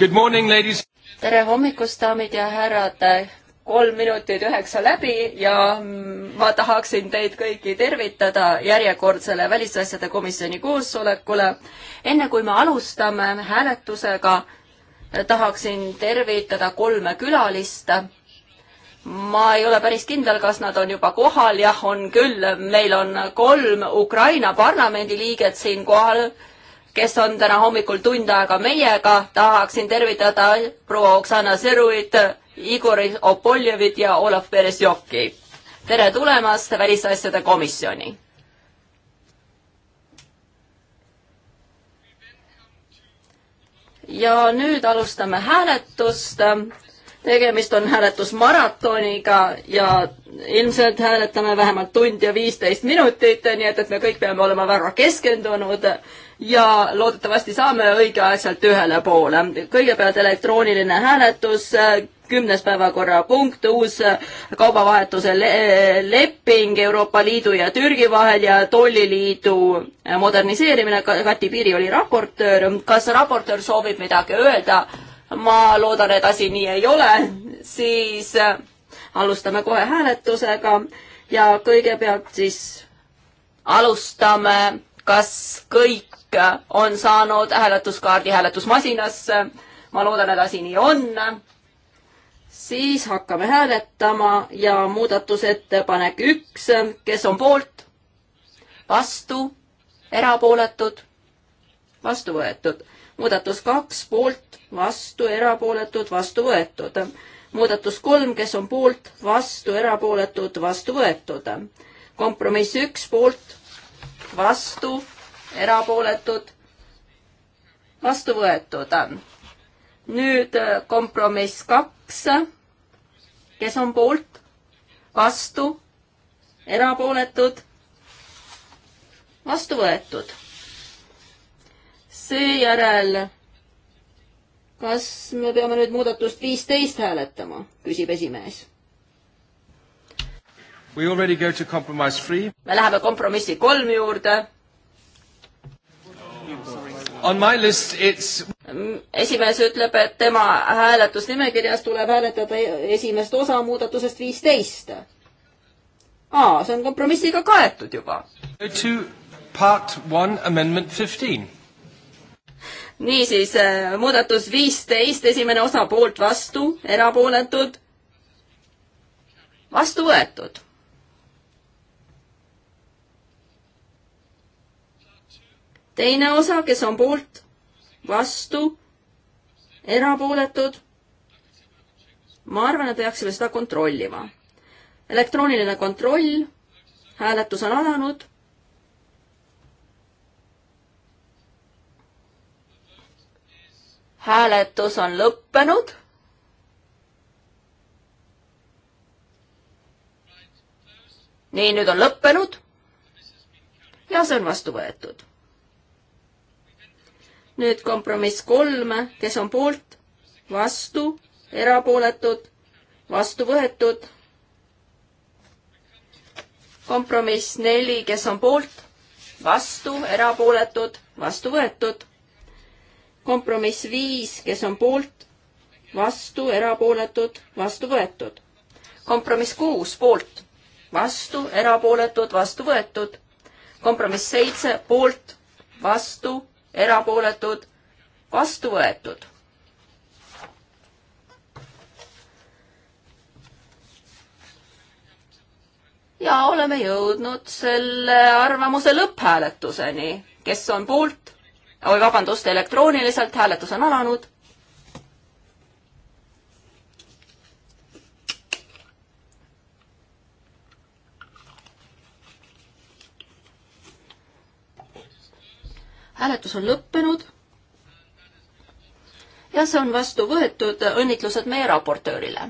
Good morning, ladies! tere hommikust, daamid ja härrad! kolm minutit üheksa läbi ja ma tahaksin teid kõiki tervitada järjekordsele Välisasjade Komisjoni koosolekule. enne kui me alustame hääletusega, tahaksin tervitada kolme külalist. ma ei ole päris kindel, kas nad on juba kohal, jah, on küll, meil on kolm Ukraina parlamendiliiget siin kohal kes on täna hommikul tund aega meiega. tahaksin tervitada proua Oksana Seruit, Igor Opoljevit ja Olav Beresjoki. tere tulemast Välisasjade Komisjoni ja nüüd alustame hääletust. tegemist on hääletusmaratoniga ja ilmselt hääletame vähemalt tund ja viisteist minutit, nii et, et me kõik peame olema väga keskendunud ja loodetavasti saame õigeaegselt ühele poole. kõigepealt elektrooniline hääletus, kümnes päevakorrapunkt, uus kaubavahetuse le leping Euroopa Liidu ja Türgi vahel ja tolliliidu moderniseerimine, Kati Piiri oli raportöör, kas raportöör soovib midagi öelda? ma loodan, et asi nii ei ole, siis alustame kohe hääletusega ja kõigepealt siis alustame, kas kõik kõik on saanud hääletuskaardi hääletusmasinasse. ma loodan, et asi nii on. siis hakkame hääletama ja muudatusettepanek üks, kes on poolt, vastu, erapooletud, vastu võetud. muudatus kaks, poolt, vastu, erapooletud, vastu võetud. muudatus kolm, kes on poolt, vastu, erapooletud, vastu võetud kompromiss üks poolt, vastu, erapooletud, vastu võetud. nüüd äh, kompromiss kaks, kes on poolt, vastu, erapooletud, vastu võetud. seejärel, kas me peame nüüd muudatust viisteist hääletama, küsib esimees me läheme kompromissi kolm juurde esimees ütleb, et tema hääletusnimekirjas tuleb hääletada esimest osa muudatusest viisteist. aa, see on kompromissiga kaetud juba. niisiis, äh, muudatus viisteist, esimene osa poolt vastu, erapooletud, vastu võetud teine osa, kes on poolt, vastu, erapooletud. ma arvan, et peaksime seda kontrollima. elektrooniline kontroll, hääletus on alanud. hääletus on lõppenud nii, nüüd on lõppenud ja see on vastu võetud nüüd kompromiss kolm, kes on poolt, vastu, erapooletud, vastu võetud. kompromiss neli, kes on poolt, vastu, erapooletud, vastu võetud. kompromiss viis, kes on poolt, vastu, erapooletud, vastu võetud. kompromiss kuus, poolt, vastu, erapooletud, vastu võetud. kompromiss seitse, poolt, vastu erapooletud, vastu võetud. ja oleme jõudnud selle arvamuse lõpphääletuseni, kes on poolt, oi vabandust, elektrooniliselt hääletus on alanud hääletus on lõppenud. ja see on vastu võetud, õnnitlused meie raportöörile.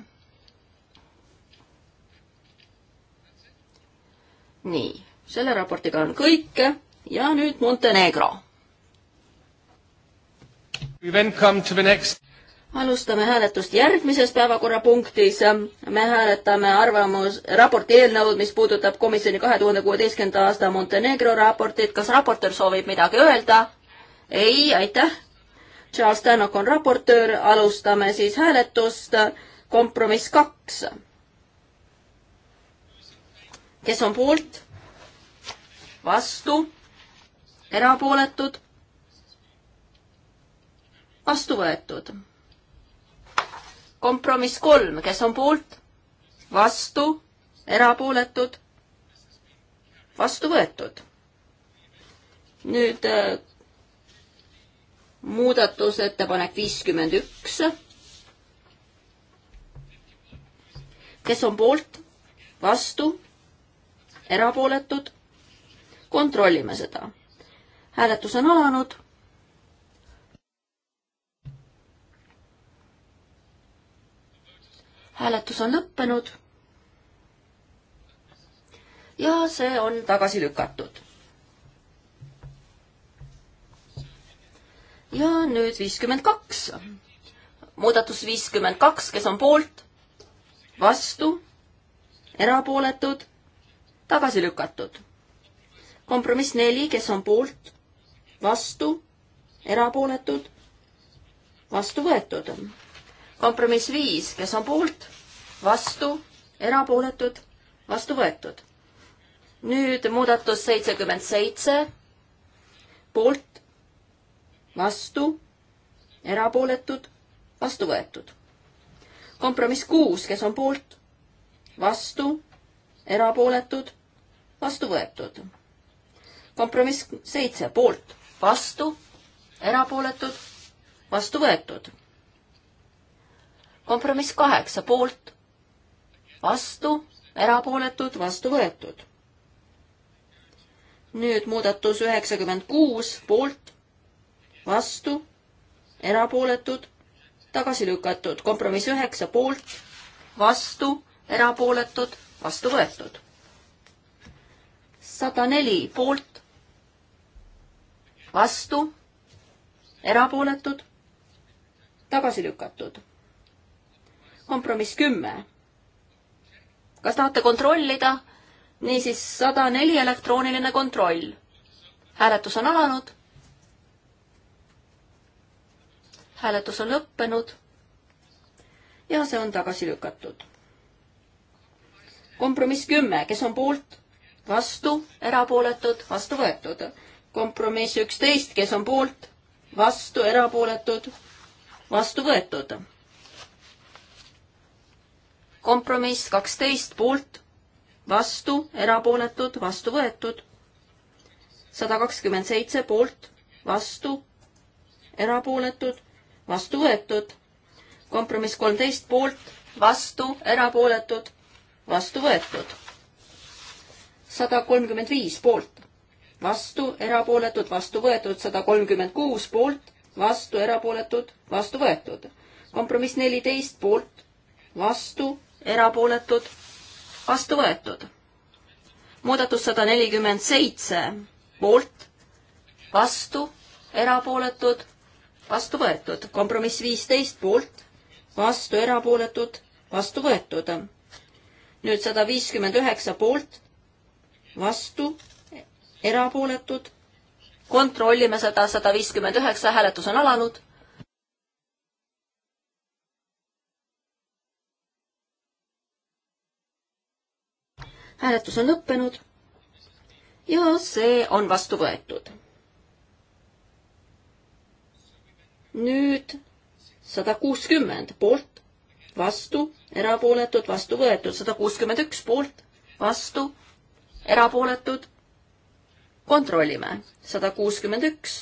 nii, selle raportiga on kõik ja nüüd Montenegro. We then come to the next alustame hääletust järgmises päevakorrapunktis. me hääletame arvamus, raporti eelnõud, mis puudutab komisjoni kahe tuhande kuueteistkümnenda aasta Montenegro raportit. kas raportöör soovib midagi öelda? ei, aitäh. Charles Tannock on raportöör, alustame siis hääletust. kompromiss kaks. kes on poolt? vastu? erapooletud? vastu võetud kompromiss kolm, kes on poolt, vastu, erapooletud, vastu võetud. nüüd äh, muudatusettepanek viiskümmend üks. kes on poolt, vastu, erapooletud, kontrollime seda. hääletus on alanud hääletus on lõppenud. ja see on tagasi lükatud. ja nüüd viiskümmend kaks. muudatus viiskümmend kaks, kes on poolt, vastu, erapooletud, tagasi lükatud. kompromiss neli, kes on poolt, vastu, erapooletud, vastu võetud kompromiss viis, kes on poolt, vastu, erapooletud, vastu võetud. nüüd muudatus seitsekümmend seitse, poolt, vastu, erapooletud, vastu võetud. kompromiss kuus, kes on poolt, vastu, erapooletud, vastu võetud. kompromiss seitse, poolt, vastu, erapooletud, vastu võetud kompromiss kaheksa poolt, vastu, erapooletud, vastu võetud. nüüd muudatus üheksakümmend kuus poolt, vastu, erapooletud, tagasi lükatud, kompromiss üheksa poolt, vastu, erapooletud, vastu võetud. sada neli poolt, vastu, erapooletud, tagasi lükatud kompromiss kümme. kas tahate kontrollida? niisiis sada neli elektrooniline kontroll. hääletus on alanud. hääletus on lõppenud. ja see on tagasi lükatud. kompromiss kümme, kes on poolt, vastu, erapooletud, vastu võetud. kompromiss üksteist, kes on poolt, vastu, erapooletud, vastu võetud kompromiss kaksteist poolt, vastu, erapooletud, vastu võetud. sada kakskümmend seitse poolt, vastu, erapooletud, vastu võetud. kompromiss kolmteist poolt, vastu, erapooletud, vastu võetud. sada kolmkümmend viis poolt, vastu, erapooletud, vastu võetud, sada kolmkümmend kuus poolt, vastu, erapooletud, vastu võetud. kompromiss neliteist poolt, vastu, erapooletud, vastu võetud. muudatus sada nelikümmend seitse, poolt, vastu, erapooletud, vastu võetud. kompromiss viisteist, poolt, vastu, erapooletud, vastu võetud. nüüd sada viiskümmend üheksa poolt, vastu, erapooletud, kontrollime seda, sada viiskümmend üheksa, hääletus on alanud hääletus on lõppenud ja see on vastu võetud. nüüd sada kuuskümmend poolt, vastu, erapooletud, vastu võetud, sada kuuskümmend üks poolt, vastu, erapooletud. kontrollime, sada kuuskümmend üks.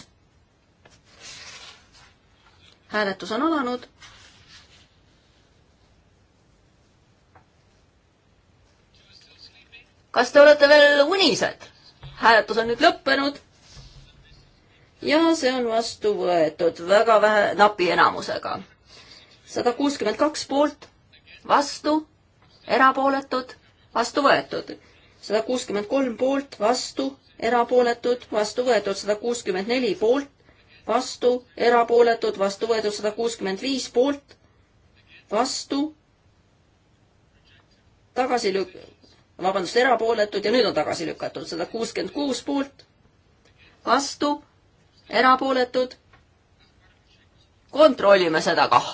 hääletus on alanud kas te olete veel unised? hääletus on nüüd lõppenud. ja see on vastu võetud väga vähe, napi enamusega. sada kuuskümmend kaks poolt, vastu, erapooletud, vastu võetud. sada kuuskümmend kolm poolt, vastu, erapooletud, vastu võetud, sada kuuskümmend neli poolt, vastu, erapooletud, vastu võetud sada kuuskümmend viis poolt, vastu, tagasi lük-, vabandust, erapooletud ja nüüd on tagasi lükatud, sada kuuskümmend kuus poolt, vastu, erapooletud. kontrollime seda kah.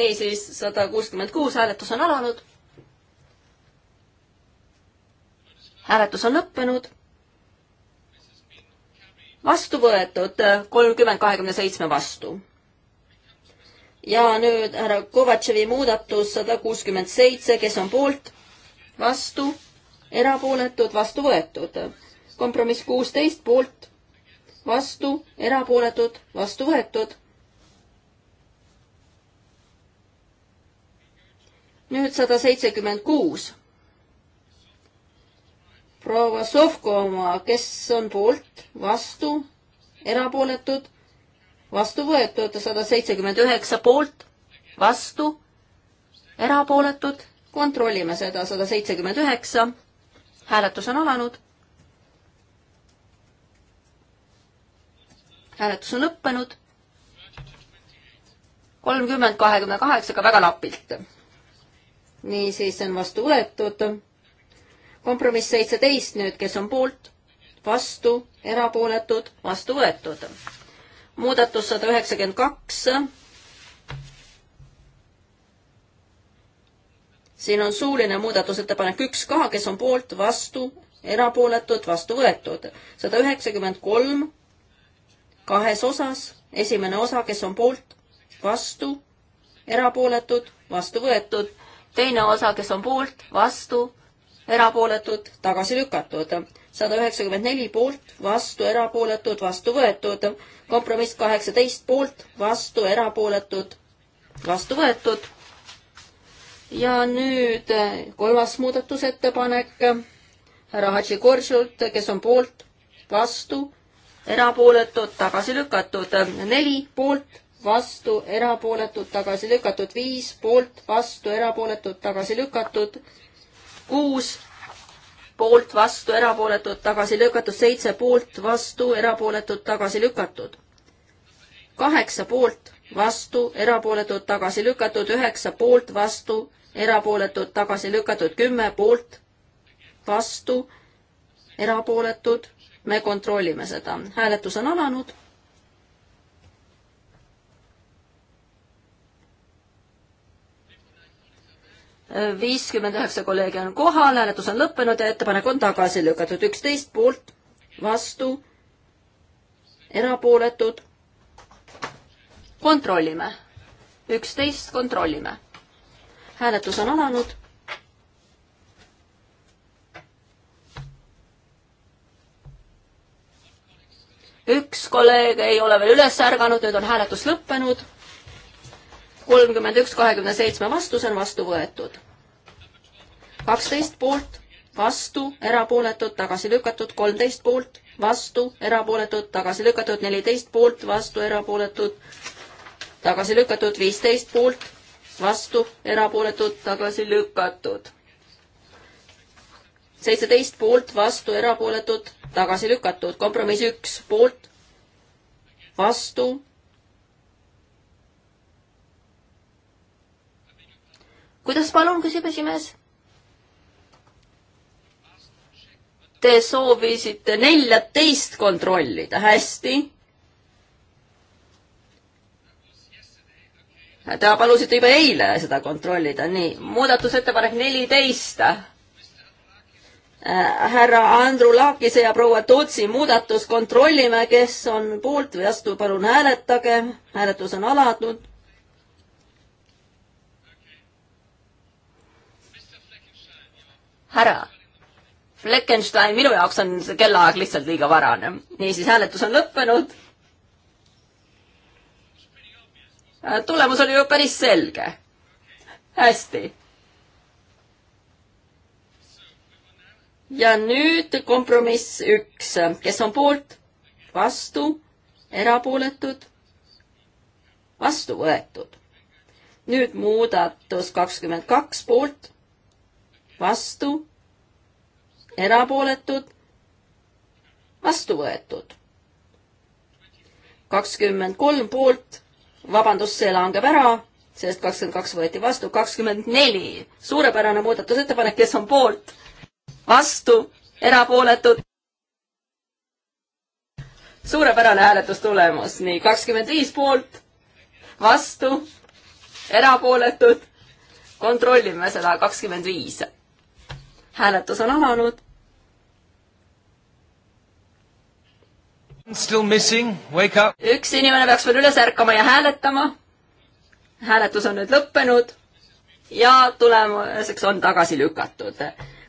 niisiis, sada kuuskümmend kuus hääletus on alanud. hääletus on lõppenud. vastu võetud kolmkümmend kahekümne seitsme vastu ja nüüd härra Kovatševi muudatus sada kuuskümmend seitse, kes on poolt vastu, erapooletud, vastu võetud. kompromiss kuusteist poolt, vastu, erapooletud, vastu võetud. nüüd sada seitsekümmend kuus. proua Sovko oma, kes on poolt, vastu, erapooletud, vastu võetud, sada seitsekümmend üheksa poolt, vastu, erapooletud kontrollime seda, sada seitsekümmend üheksa, hääletus on alanud. hääletus on lõppenud. kolmkümmend kahekümne kaheksaga väga napilt. niisiis, see on vastu võetud. kompromiss seitseteist nüüd, kes on poolt, vastu, erapooletud, vastu võetud. muudatus sada üheksakümmend kaks siin on suuline muudatusettepanek üks ka, kes on poolt, vastu, erapooletud, vastu võetud. sada üheksakümmend kolm kahes osas, esimene osa, kes on poolt, vastu, erapooletud, vastu võetud, teine osa, kes on poolt, vastu, erapooletud, tagasi lükatud. sada üheksakümmend neli poolt, vastu, erapooletud, vastu võetud, kompromiss kaheksateist poolt, vastu, erapooletud, vastu võetud ja nüüd äh, kolmas muudatusettepanek härra Hadži Korsult, kes on poolt, vastu, erapooletud, tagasi lükatud, neli poolt, vastu, erapooletud, tagasi lükatud, viis poolt, vastu, erapooletud, tagasi lükatud, kuus poolt, vastu, erapooletud, tagasi lükatud, seitse poolt, vastu, erapooletud, tagasi lükatud, kaheksa poolt, vastu, erapooletud, tagasi lükatud, üheksa poolt, vastu, erapooletud, tagasi lükatud kümme poolt, vastu, erapooletud, me kontrollime seda. hääletus on alanud. viiskümmend üheksa kolleegi on kohal, hääletus on lõppenud ja ettepanek on tagasi lükatud. üksteist poolt, vastu, erapooletud. kontrollime. üksteist kontrollime hääletus on alanud. üks kolleeg ei ole veel üles ärganud, nüüd on hääletus lõppenud. kolmkümmend üks kahekümne seitsme vastu, see on vastu võetud. kaksteist poolt, vastu, erapooletud, tagasi lükatud, kolmteist poolt, vastu, erapooletud, tagasi lükatud, neliteist poolt, vastu, erapooletud, tagasi lükatud, viisteist poolt vastu, erapooletud, tagasi lükatud. seitseteist poolt, vastu, erapooletud, tagasi lükatud. kompromiss üks poolt, vastu. kuidas palun, küsib esimees? Te soovisite neljateist kontrollida, hästi Te palusite juba eile seda kontrollida, nii, muudatusettepanek neliteist. Äh, härra Andru Laakise ja proua Tootsi muudatus, kontrollime, kes on poolt või vastu, palun hääletage, hääletus on alanud. härra Fleckenstein, minu jaoks on see kellaaeg lihtsalt liiga varane. niisiis, hääletus on lõppenud Äh, tulemus oli ju päris selge. hästi. ja nüüd kompromiss üks, kes on poolt, vastu, erapooletud, vastu võetud. nüüd muudatus kakskümmend kaks poolt, vastu, erapooletud, vastu võetud. kakskümmend kolm poolt vabandust, see langeb ära, sest kakskümmend kaks võeti vastu, kakskümmend neli, suurepärane muudatusettepanek, kes on poolt, vastu, erapooletud. suurepärane hääletustulemus, nii, kakskümmend viis poolt, vastu, erapooletud, kontrollime seda, kakskümmend viis. hääletus on alanud Still missing, wake up. üks inimene peaks veel üles ärkama ja hääletama. hääletus on nüüd lõppenud ja tulemuseks on tagasi lükatud.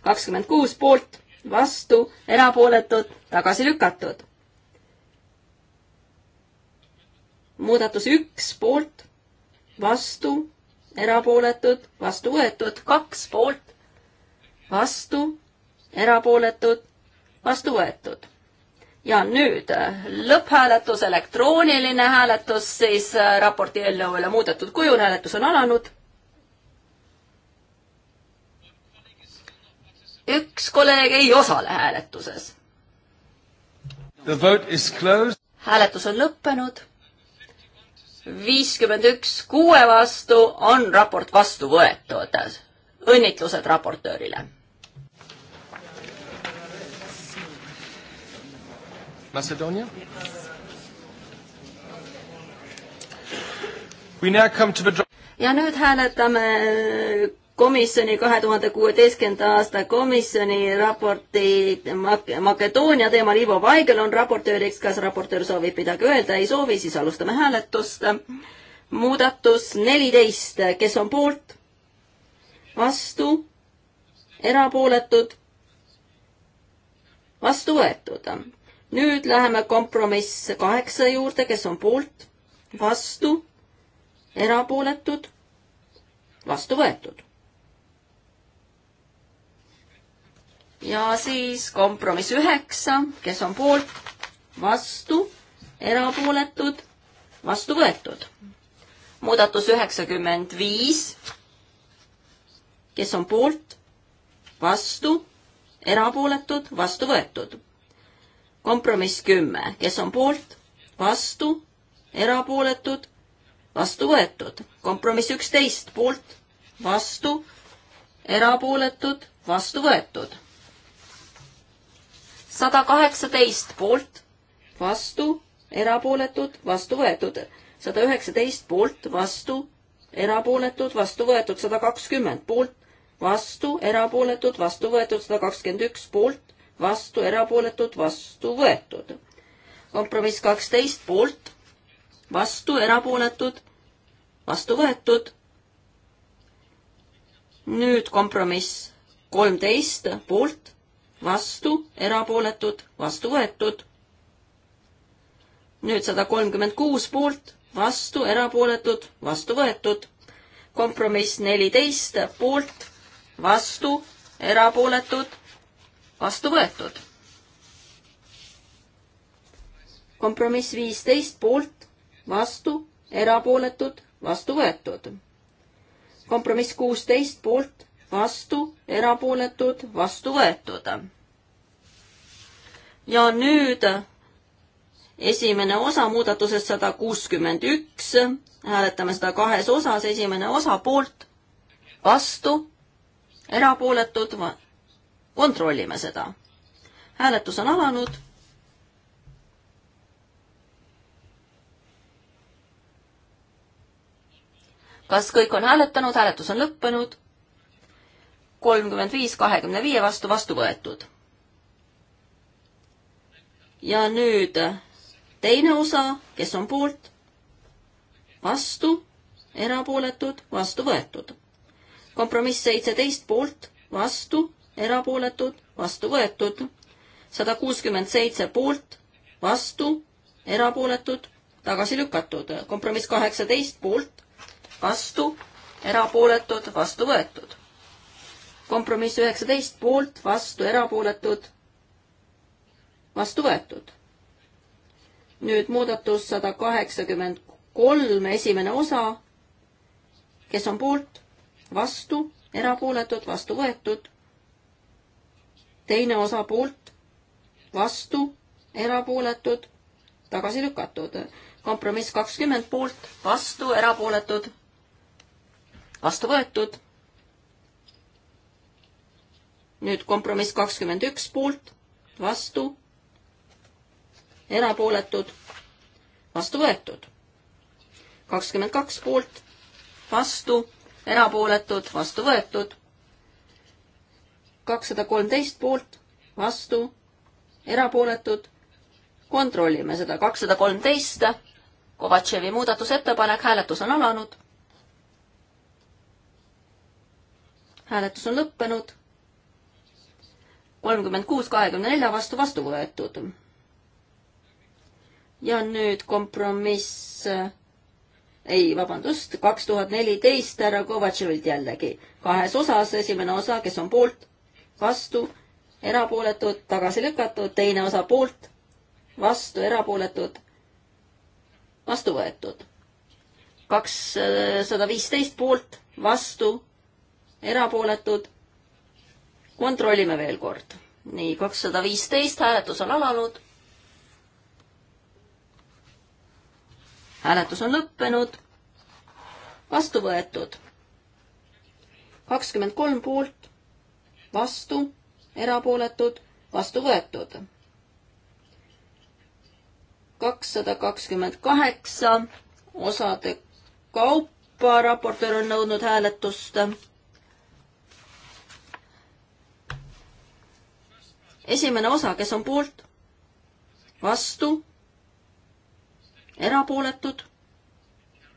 kakskümmend kuus poolt, vastu, erapooletud, tagasi lükatud. muudatus üks poolt, vastu, erapooletud, vastu võetud, kaks poolt, vastu, erapooletud, vastu võetud ja nüüd äh, lõpphääletus, elektrooniline hääletus siis äh, raporti eelnõu üle muudetud kujul, hääletus on alanud. üks kolleeg ei osale hääletuses. hääletus on lõppenud. viiskümmend üks kuue vastu on raport vastu võetud. õnnitlused raportöörile Macedonia? We now come to the ja nüüd hääletame komisjoni kahe tuhande kuueteistkümnenda aasta komisjoni raporti Makedoonia teemal. Ivo Vaigel on raportööriks, kas raportöör soovib midagi öelda, ei soovi, siis alustame hääletust. muudatus neliteist, kes on poolt? vastu? erapooletud? vastu võetud nüüd läheme kompromiss kaheksa juurde, kes on poolt, vastu, erapooletud, vastu võetud. ja siis kompromiss üheksa, kes on poolt, vastu, erapooletud, vastu võetud. muudatus üheksakümmend viis, kes on poolt, vastu, erapooletud, vastu võetud kompromiss kümme, kes on poolt, vastu, erapooletud, vastu võetud. kompromiss üksteist, poolt, vastu, erapooletud, vastu võetud. sada kaheksateist poolt, vastu, erapooletud, vastu võetud. sada üheksateist poolt, vastu, erapooletud, vastu võetud, sada kakskümmend poolt, vastu, erapooletud, vastu võetud, sada kakskümmend üks poolt, vastu, erapooletud, vastu võetud. kompromiss kaksteist poolt, vastu, erapooletud, vastu võetud. nüüd kompromiss kolmteist poolt, vastu, erapooletud, vastu võetud. nüüd sada kolmkümmend kuus poolt, vastu, erapooletud, vastu võetud. kompromiss neliteist poolt, vastu, erapooletud vastu võetud. kompromiss viisteist poolt, vastu, erapooletud, vastu võetud. kompromiss kuusteist poolt, vastu, erapooletud, vastu võetud. ja nüüd esimene osa muudatusest sada kuuskümmend üks, hääletame seda kahes osas, esimene osa poolt, vastu, erapooletud, kontrollime seda. hääletus on alanud. kas kõik on hääletanud, hääletus on lõppenud? kolmkümmend viis kahekümne viie vastu vastu võetud. ja nüüd teine osa, kes on poolt, vastu, erapooletud, vastu võetud. kompromiss seitseteist poolt, vastu, erapooletud, vastu võetud. sada kuuskümmend seitse poolt, vastu, erapooletud, tagasi lükatud. kompromiss kaheksateist poolt, vastu, erapooletud, vastu võetud. kompromiss üheksateist poolt, vastu, erapooletud, vastu võetud. nüüd muudatus sada kaheksakümmend kolm, esimene osa, kes on poolt, vastu, erapooletud, vastu võetud teine osa poolt, vastu, erapooletud, tagasi lükatud. kompromiss kakskümmend poolt, vastu, erapooletud, vastu võetud. nüüd kompromiss kakskümmend üks poolt, vastu, erapooletud, vastu võetud. kakskümmend kaks poolt, vastu, erapooletud, vastu võetud kakssada kolmteist poolt, vastu, erapooletud. kontrollime seda, kakssada kolmteist. Kovatševi muudatusettepanek, hääletus on alanud. hääletus on lõppenud. kolmkümmend kuus, kahekümne nelja vastu vastu võetud. ja nüüd kompromiss, äh, ei, vabandust, kaks tuhat neliteist härra Kovatševilt jällegi kahes osas, esimene osa, kes on poolt, vastu, erapooletud, tagasi lükatud, teine osa poolt, vastu, erapooletud, vastu võetud. kakssada viisteist poolt, vastu, erapooletud. kontrollime veel kord. nii, kakssada viisteist, hääletus on alanud. hääletus on lõppenud. vastu võetud. kakskümmend kolm poolt vastu, erapooletud, vastu võetud. kakssada kakskümmend kaheksa osade kaupa raportöör on nõudnud hääletust. esimene osa, kes on poolt, vastu, erapooletud,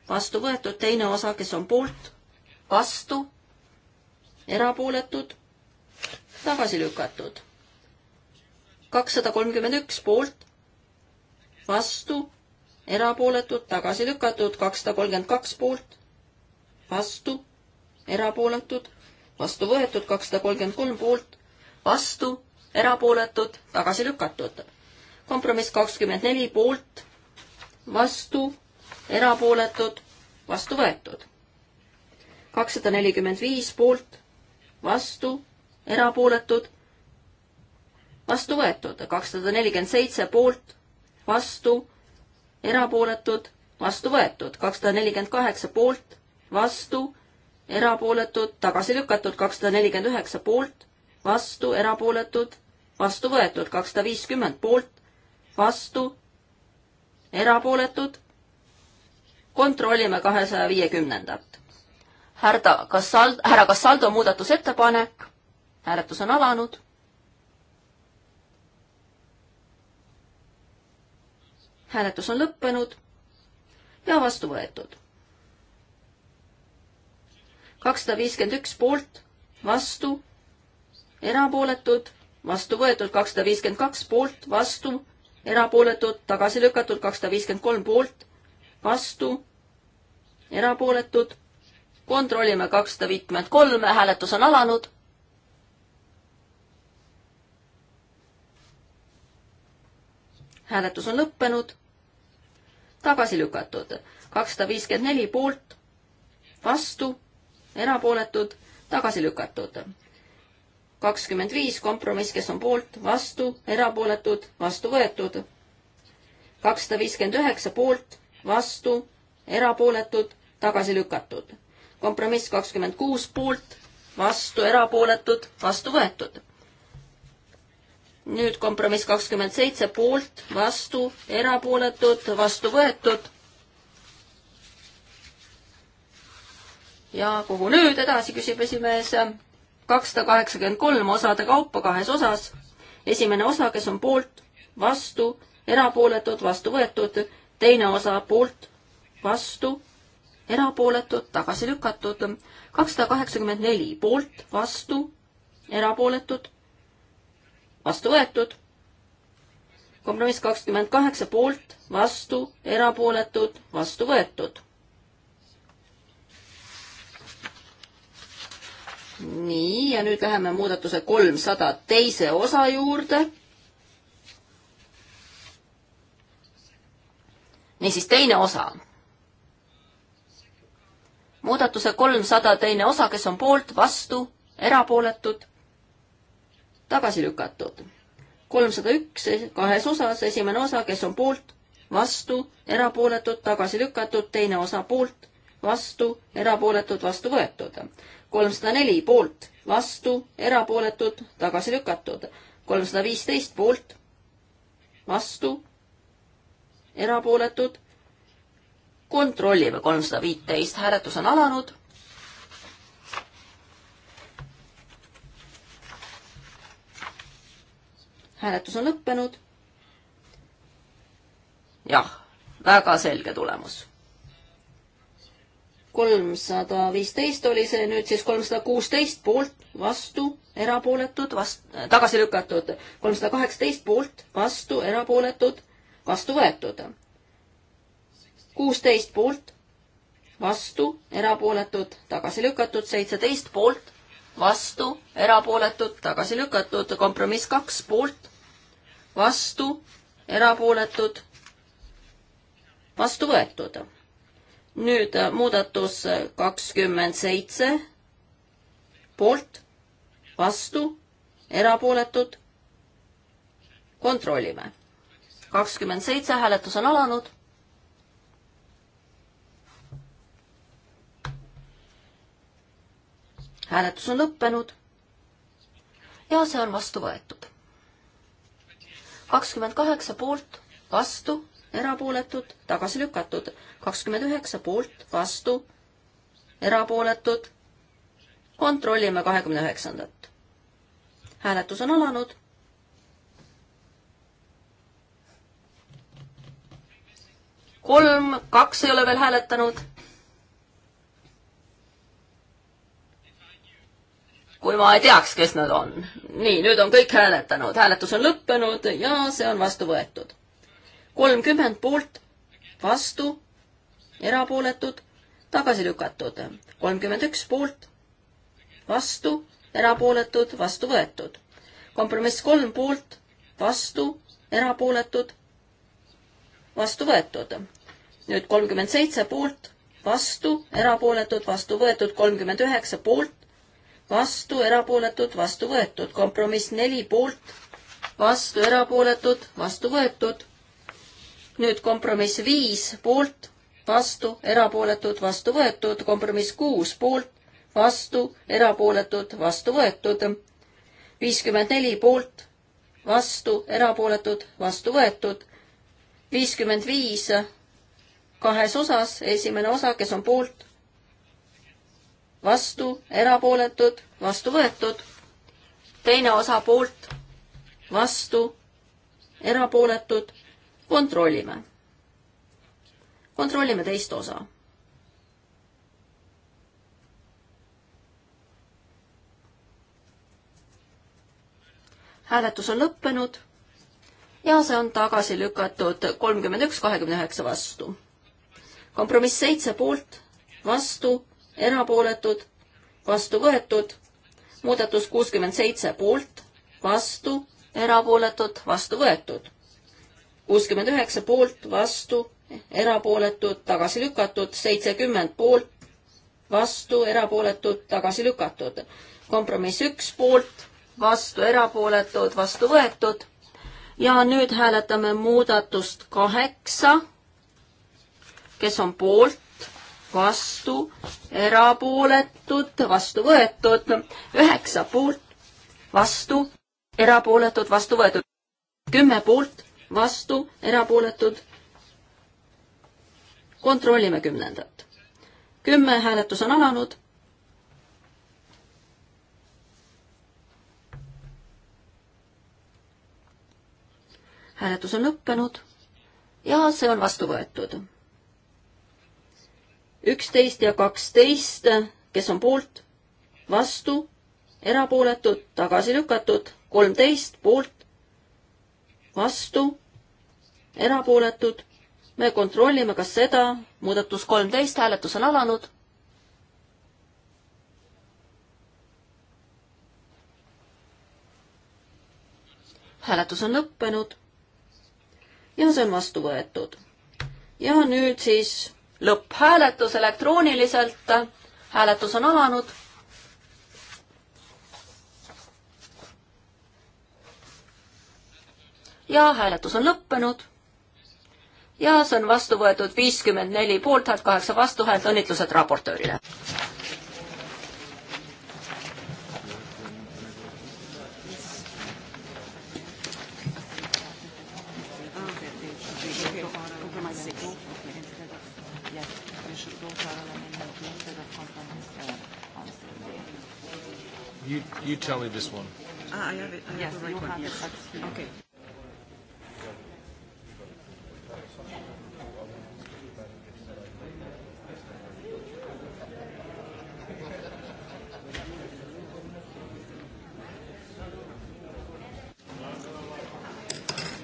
vastu võetud, teine osa, kes on poolt, vastu, erapooletud tagasi lükatud. kakssada kolmkümmend üks poolt, vastu, erapooletud, tagasi lükatud, kakssada kolmkümmend kaks poolt, vastu, erapooletud, vastu võetud, kakssada kolmkümmend kolm poolt, vastu, erapooletud, tagasi lükatud. kompromiss kakskümmend neli poolt, vastu, erapooletud, vastu võetud. kakssada nelikümmend viis poolt, vastu, erapooletud, vastu võetud, kakssada nelikümmend seitse poolt, vastu, erapooletud, vastu võetud, kakssada nelikümmend kaheksa poolt, vastu, erapooletud, tagasi lükatud, kakssada nelikümmend üheksa poolt, vastu, erapooletud, vastu võetud, kakssada viiskümmend poolt, vastu, erapooletud, kontrollime kahesaja viiekümnendat. härda Kassald-, härra Kassaldo muudatusettepanek hääletus on alanud. hääletus on lõppenud ja vastu võetud. kakssada viiskümmend üks poolt, vastu, erapooletud, vastu võetud kakssada viiskümmend kaks poolt, vastu, erapooletud, tagasi lükatud kakssada viiskümmend kolm poolt, vastu, erapooletud. kontrollime kakssada viitkümmend kolm, hääletus on alanud. hääletus on lõppenud, tagasi lükatud, kakssada viiskümmend neli poolt, vastu, erapooletud, tagasi lükatud. kakskümmend viis kompromiss, kes on poolt, vastu, erapooletud, vastu võetud. kakssada viiskümmend üheksa poolt, vastu, erapooletud, tagasi lükatud. kompromiss kakskümmend kuus poolt, vastu, erapooletud, vastu võetud nüüd kompromiss kakskümmend seitse poolt, vastu, erapooletud, vastu võetud. ja kuhu nüüd edasi, küsib esimees. kakssada kaheksakümmend kolm osade kaupa kahes osas. esimene osa, kes on poolt, vastu, erapooletud, vastu võetud. teine osa poolt, vastu, erapooletud, tagasi lükatud. kakssada kaheksakümmend neli poolt, vastu, erapooletud, vastu võetud. kompromiss kakskümmend kaheksa poolt, vastu, erapooletud, vastu võetud. nii, ja nüüd läheme muudatuse kolmsada teise osa juurde. niisiis, teine osa. muudatuse kolmsada teine osa, kes on poolt, vastu, erapooletud tagasi lükatud. kolmsada üks kahes osas, esimene osa, kes on poolt, vastu, erapooletud, tagasi lükatud, teine osa poolt, vastu, erapooletud, vastu võetud. kolmsada neli poolt, vastu, erapooletud, tagasi lükatud. kolmsada viisteist poolt, vastu, erapooletud, kontrollime kolmsada viiteist, hääletus on alanud hääletus on lõppenud. jah, väga selge tulemus. kolmsada viisteist oli see nüüd siis kolmsada kuusteist poolt, vastu, erapooletud, vast-, tagasi lükatud. kolmsada kaheksateist poolt, vastu, erapooletud, vastu võetud. kuusteist poolt, vastu, erapooletud, tagasi lükatud, seitseteist poolt, vastu, erapooletud, tagasi lükatud, kompromiss kaks poolt, vastu, erapooletud, vastu võetud. nüüd äh, muudatus äh, kakskümmend seitse, poolt, vastu, erapooletud, kontrollime. kakskümmend seitse, hääletus on alanud. hääletus on lõppenud ja see on vastu võetud kakskümmend kaheksa poolt, vastu, erapooletud, tagasi lükatud. kakskümmend üheksa poolt, vastu, erapooletud. kontrollime kahekümne üheksandat. hääletus on alanud. kolm, kaks ei ole veel hääletanud kui ma ei teaks, kes nad on. nii, nüüd on kõik hääletanud, hääletus on lõppenud ja see on vastu võetud. kolmkümmend poolt, vastu, erapooletud, tagasi lükatud. kolmkümmend üks poolt, vastu, erapooletud, vastu võetud. kompromiss kolm poolt, vastu, erapooletud, vastu võetud. nüüd kolmkümmend seitse poolt, vastu, erapooletud, vastu võetud, kolmkümmend üheksa poolt, vastu, erapooletud, vastu võetud. kompromiss neli poolt, vastu, erapooletud, vastu võetud. nüüd kompromiss viis poolt, vastu, erapooletud, vastu võetud. kompromiss kuus poolt, vastu, erapooletud, vastu võetud. viiskümmend neli poolt, vastu, erapooletud, vastu võetud. viiskümmend viis kahes osas, esimene osa, kes on poolt, vastu, erapooletud, vastu võetud. teine osa poolt, vastu, erapooletud, kontrollime. kontrollime teist osa. hääletus on lõppenud ja see on tagasi lükatud kolmkümmend üks, kahekümne üheksa vastu. kompromiss seitse poolt, vastu, erapooletud, vastu võetud, muudatus kuuskümmend seitse poolt, vastu, erapooletud, vastu võetud. kuuskümmend üheksa poolt, vastu, erapooletud, tagasi lükatud, seitsekümmend poolt, vastu, erapooletud, tagasi lükatud. kompromiss üks poolt, vastu, erapooletud, vastu võetud. ja nüüd hääletame muudatust kaheksa, kes on poolt, vastu, erapooletud, vastu võetud, üheksa poolt, vastu, erapooletud, vastu võetud, kümme poolt, vastu, erapooletud. kontrollime kümnendat. kümme hääletus on alanud. hääletus on lõppenud ja see on vastu võetud üksteist ja kaksteist, kes on poolt, vastu, erapooletud, tagasi lükatud, kolmteist poolt, vastu, erapooletud. me kontrollime, kas seda, muudatus kolmteist, hääletus on alanud. hääletus on lõppenud ja see on vastu võetud. ja nüüd siis lõpphääletus elektrooniliselt. hääletus on alanud. ja hääletus on lõppenud. ja see on vastu võetud viiskümmend neli poolthäält, kaheksa vastuhäält, õnnitlused raportöörile you tell me this one. Ah, I have it. I have yes, the right you one. Have yes. It. Okay.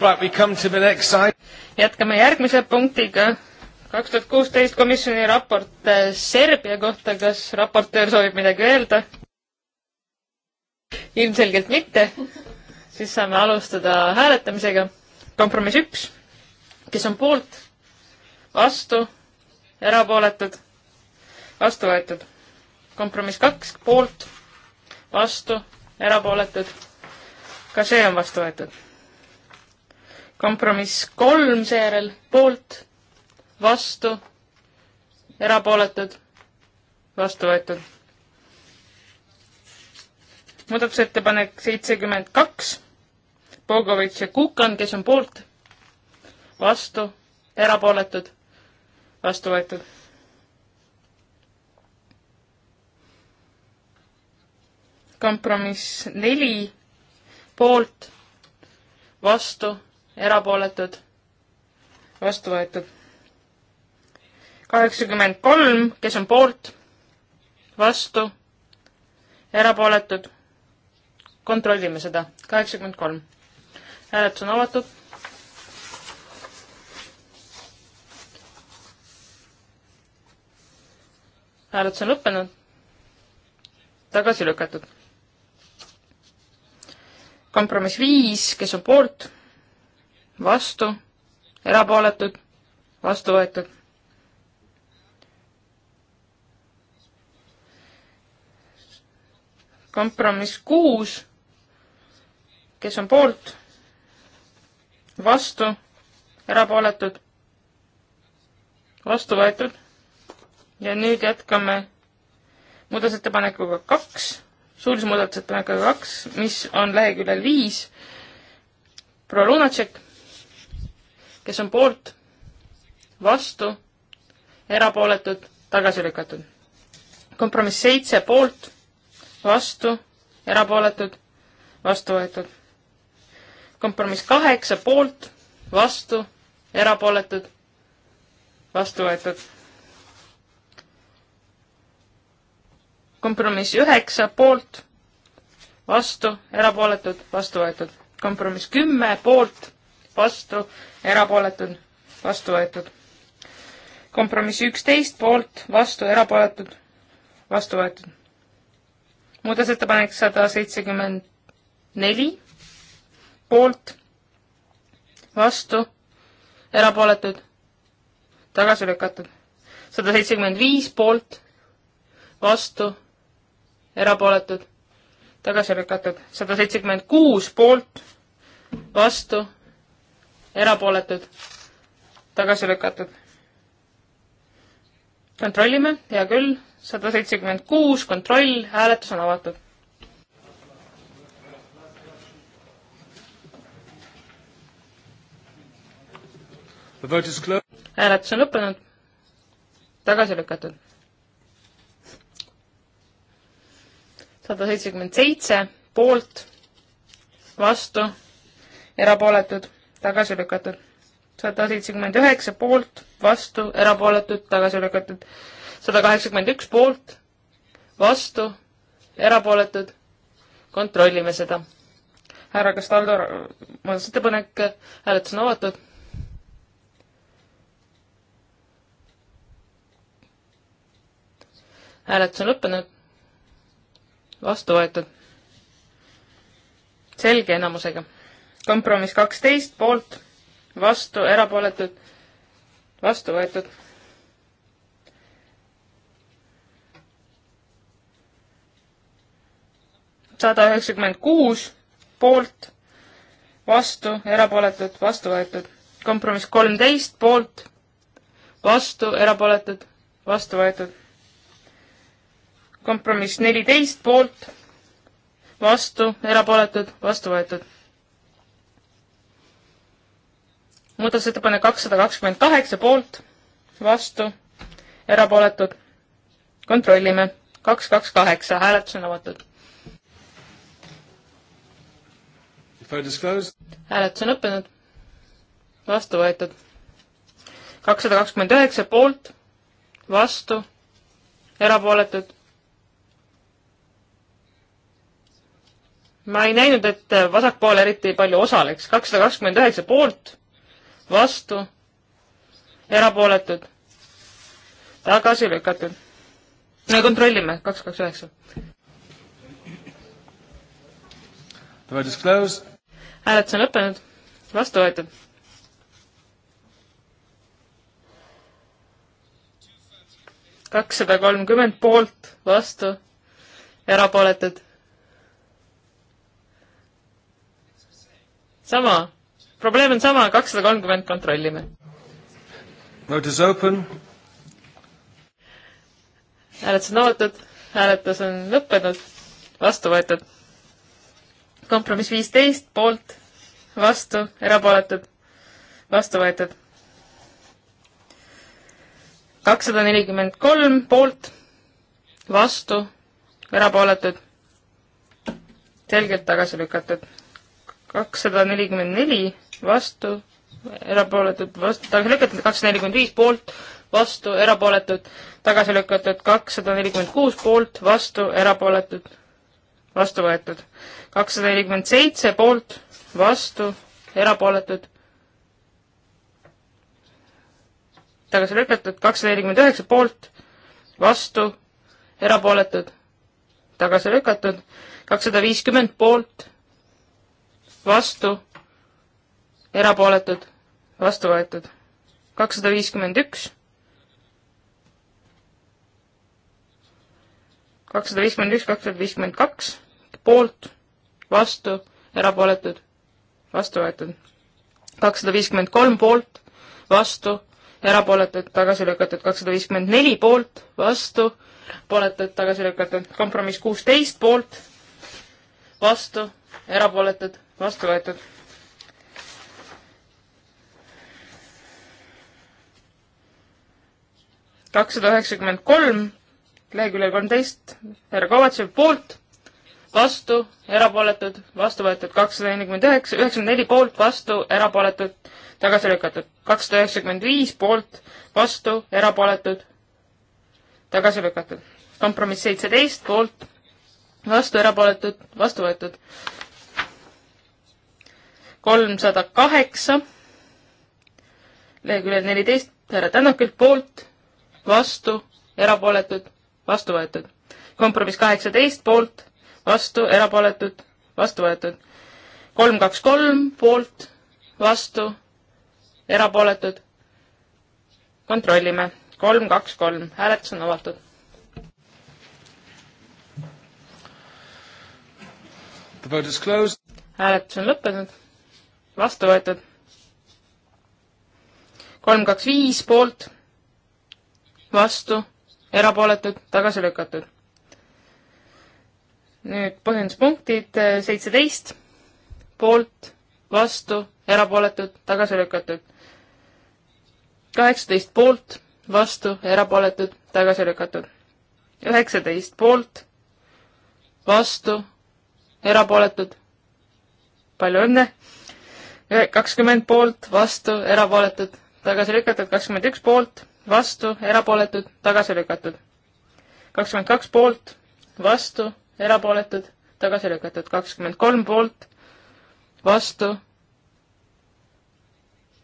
Right, we come to the next side. jätkame järgmise punktiga. kaks tuhat kuusteist komisjoni raport äh, Serbia kohta, kas raportöör soovib midagi öelda? ilmselgelt mitte. siis saame alustada hääletamisega. kompromiss üks, kes on poolt, vastu, erapooletud, vastu võetud. kompromiss kaks, poolt, vastu, erapooletud. ka see on vastu võetud. kompromiss kolm seejärel, poolt, vastu, erapooletud, vastu võetud muudatusettepanek seitsekümmend kaks, Bogovitš ja Kukan, kes on poolt, vastu, erapooletud, vastu võetud. kompromiss neli, poolt, vastu, erapooletud, vastu võetud. kaheksakümmend kolm, kes on poolt, vastu, erapooletud kontrollime seda, kaheksakümmend kolm. hääletus on avatud. hääletus on lõppenud. tagasi lükatud. kompromiss viis, kes on poolt, vastu, erapooletud, vastu võetud kompromiss kuus kes on poolt, vastu, erapooletud, vastu võetud. ja nüüd jätkame muudatusettepanekuga kaks, suulise muudatusettepanekuga kaks, mis on leheküljel viis. proua Lunatšek, kes on poolt, vastu, erapooletud, tagasi lükatud. kompromiss seitse poolt, vastu, erapooletud, vastu võetud kompromiss kaheksa poolt, vastu, erapooletud, vastu võetud. kompromiss üheksa poolt, vastu, erapooletud, vastu võetud. kompromiss kümme poolt, vastu, erapooletud, vastu võetud. kompromiss üksteist poolt, vastu, erapooletud, vastu võetud. muudatusettepanek sada seitsekümmend neli poolt, vastu, erapooletud, tagasi lükatud. sada seitsekümmend viis poolt, vastu, erapooletud, tagasi lükatud. sada seitsekümmend kuus poolt, vastu, erapooletud, tagasi lükatud. kontrollime, hea küll, sada seitsekümmend kuus, kontroll, hääletus on avatud hääletus on lõppenud. tagasi lükatud. sada seitsekümmend seitse poolt, vastu, erapooletud, tagasi lükatud. sada seitsekümmend üheksa poolt, vastu, erapooletud, tagasi lükatud. sada kaheksakümmend üks poolt, vastu, erapooletud, kontrollime seda. härra Castaldo, muudatusettepanek, hääletus on avatud hääletus on lõppenud. vastu võetud. selge enamusega. kompromiss kaksteist poolt, vastu, erapooletud, vastu võetud. sada üheksakümmend kuus poolt, vastu, erapooletud, vastu võetud. kompromiss kolmteist poolt, vastu, erapooletud, vastu võetud kompromiss neliteist poolt, vastu, erapooletud, vastu võetud. muudatusettepanek kakssada kakskümmend kaheksa poolt, vastu, erapooletud. kontrollime, kaks, kaks, kaheksa, hääletus on avatud. hääletus on lõppenud, vastu võetud. kakssada kakskümmend üheksa poolt, vastu, erapooletud ma ei näinud, et äh, vasakpool eriti palju osaleks. kakssada kakskümmend üheksa poolt, vastu, erapooletud, tagasi lükatud. no kontrollime, kaks, kaks, üheksa. hääletus on lõppenud, vastu võetud. kakssada kolmkümmend poolt, vastu, erapooletud sama, probleem on sama, kakssada kolmkümmend kontrollime. Vote is open. hääletus on avatud, hääletus on lõppenud, vastu võetud. kompromiss viisteist, poolt, vastu, erapooletud, vastu võetud. kakssada nelikümmend kolm poolt, vastu, erapooletud, selgelt tagasi lükatud kakssada nelikümmend neli vastu, erapooletud, vastu, tagasi lükatud kakssada nelikümmend viis poolt, vastu, erapooletud, tagasi lükatud kakssada nelikümmend kuus poolt, vastu, erapooletud, vastu võetud. kakssada nelikümmend seitse poolt, vastu, erapooletud, tagasi lükatud, kakssada nelikümmend üheksa poolt, vastu, erapooletud, tagasi lükatud, kakssada viiskümmend poolt, vastu, erapooletud, vastu võetud. kakssada viiskümmend üks, kakssada viiskümmend üks, kakssada viiskümmend kaks, poolt, vastu, erapooletud, vastu võetud. kakssada viiskümmend kolm poolt, vastu, erapooletud, tagasi lükatud, kakssada viiskümmend neli poolt, vastu, erapooletud, tagasi lükatud, kompromiss kuusteist poolt, vastu, erapooletud vastu võetud. kakssada üheksakümmend kolm, leheküljel kolmteist, härra Kovatšev poolt, vastu, erapooletud, vastu võetud kakssada nelikümmend üheksa, üheksakümmend neli poolt, vastu, erapooletud, tagasi lükatud. kakssada üheksakümmend viis poolt, vastu, erapooletud, tagasi lükatud. kompromiss seitseteist poolt, vastu, erapooletud, vastu võetud kolmsada kaheksa, leheküljel neliteist, härra Tänakilt poolt, vastu, erapooletud, vastu võetud. kompromiss kaheksateist poolt, vastu, erapooletud, vastu võetud. kolm, kaks, kolm poolt, vastu, erapooletud. kontrollime. kolm, kaks, kolm, hääletus on avatud. hääletus on lõppenud vastu võetud. kolm, kaks, viis poolt, vastu, erapooletud, tagasi lükatud. nüüd põhjenduspunktid seitseteist, poolt, vastu, erapooletud, tagasi lükatud. kaheksateist poolt, vastu, erapooletud, tagasi lükatud. üheksateist poolt, vastu, erapooletud, palju õnne kakskümmend poolt, vastu, erapooletud, tagasi lükatud, kakskümmend üks poolt, vastu, erapooletud, tagasi lükatud. kakskümmend kaks poolt, vastu, erapooletud, tagasi lükatud, kakskümmend kolm poolt, vastu,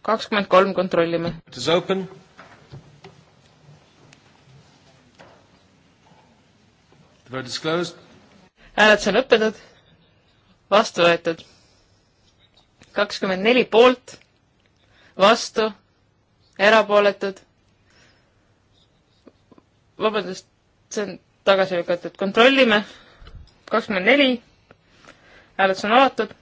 kakskümmend kolm kontrollime. hääletus on lõppenud, vastu võetud kakskümmend neli poolt, vastu, erapooletud. vabandust, see on tagasi lükatud, kontrollime. kakskümmend neli, hääletus on avatud.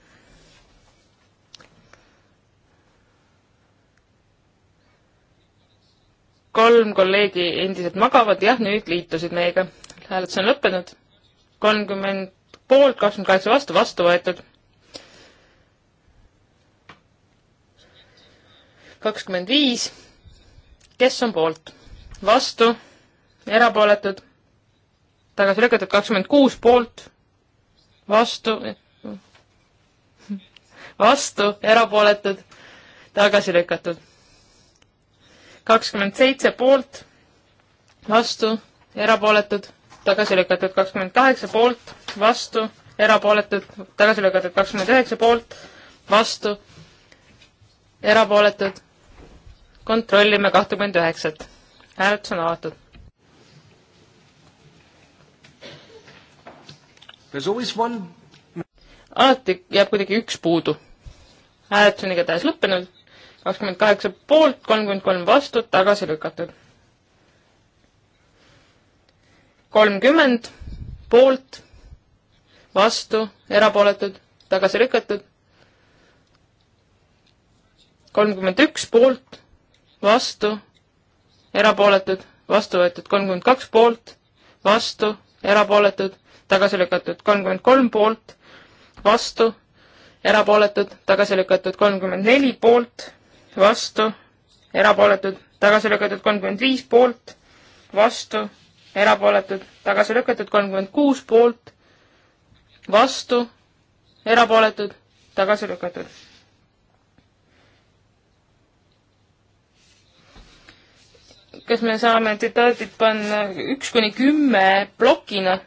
kolm kolleegi endiselt magavad, jah, nüüd liitusid meiega. hääletus on lõppenud. kolmkümmend poolt, kakskümmend kaheksa vastu, vastu võetud kakskümmend viis, kes on poolt? vastu, erapooletud, tagasi lükatud kakskümmend kuus poolt, vastu, vastu, erapooletud, tagasi lükatud. kakskümmend seitse poolt, vastu, erapooletud, tagasi lükatud, kakskümmend kaheksa poolt, vastu, erapooletud, tagasi lükatud, kakskümmend üheksa poolt, vastu, erapooletud kontrollime kahtekümmend üheksat. hääletus on avatud. One... alati jääb kuidagi üks puudu. hääletus on igatahes lõppenud, kakskümmend kaheksa poolt, kolmkümmend kolm vastu, tagasi lükatud. kolmkümmend poolt, vastu, erapooletud, tagasi lükatud. kolmkümmend üks poolt vastu, erapooletud, vastu võetud kolmkümmend kaks poolt, vastu, erapooletud, tagasi lükatud kolmkümmend kolm poolt, vastu, erapooletud, tagasi lükatud kolmkümmend neli poolt, vastu, erapooletud, tagasi lükatud kolmkümmend viis poolt, vastu, erapooletud, tagasi lükatud kolmkümmend kuus poolt, vastu, erapooletud, tagasi lükatud kas me saame tsitaadid panna üks kuni kümme plokina?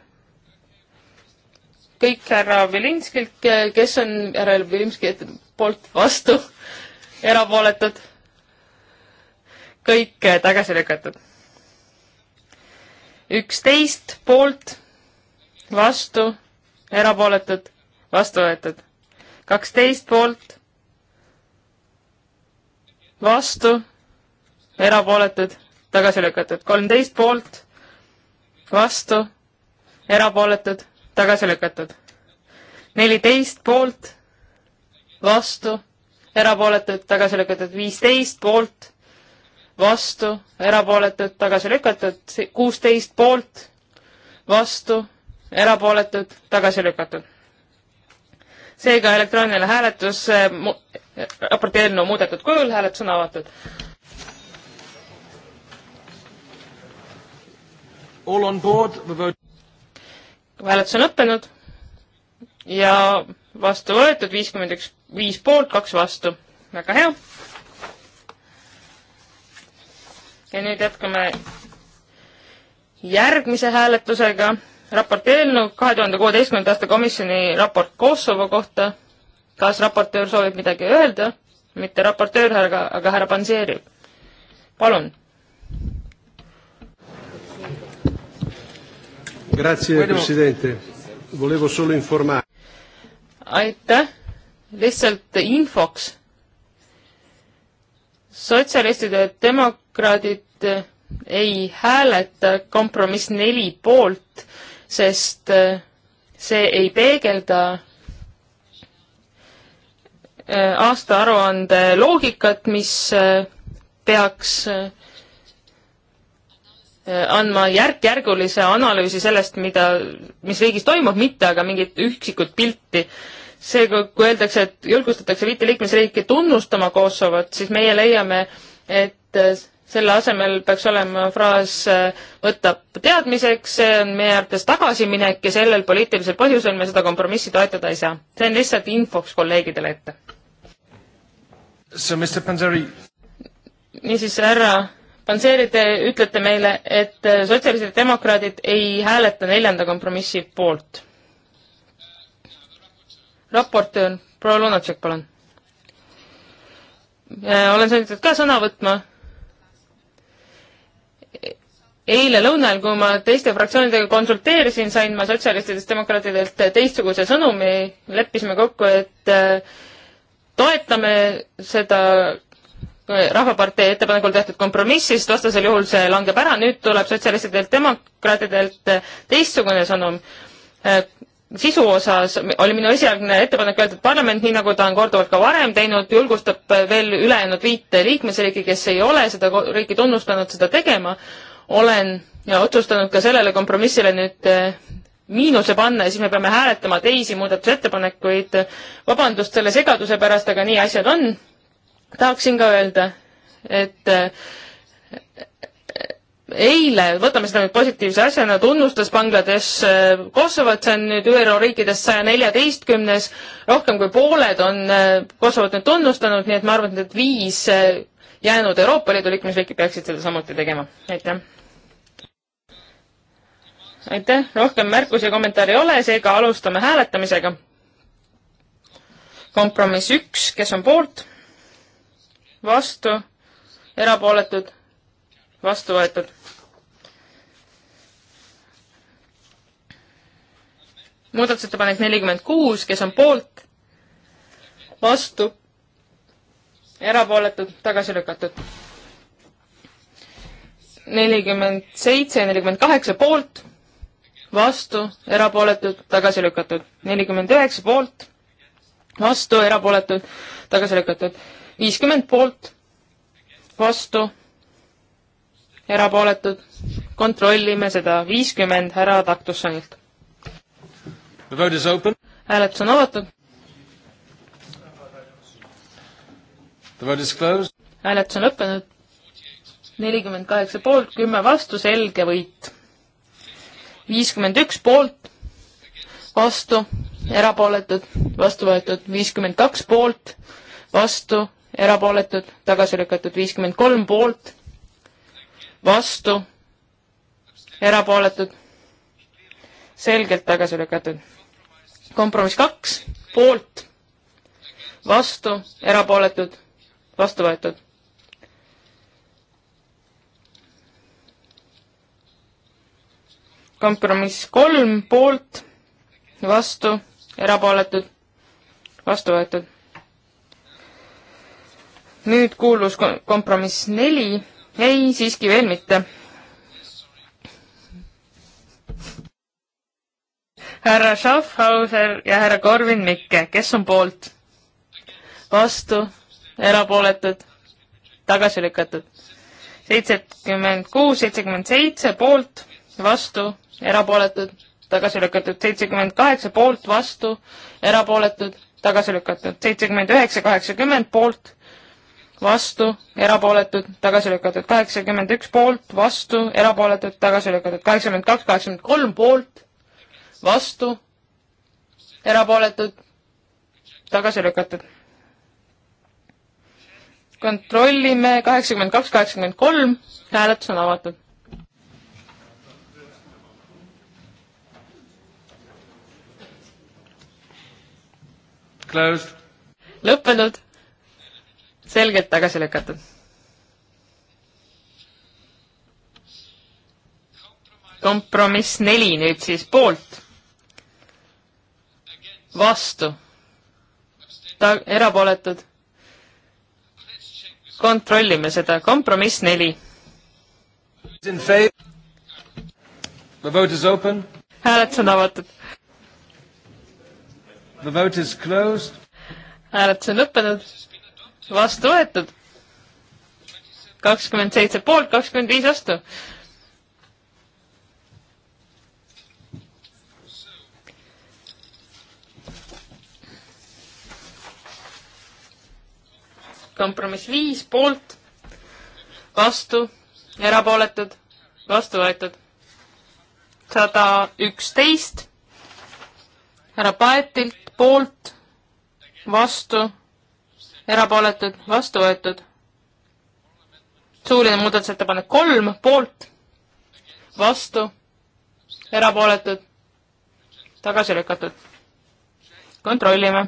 kõik härra Vilinskilt, kes on härra Vilinski poolt vastu, erapooletud, kõik tagasi lükatud. üksteist poolt, vastu, erapooletud, vastu võetud. kaksteist poolt, vastu, erapooletud tagasi lükatud, kolmteist poolt, vastu, erapooletud, tagasi lükatud. neliteist poolt, vastu, erapooletud, tagasi lükatud, viisteist poolt, vastu, erapooletud, tagasi lükatud, kuusteist poolt, vastu, erapooletud, tagasi lükatud. seega elektrooniline hääletus äh, raporti eelnõu muudetud kujul, hääletus on avatud. all on board, the vote hääletus on lõppenud ja vastu võetud viiskümmend üks, viis poolt, kaks vastu. väga hea. ja nüüd jätkame järgmise hääletusega. raporti eelnõu kahe tuhande kuueteistkümnenda aasta komisjoni raport Kosovo kohta. kas raportöör soovib midagi öelda? mitte raportöör, aga, aga härra Panseri. palun Grazie, president. Volevo solo informare. aitäh, lihtsalt infoks. sotsialistid ja demokraadid ei hääleta kompromiss neli poolt, sest see ei peegelda äh, aastaaruande loogikat, mis äh, peaks äh, Äh, andma järk-järgulise analüüsi sellest, mida, mis riigis toimub, mitte aga mingit üksikut pilti. seega, kui öeldakse, et julgustatakse viite liikmesriiki tunnustama Kosovot, siis meie leiame, et äh, selle asemel peaks olema fraas äh, võtab teadmiseks, see on meie arvates tagasiminek ja sellel poliitilisel põhjusel me seda kompromissi toetada ei saa. see on lihtsalt infoks kolleegidele ette. niisiis, härra Panseeri, te ütlete meile, et äh, sotsialistid ja demokraadid ei hääleta neljanda kompromissi poolt. raportöör, proua Lunatšek, palun. Äh, olen sunnitud ka sõna võtma. eile lõunal, kui ma teiste fraktsioonidega konsulteerisin, sain ma sotsialistidest demokraatidelt teistsuguse sõnumi, leppisime kokku, et äh, toetame seda Rahvapartei ettepanekul tehtud kompromissist, vastasel juhul see langeb ära, nüüd tuleb sotsialistidelt, demokraatidelt teistsugune sõnum. Äh, sisu osas oli minu esialgne ettepanek öelda, et parlament, nii nagu ta on korduvalt ka varem teinud, julgustab veel ülejäänud viite liikmesriiki, kes ei ole seda riiki tunnustanud, seda tegema. olen otsustanud ka sellele kompromissile nüüd äh, miinuse panna ja siis me peame hääletama teisi muudatusettepanekuid. vabandust selle segaduse pärast, aga nii asjad on tahaksin ka öelda, et äh, eile, võtame seda nüüd positiivse asjana, tunnustas Bangladesh äh, Kosovot, see on nüüd ÜRO riikidest saja neljateistkümnes, rohkem kui pooled on äh, Kosovot nüüd tunnustanud, nii et ma arvan, et need viis jäänud Euroopa Liidu liikmesriiki peaksid seda samuti tegema, aitäh. aitäh, rohkem märkusi ja kommentaare ei ole, seega alustame hääletamisega. kompromiss üks, kes on poolt vastu, erapooletud, vastu võetud. muudatusettepanek nelikümmend kuus, kes on poolt, vastu, erapooletud, tagasi lükatud. nelikümmend seitse, nelikümmend kaheksa poolt, vastu, erapooletud, tagasi lükatud. nelikümmend üheksa poolt, vastu, erapooletud, tagasi lükatud viiskümmend poolt, vastu, erapooletud, kontrollime seda viiskümmend härra Taktussonilt. hääletus on avatud. hääletus on lõppenud. nelikümmend kaheksa poolt, kümme vastu, selge võit. viiskümmend üks poolt, vastu, erapooletud, vastu võetud, viiskümmend kaks poolt, vastu, erapooletud, tagasi lükatud viiskümmend kolm poolt, vastu, erapooletud, selgelt tagasi lükatud. kompromiss kaks, poolt, vastu, erapooletud, vastu võetud. kompromiss kolm, poolt, vastu, erapooletud, vastu võetud nüüd kuulus kompromiss neli, ei, siiski veel mitte. härra Schaffhauser ja härra Korvin Mikke, kes on poolt? vastu, erapooletud, tagasi lükatud. seitsekümmend kuus, seitsekümmend seitse poolt, vastu, erapooletud, tagasi lükatud, seitsekümmend kaheksa poolt, vastu, erapooletud, tagasi lükatud, seitsekümmend üheksa, kaheksakümmend poolt vastu, erapooletud, tagasi lükatud kaheksakümmend üks poolt, vastu, erapooletud, tagasi lükatud kaheksakümmend kaks, kaheksakümmend kolm poolt, vastu, erapooletud, tagasi lükatud. kontrollime kaheksakümmend kaks, kaheksakümmend kolm, hääletus on avatud. lõppenud selgelt tagasi lükatud. kompromiss neli nüüd siis poolt, vastu, ta-, erapooletud. kontrollime seda, kompromiss neli. hääletus on avatud. hääletus on lõppenud vastu võetud. kakskümmend seitse poolt, kakskümmend viis vastu. kompromiss viis poolt, vastu, erapooletud, vastu võetud. sada üksteist härra Paetilt poolt, vastu erapooletud, vastu võetud. suuline muudatusettepanek kolm, poolt, vastu, erapooletud, tagasi lükatud. kontrollime.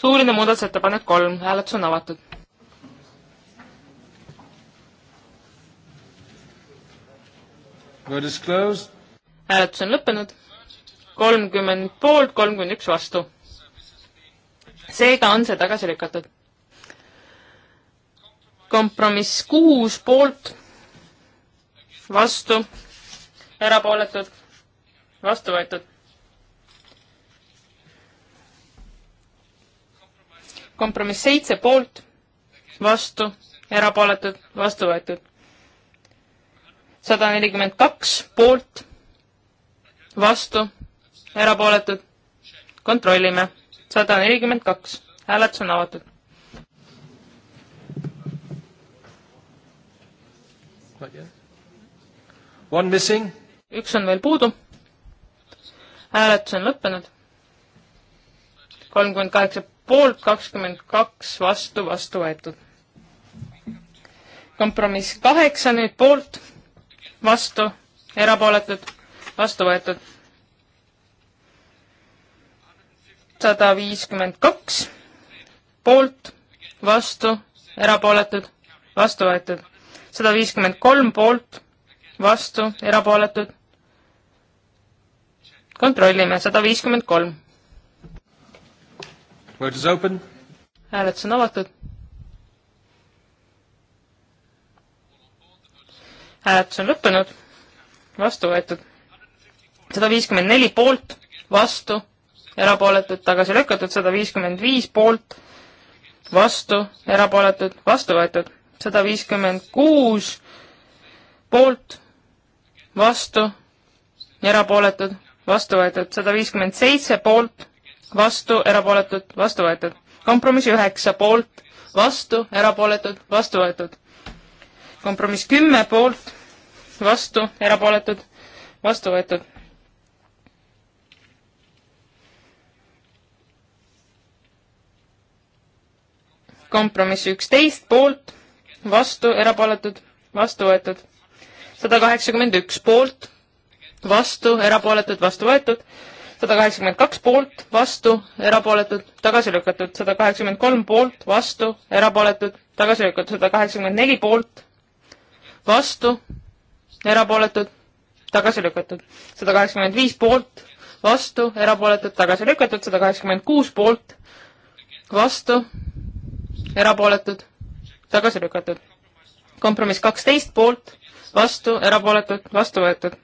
suuline muudatusettepanek kolm, hääletus on avatud. hääletus on lõppenud. kolmkümmend poolt, kolmkümmend üks vastu seega on see tagasi lükatud. kompromiss kuus poolt, vastu, erapooletud, vastu võetud. kompromiss seitse poolt, vastu, erapooletud, vastu võetud. sada nelikümmend kaks poolt, vastu, erapooletud, kontrollime sada nelikümmend kaks, hääletus on avatud. One missing. üks on veel puudu. hääletus on lõppenud. kolmkümmend kaheksa poolt, kakskümmend kaks vastu, vastu võetud. kompromiss kaheksa nüüd poolt, vastu, erapooletud, vastu võetud sada viiskümmend kaks poolt, vastu, erapooletud, vastu võetud. sada viiskümmend kolm poolt, vastu, erapooletud. kontrollime, sada viiskümmend kolm. hääletus on avatud. hääletus on lõppenud, vastu võetud. sada viiskümmend neli poolt, vastu erapooletud, tagasi lükatud, sada viiskümmend viis poolt, vastu, erapooletud, vastu võetud, sada viiskümmend kuus poolt, vastu, erapooletud, vastu võetud, sada viiskümmend seitse poolt, vastu, erapooletud, vastu võetud. kompromiss üheksa poolt, vastu, erapooletud, vastu võetud. kompromiss kümme poolt, vastu, erapooletud, vastu võetud kompromiss üksteist poolt, vastu, erapooletud, vastu võetud. sada kaheksakümmend üks poolt, vastu, erapooletud, vastu võetud. sada kaheksakümmend kaks poolt, vastu, erapooletud, tagasi lükatud. sada kaheksakümmend kolm poolt, vastu, erapooletud, tagasi lükatud. sada kaheksakümmend neli poolt, vastu, erapooletud, tagasi lükatud. sada kaheksakümmend viis poolt, vastu, erapooletud, tagasi lükatud, sada kaheksakümmend kuus poolt, vastu, erapooletud, tagasi lükatud. kompromiss kaksteist poolt, vastu, erapooletud, vastu võetud.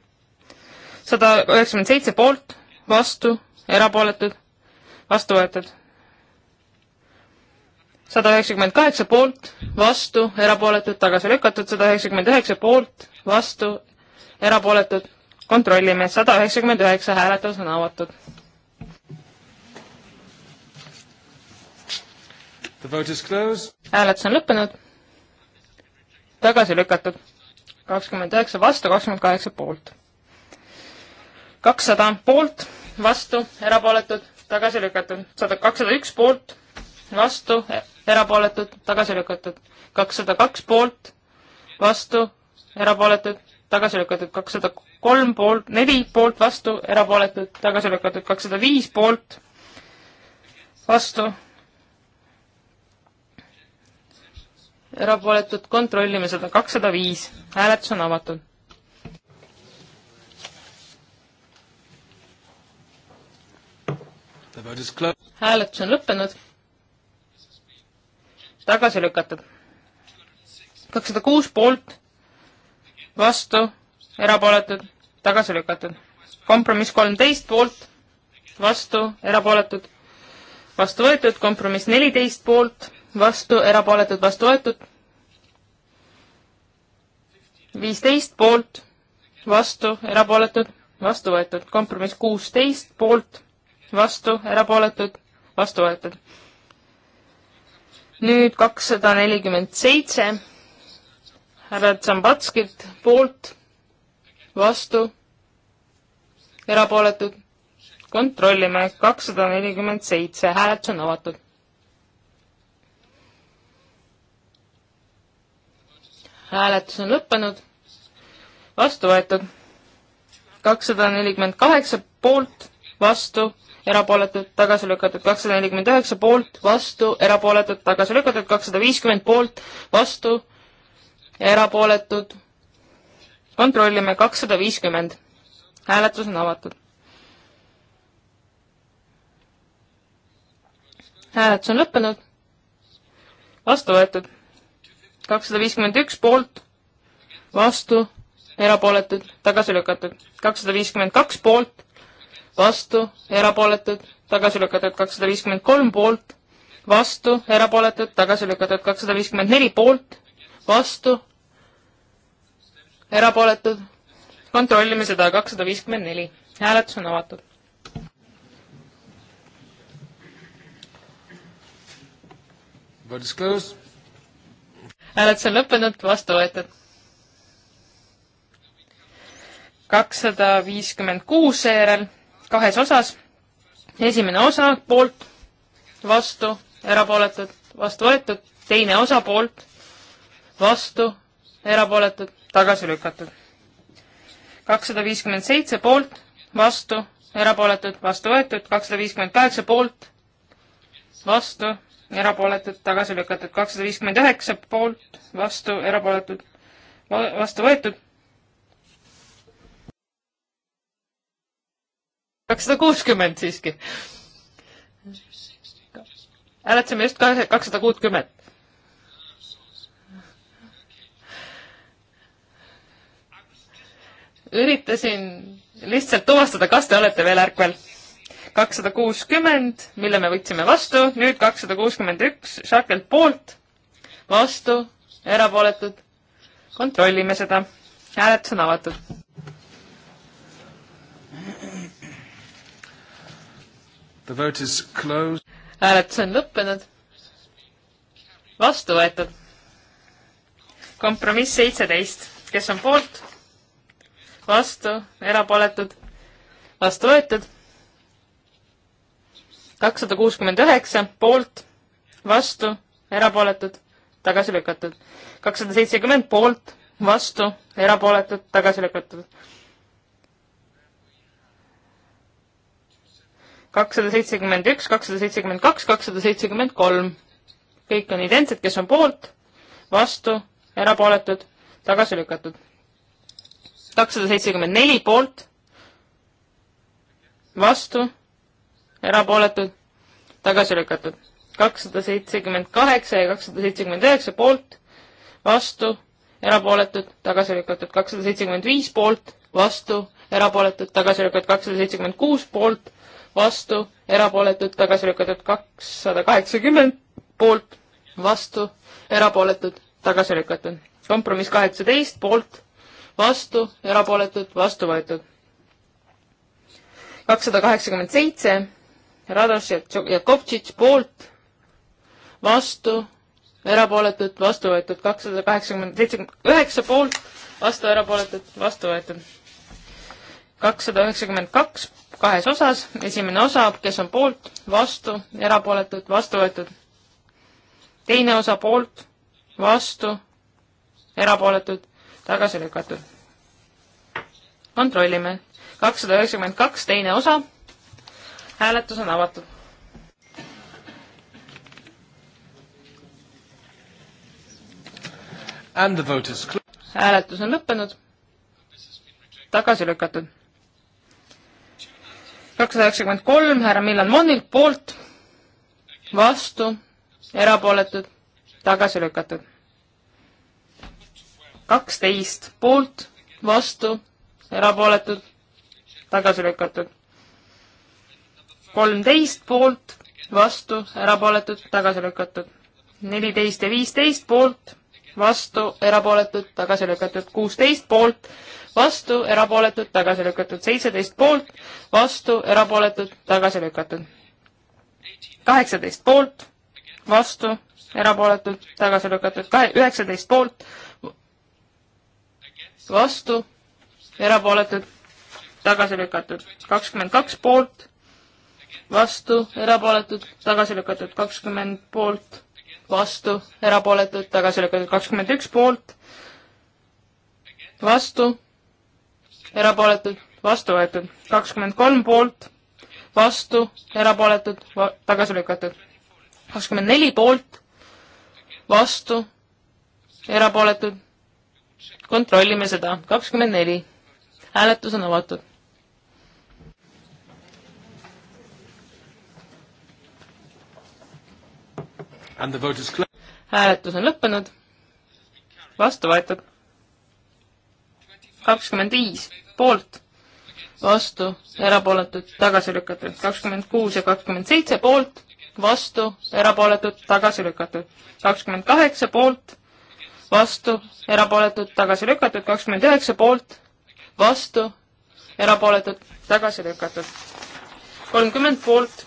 sada üheksakümmend seitse poolt, vastu, erapooletud, vastu võetud. sada üheksakümmend kaheksa poolt, vastu, erapooletud, tagasi lükatud, sada üheksakümmend üheksa poolt, vastu, erapooletud, kontrollime, sada üheksakümmend üheksa, hääletus on avatud hääletus on lõppenud. tagasi lükatud. kakskümmend üheksa vastu, kakskümmend kaheksa poolt. kakssada poolt, vastu, erapooletud, tagasi lükatud. sada, kakssada üks poolt, vastu, erapooletud, tagasi lükatud. kakssada kaks poolt, vastu, erapooletud, tagasi lükatud. kakssada kolm poolt, neli poolt, vastu, erapooletud, tagasi lükatud. kakssada viis poolt, vastu erapooletud, kontrollime seda, kakssada viis, hääletus on avatud. hääletus on lõppenud, tagasi lükatud. kakssada kuus poolt, vastu, erapooletud, tagasi lükatud. kompromiss kolmteist poolt, vastu, erapooletud, vastu võetud, kompromiss neliteist poolt vastu, erapooletud, vastu võetud. viisteist poolt, vastu, erapooletud, vastu võetud. kompromiss kuusteist poolt, vastu, erapooletud, vastu võetud. nüüd kakssada nelikümmend seitse härra Tsambatskilt poolt, vastu, erapooletud. kontrollime, kakssada nelikümmend seitse, hääletus on avatud. hääletus on lõppenud, vastu võetud kakssada nelikümmend kaheksa poolt, vastu, erapooletud, tagasi lükatud, kakssada nelikümmend üheksa poolt, vastu, erapooletud, tagasi lükatud, kakssada viiskümmend poolt, vastu, erapooletud. kontrollime, kakssada viiskümmend. hääletus on avatud. hääletus on lõppenud, vastu võetud kakssada viiskümmend üks poolt, vastu, erapooletud, tagasi lükatud. kakssada viiskümmend kaks poolt, vastu, erapooletud, tagasi lükatud. kakssada viiskümmend kolm poolt, vastu, erapooletud, tagasi lükatud. kakssada viiskümmend neli poolt, vastu, erapooletud. kontrollime seda, kakssada viiskümmend neli. hääletus on avatud. Vote is closed hääletus on lõppenud, vastu võetud. kakssada viiskümmend kuus seejärel kahes osas. esimene osa poolt, vastu, erapooletud, vastu võetud, teine osa poolt, vastu, erapooletud, tagasi lükatud. kakssada viiskümmend seitse poolt, vastu, erapooletud, vastu võetud, kakssada viiskümmend kaheksa poolt, vastu, erapooletud, tagasi lükatud kakssada viiskümmend üheksa poolt, vastu, erapooletud, vastu võetud. kakssada kuuskümmend siiski. hääletasime just kakssada kuutkümmend. üritasin lihtsalt tuvastada, kas te olete veel ärkvel kakssada kuuskümmend, mille me võtsime vastu, nüüd kakssada kuuskümmend üks, Shackelt poolt, vastu, erapooletud. kontrollime seda. hääletus on avatud. hääletus on lõppenud. vastu võetud. kompromiss seitseteist, kes on poolt, vastu, erapooletud, vastu võetud kakssada kuuskümmend üheksa poolt, vastu, erapooletud, tagasi lükatud. kakssada seitsekümmend poolt, vastu, erapooletud, tagasi lükatud. kakssada seitsekümmend üks, kakssada seitsekümmend kaks, kakssada seitsekümmend kolm. kõik on identsed, kes on poolt, vastu, erapooletud, tagasi lükatud. kakssada seitsekümmend neli poolt, vastu erapooletud, tagasi lükatud. kakssada seitsekümmend kaheksa ja kakssada seitsekümmend üheksa poolt, vastu, erapooletud, tagasi lükatud. kakssada seitsekümmend viis poolt, vastu, erapooletud, tagasi lükatud. kakssada seitsekümmend kuus poolt, vastu, erapooletud, tagasi lükatud. kakssada kaheksakümmend poolt, vastu, erapooletud, tagasi lükatud. kompromiss kaheksateist poolt, vastu, erapooletud, vastu võetud. kakssada kaheksakümmend seitse Rados ja Jakovtšits poolt, vastu, erapooletud, vastu võetud kakssada kaheksakümmend, seitsekümmend üheksa poolt, vastu erapooletud, vastu võetud kakssada üheksakümmend kaks kahes osas, esimene osa, kes on poolt, vastu, erapooletud, vastu võetud. teine osa poolt, vastu, erapooletud, tagasi lükatud. kontrollime. kakssada üheksakümmend kaks, teine osa hääletus on avatud. hääletus on lõppenud. tagasi lükatud. kakssada üheksakümmend kolm härra Milan Monilt poolt, vastu, erapooletud, tagasi lükatud. kaksteist poolt, vastu, erapooletud, tagasi lükatud kolmteist poolt, vastu, erapooletud, tagasi lükatud. neliteist ja viisteist poolt, vastu, erapooletud, tagasi lükatud. kuusteist poolt, vastu, erapooletud, tagasi lükatud. seitseteist poolt, vastu, erapooletud, tagasi lükatud. kaheksateist poolt, vastu, erapooletud, tagasi lükatud. kahe, üheksateist poolt, vastu, erapooletud, tagasi lükatud. kakskümmend kaks poolt vastu, erapooletud, tagasi lükatud kakskümmend poolt, vastu, erapooletud, tagasi lükatud kakskümmend üks poolt, vastu, erapooletud, vastu võetud kakskümmend kolm poolt, vastu, erapooletud, tagasi lükatud kakskümmend neli poolt, vastu, erapooletud, kontrollime seda, kakskümmend neli. hääletus on avatud hääletus on lõppenud, vastu võetud. kakskümmend viis poolt, vastu, erapooletud, tagasi lükatud. kakskümmend kuus ja kakskümmend seitse poolt, vastu, erapooletud, tagasi lükatud. kakskümmend kaheksa poolt, vastu, erapooletud, tagasi lükatud. kakskümmend üheksa poolt, vastu, erapooletud, tagasi lükatud. kolmkümmend poolt,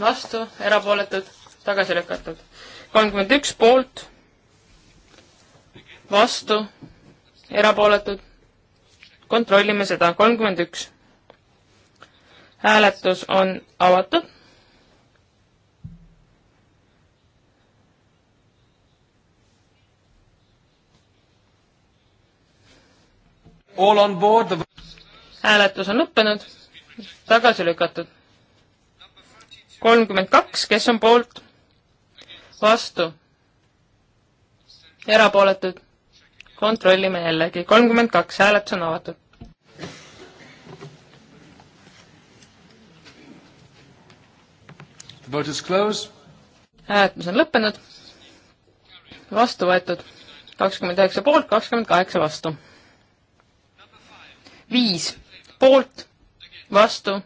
vastu, erapooletud tagasi lükatud. kolmkümmend üks poolt, vastu, erapooletud. kontrollime seda, kolmkümmend üks. hääletus on avatud. All on board the hääletus on lõppenud, tagasi lükatud. kolmkümmend kaks, kes on poolt? vastu, erapooletud, kontrollime jällegi, kolmkümmend kaks, hääletus on avatud. hääletus on lõppenud, vastu võetud kakskümmend üheksa poolt, kakskümmend kaheksa vastu. viis poolt, vastu,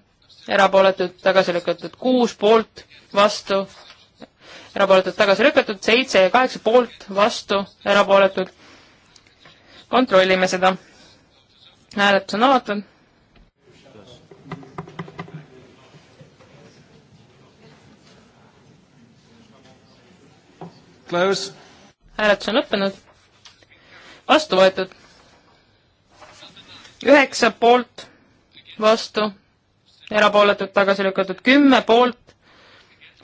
erapooletud, tagasi lükatud, kuus poolt, vastu, erapooletud tagasi lükatud, seitse ja kaheksa poolt, vastu, erapooletud. kontrollime seda. hääletus on avatud. hääletus on lõppenud. vastu võetud. üheksa poolt, vastu, erapooletud tagasi lükatud, kümme poolt,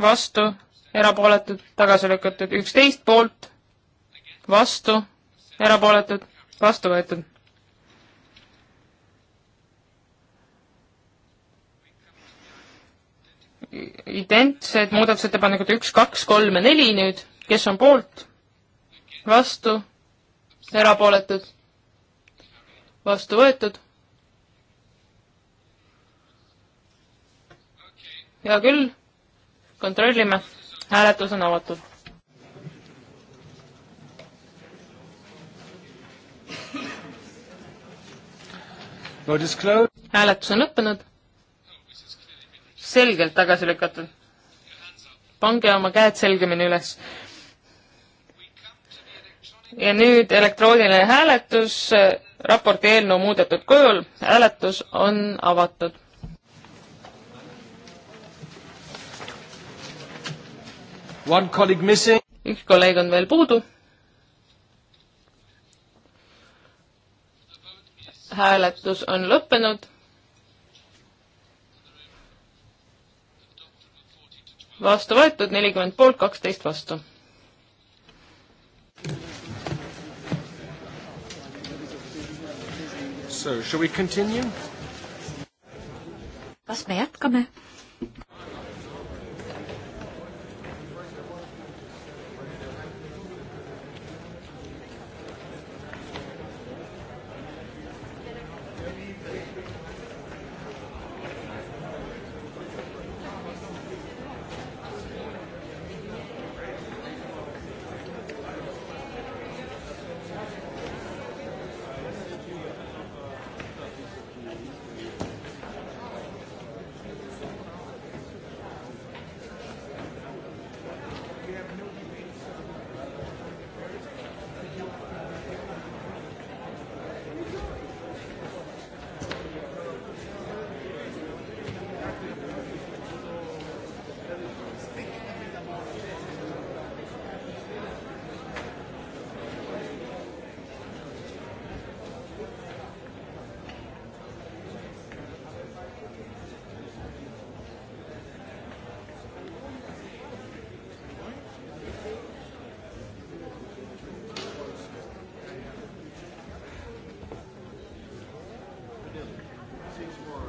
vastu, erapooletud, tagasi lükatud, üksteist poolt, vastu, erapooletud, vastu võetud. identsed muudatusettepanekud üks, kaks, kolm ja neli nüüd, kes on poolt, vastu, erapooletud, vastu võetud hea küll, kontrollime hääletus on avatud. hääletus on lõppenud. selgelt tagasi lükatud. pange oma käed selgemini üles. ja nüüd elektrooniline hääletus, äh, raporti eelnõu muudetud kujul, hääletus on avatud. üks kolleeg on veel puudu. hääletus on lõppenud. vastu võetud nelikümmend poolt, kaksteist vastu. So shall we continue? kas me jätkame? Six more.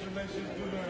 Congratulations to the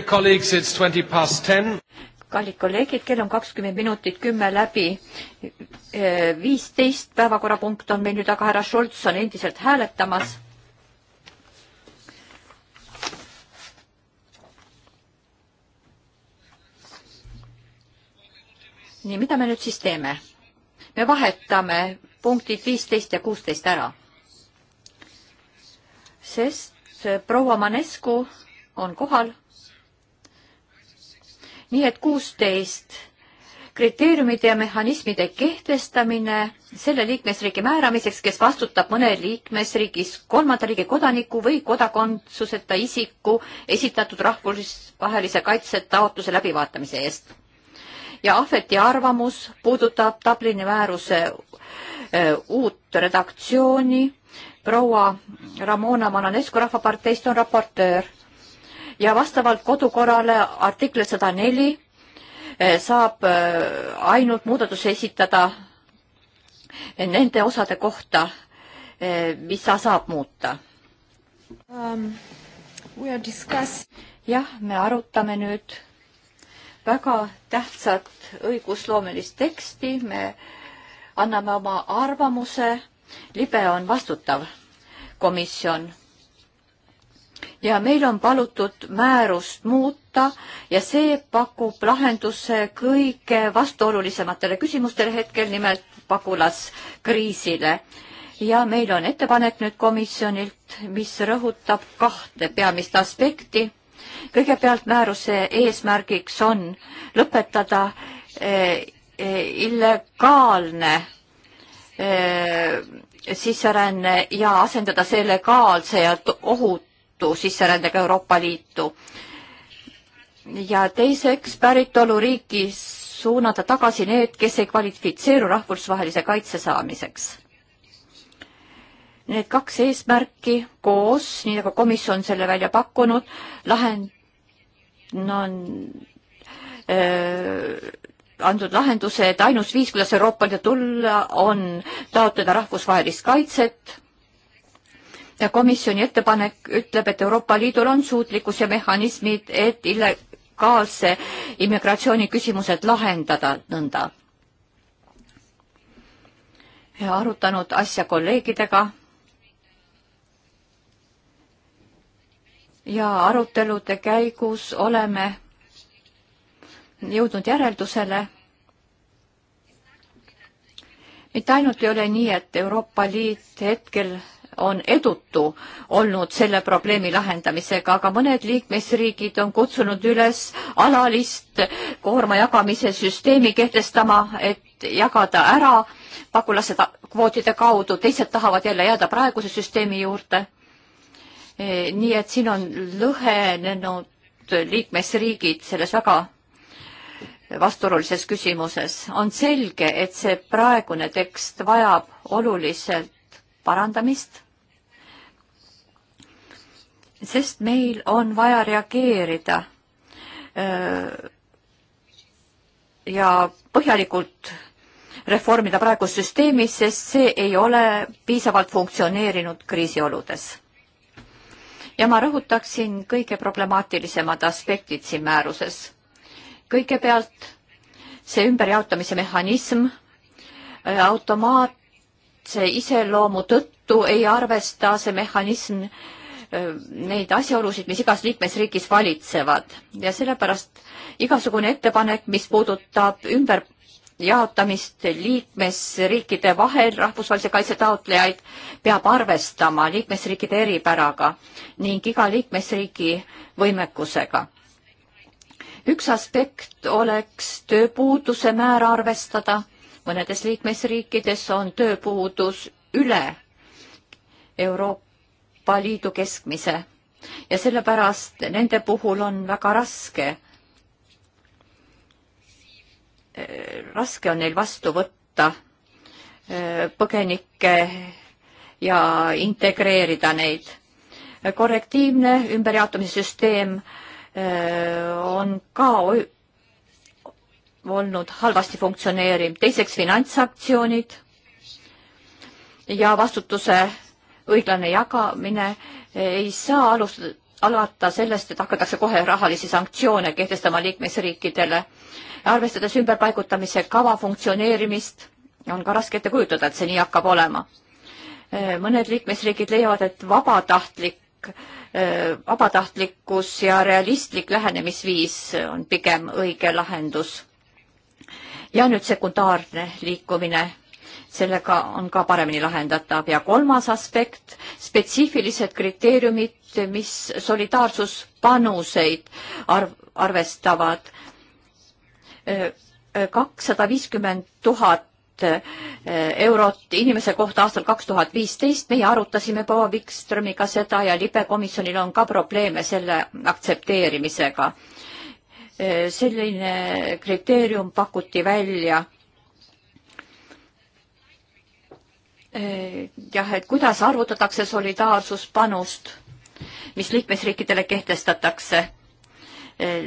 kallid kolleegid, kell on kakskümmend minutit kümme läbi. Äh, viisteist päevakorrapunkt on meil nüüd, aga härra Šolts on endiselt hääletamas. nii, mida me nüüd siis teeme? me vahetame punktid viisteist ja kuusteist ära. sest äh, proua Manescu on kohal nii et kuusteist kriteeriumide ja mehhanismide kehtestamine selle liikmesriigi määramiseks, kes vastutab mõne liikmesriigis kolmanda riigi kodaniku või kodakondsuseta isiku esitatud rahvusvahelise kaitse taotluse läbivaatamise eest. ja Ahveti arvamus puudutab Dublini määruse äh, uut redaktsiooni. proua Ramona Mananescu Rahvaparteist on raportöör ja vastavalt kodukorrale artikkel sada neli eh, saab eh, ainult muudatuse esitada eh, nende osade kohta, mis sa saab muuta um,. jah, me arutame nüüd väga tähtsat õigusloomelist teksti, me anname oma arvamuse, libe on vastutav komisjon ja meil on palutud määrust muuta ja see pakub lahenduse kõige vastuolulisematele küsimustele hetkel, nimelt pagulaskriisile. ja meil on ettepanek nüüd komisjonilt, mis rõhutab kahte peamist aspekti. kõigepealt määruse eesmärgiks on lõpetada eh, eh, illegaalne eh, sisseränne ja asendada see legaalse ja ohutu seotu sisserändega Euroopa Liitu. ja teiseks päritoluriiki suunata tagasi need, kes ei kvalifitseeru rahvusvahelise kaitse saamiseks. Need kaks eesmärki koos, nii nagu komisjon selle välja pakkunud, lahend- no,, on öö, andnud lahenduse, et ainus viis, kuidas Euroopa Liidu tulla, on taotleda rahvusvahelist kaitset ja komisjoni ettepanek ütleb, et Euroopa Liidul on suutlikkus ja mehhanismid, et illegaalse immigratsiooni küsimused lahendada nõnda. ja arutanud asja kolleegidega. ja arutelude käigus oleme jõudnud järeldusele, mitte ainult ei ole nii, et Euroopa Liit hetkel on edutu olnud selle probleemi lahendamisega, aga mõned liikmesriigid on kutsunud üles alalist koorma jagamise süsteemi kehtestama, et jagada ära pagulased kvootide kaudu, teised tahavad jälle jääda praeguse süsteemi juurde. E, nii et siin on lõhenenud liikmesriigid selles väga vastuolulises küsimuses. on selge, et see praegune tekst vajab oluliselt parandamist, sest meil on vaja reageerida ja põhjalikult reformida praegust süsteemi, sest see ei ole piisavalt funktsioneerinud kriisioludes. ja ma rõhutaksin kõige problemaatilisemad aspektid siin määruses. kõigepealt see ümberjaotamise mehhanism, automaat, see iseloomu tõttu ei arvesta see mehhanism neid asjaolusid, mis igas liikmesriigis valitsevad ja sellepärast igasugune ettepanek, mis puudutab ümber jaotamist liikmesriikide vahel rahvusvahelise kaitse taotlejaid peab arvestama liikmesriikide eripäraga ning iga liikmesriigi võimekusega. üks aspekt oleks tööpuuduse määra arvestada mõnedes liikmesriikides on tööpuudus üle Euroopa Liidu keskmise ja sellepärast nende puhul on väga raske, raske on neil vastu võtta eh, põgenikke ja integreerida neid. korrektiivne ümberjaotamise süsteem eh, on ka olnud halvasti funktsioneeriv, teiseks finantssanktsioonid ja vastutuse õiglane jagamine ei saa alustada alata sellest, et hakatakse kohe rahalisi sanktsioone kehtestama liikmesriikidele. arvestades ümberpaigutamise kava funktsioneerimist, on ka raske ette kujutada, et see nii hakkab olema. mõned liikmesriigid leiavad, et vabatahtlik, vabatahtlikkus ja realistlik lähenemisviis on pigem õige lahendus ja nüüd sekundaarne liikumine, sellega on ka paremini lahendatav ja kolmas aspekt, spetsiifilised kriteeriumid, mis solidaarsuspanuseid arv, arvestavad. kakssada viiskümmend tuhat eurot inimese kohta aastal kaks tuhat viisteist. meie arutasime proua Wikströmiga seda ja libekomisjonil on ka probleeme selle aktsepteerimisega. Eh, selline kriteerium pakuti välja. Eh, jah, et kuidas arvutatakse solidaarsuspanust, mis liikmesriikidele kehtestatakse. Eh,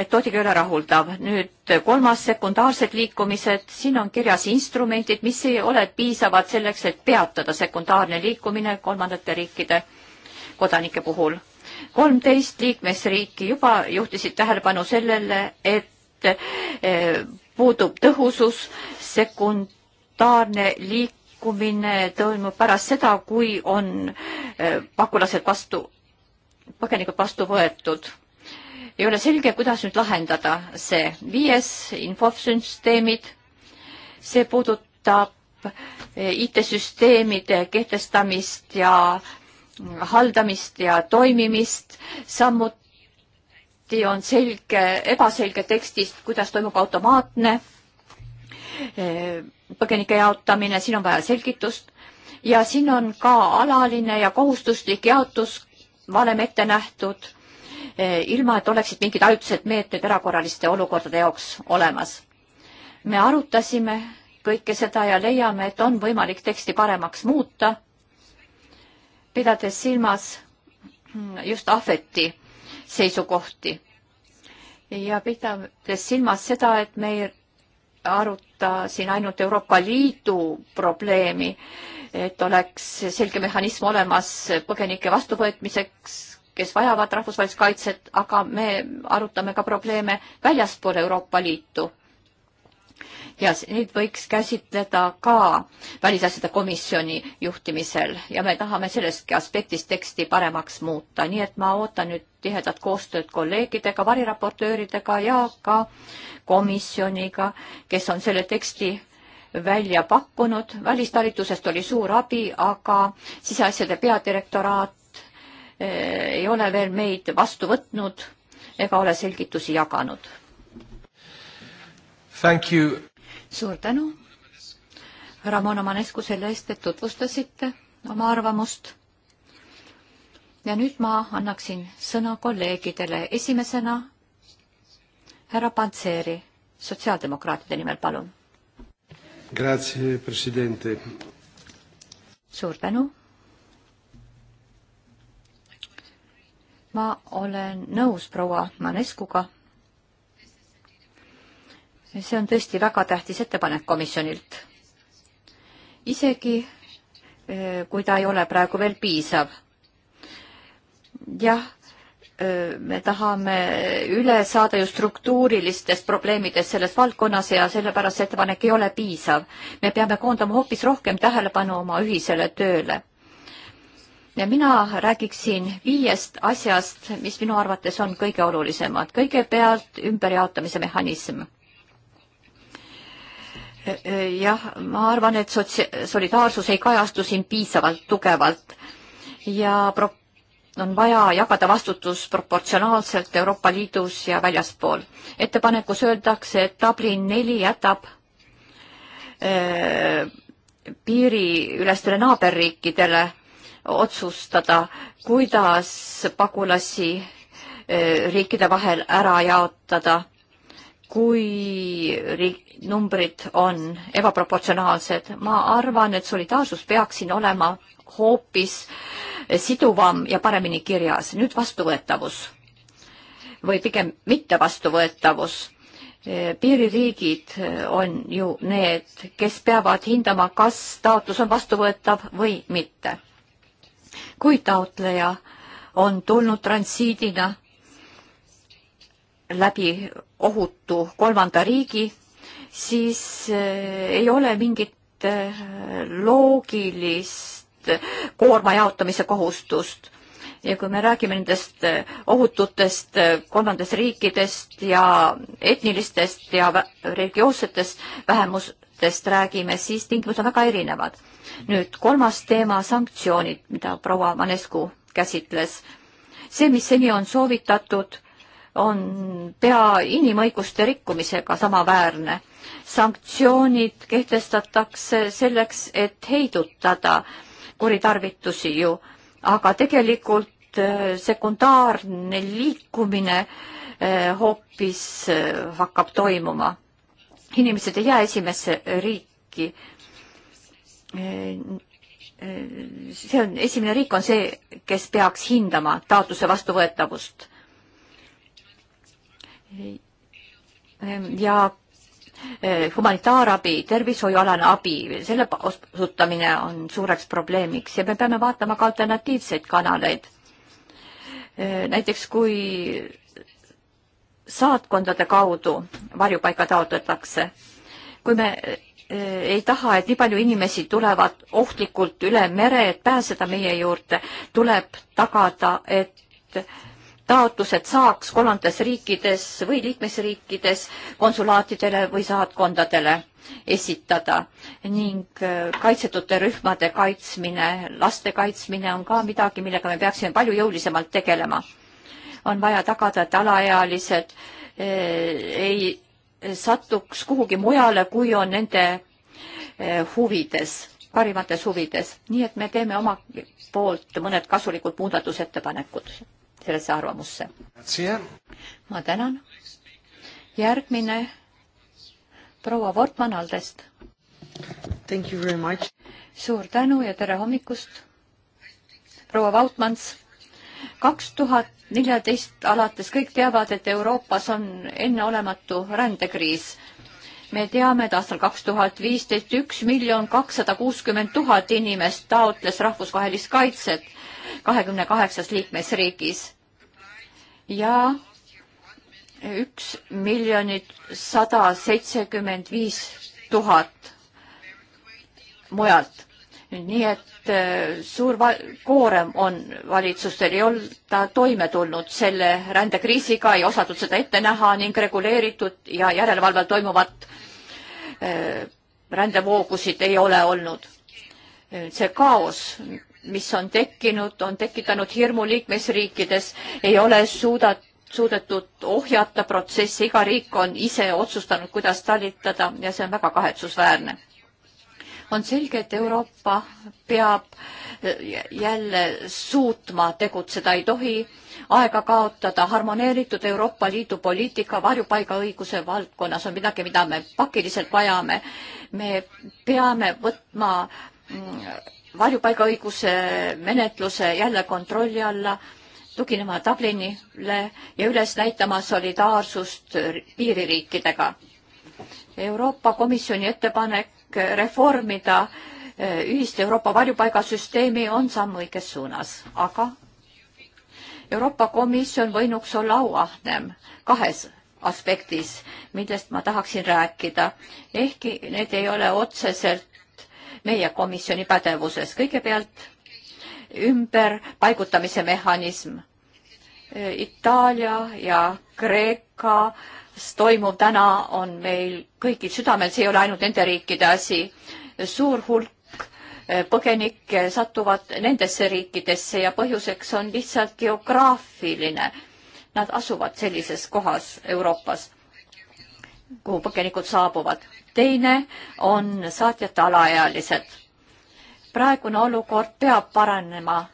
metoodika ei ole rahuldav. nüüd kolmas, sekundaarsed liikumised, siin on kirjas instrumendid, mis ei ole piisavad selleks, et peatada sekundaarne liikumine kolmandate riikide kodanike puhul kolmteist liikmesriiki juba juhtisid tähelepanu sellele, et eh, puudub tõhusus, sekundaarne liikumine toimub pärast seda, kui on eh, pagulased vastu, põgenikud vastu võetud. ei ole selge, kuidas nüüd lahendada see. viies infosüsteemid, see puudutab eh, IT-süsteemide kehtestamist ja haldamist ja toimimist, samuti on selge, ebaselge tekstist, kuidas toimub automaatne eh, põgenike jaotamine, siin on vaja selgitust ja siin on ka alaline ja kohustuslik jaotusvalem ette nähtud, eh, ilma et oleksid mingid ajutised meetmed erakorraliste olukordade jaoks olemas. me arutasime kõike seda ja leiame, et on võimalik teksti paremaks muuta pidades silmas just ahveti seisukohti ja pidades silmas seda, et me ei aruta siin ainult Euroopa Liidu probleemi, et oleks selge mehhanism olemas põgenike vastuvõtmiseks, kes vajavad rahvusvahelist kaitset, aga me arutame ka probleeme väljaspool Euroopa Liitu ja neid võiks käsitleda ka välisasjade komisjoni juhtimisel ja me tahame sellestki aspektist teksti paremaks muuta, nii et ma ootan nüüd tihedat koostööd kolleegidega, variraportööridega ja ka komisjoniga, kes on selle teksti välja pakkunud, välistalitusest oli suur abi, aga siseasjade peadirektoraat eh, ei ole veel meid vastu võtnud ega ole selgitusi jaganud suur tänu, Ramona Manescu, selle eest, et tutvustasite oma arvamust. ja nüüd ma annaksin sõna kolleegidele. esimesena härra Pantseri, sotsiaaldemokraatide nimel, palun. Grazie, president. suur tänu ma olen nõus proua Maneskuga see on tõesti väga tähtis ettepanek komisjonilt. isegi eh, kui ta ei ole praegu veel piisav. jah, eh, me tahame üle saada ju struktuurilistest probleemidest selles valdkonnas ja sellepärast see ettepanek ei ole piisav. me peame koondama hoopis rohkem tähelepanu oma ühisele tööle. ja mina räägiksin viiest asjast, mis minu arvates on kõige olulisemad. kõigepealt ümberjaotamise mehhanism jah, ma arvan, et sotsia-, solidaarsus ei kajastu siin piisavalt tugevalt ja pro-, on vaja jagada vastutus proportsionaalselt Euroopa Liidus ja väljaspool. ettepanekus öeldakse, et Dublin neli jätab öö, äh, piiriülestele naaberriikidele otsustada, kuidas pagulasi öö, äh, riikide vahel ära jaotada kui numbrid on ebaproportsionaalsed. ma arvan, et solidaarsus peaks siin olema hoopis siduvam ja paremini kirjas. nüüd vastuvõetavus või pigem mittevastuvõetavus. piiririigid on ju need, kes peavad hindama, kas taotlus on vastuvõetav või mitte. kui taotleja on tulnud transiidina läbi ohutu kolmanda riigi, siis eh, ei ole mingit eh, loogilist koorma jaotamise kohustust. ja kui me räägime nendest eh, ohututest kolmandast riikidest ja etnilistest ja religioossetest vähemustest räägime, siis tingimused on väga erinevad. nüüd kolmas teema, sanktsioonid, mida proua Manescu käsitles. see, mis seni on soovitatud on pea inimõiguste rikkumisega samaväärne. sanktsioonid kehtestatakse selleks, et heidutada kuritarvitusi ju, aga tegelikult äh, sekundaarne liikumine äh, hoopis äh, hakkab toimuma. inimesed ei jää esimesse riiki. see on, esimene riik on see, kes peaks hindama taotluse vastuvõetavust Ehm, ja eh, humanitaarabi, tervishoiualane abi, selle osutamine on suureks probleemiks ja me peame vaatama ka alternatiivseid kanaleid. Eh, näiteks kui saatkondade kaudu varjupaika taotletakse, kui me eh, ei taha, et nii palju inimesi tulevad ohtlikult üle mere, et pääseda meie juurde, tuleb tagada, et taotlused saaks kolmandates riikides või liikmesriikides konsulaatidele või saatkondadele esitada ning äh, kaitsetute rühmade kaitsmine, laste kaitsmine on ka midagi, millega me peaksime palju jõulisemalt tegelema. on vaja tagada, et alaealised äh, ei satuks kuhugi mujale, kui on nende äh, huvides, parimates huvides, nii et me teeme oma poolt mõned kasulikud muudatusettepanekud sellesse arvamusse. ma tänan. järgmine proua Wortmann Aldest. suur tänu ja tere hommikust. proua Vautmans, kaks tuhat neljateist alates kõik teavad, et Euroopas on enneolematu rändekriis me teame, et aastal kaks tuhat viisteist üks miljon kakssada kuuskümmend tuhat inimest taotles rahvusvahelist kaitset kahekümne kaheksas liikmesriigis ja üks miljonit sada seitsekümmend viis tuhat mujalt nii et äh, suur koorem on valitsustel, ei olda toime tulnud selle rändekriisiga, ei osatud seda ette näha ning reguleeritud ja järelevalvel toimuvat äh, rändevoogusid ei ole olnud. see kaos, mis on tekkinud, on tekitanud hirmu liikmesriikides, ei ole suudat-, suudetud ohjata protsessi, iga riik on ise otsustanud, kuidas talitada ja see on väga kahetsusväärne on selge, et Euroopa peab jälle suutma tegutseda, ei tohi aega kaotada. harmoneeritud Euroopa Liidu poliitika varjupaigaõiguse valdkonnas on midagi, mida me pakiliselt vajame. me peame võtma mm, varjupaigaõiguse menetluse jälle kontrolli alla tuginema Dublinile ja üles näitama solidaarsust piiririikidega. Euroopa Komisjoni ettepanek reformida eh, ühist Euroopa varjupaigasüsteemi on samm õiges suunas, aga Euroopa Komisjon võinuks olla auahnem kahes aspektis, millest ma tahaksin rääkida, ehkki need ei ole otseselt meie komisjoni pädevuses. kõigepealt ümberpaigutamise mehhanism. Itaalia ja Kreeka äh, toimuv täna on meil kõigil südamel, see ei ole ainult nende riikide asi. suur hulk eh, põgenikke satuvad nendesse riikidesse ja põhjuseks on lihtsalt geograafiline. Nad asuvad sellises kohas Euroopas, kuhu põgenikud saabuvad. teine on saatjate alaealised. praegune olukord peab paranema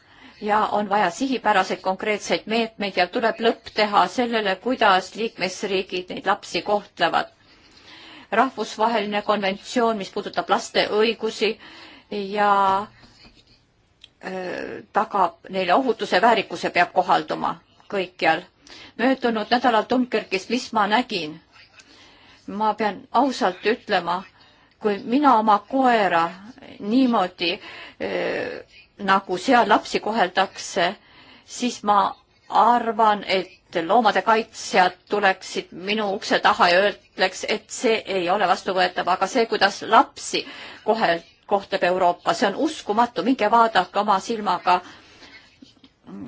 ja on vaja sihipäraseid konkreetseid meetmeid ja tuleb lõpp teha sellele, kuidas liikmesriigid neid lapsi kohtlevad. rahvusvaheline konventsioon, mis puudutab laste õigusi ja äh, tagab neile ohutuse väärikuse, peab kohalduma kõikjal. möödunud nädalal Dunkirkis, mis ma nägin? ma pean ausalt ütlema, kui mina oma koera niimoodi öö, äh, nagu seal lapsi koheldakse, siis ma arvan, et loomade kaitsjad tuleksid minu ukse taha ja ütleks, et see ei ole vastuvõetav, aga see, kuidas lapsi kohel-, kohtleb Euroopa, see on uskumatu, minge vaadake oma silmaga.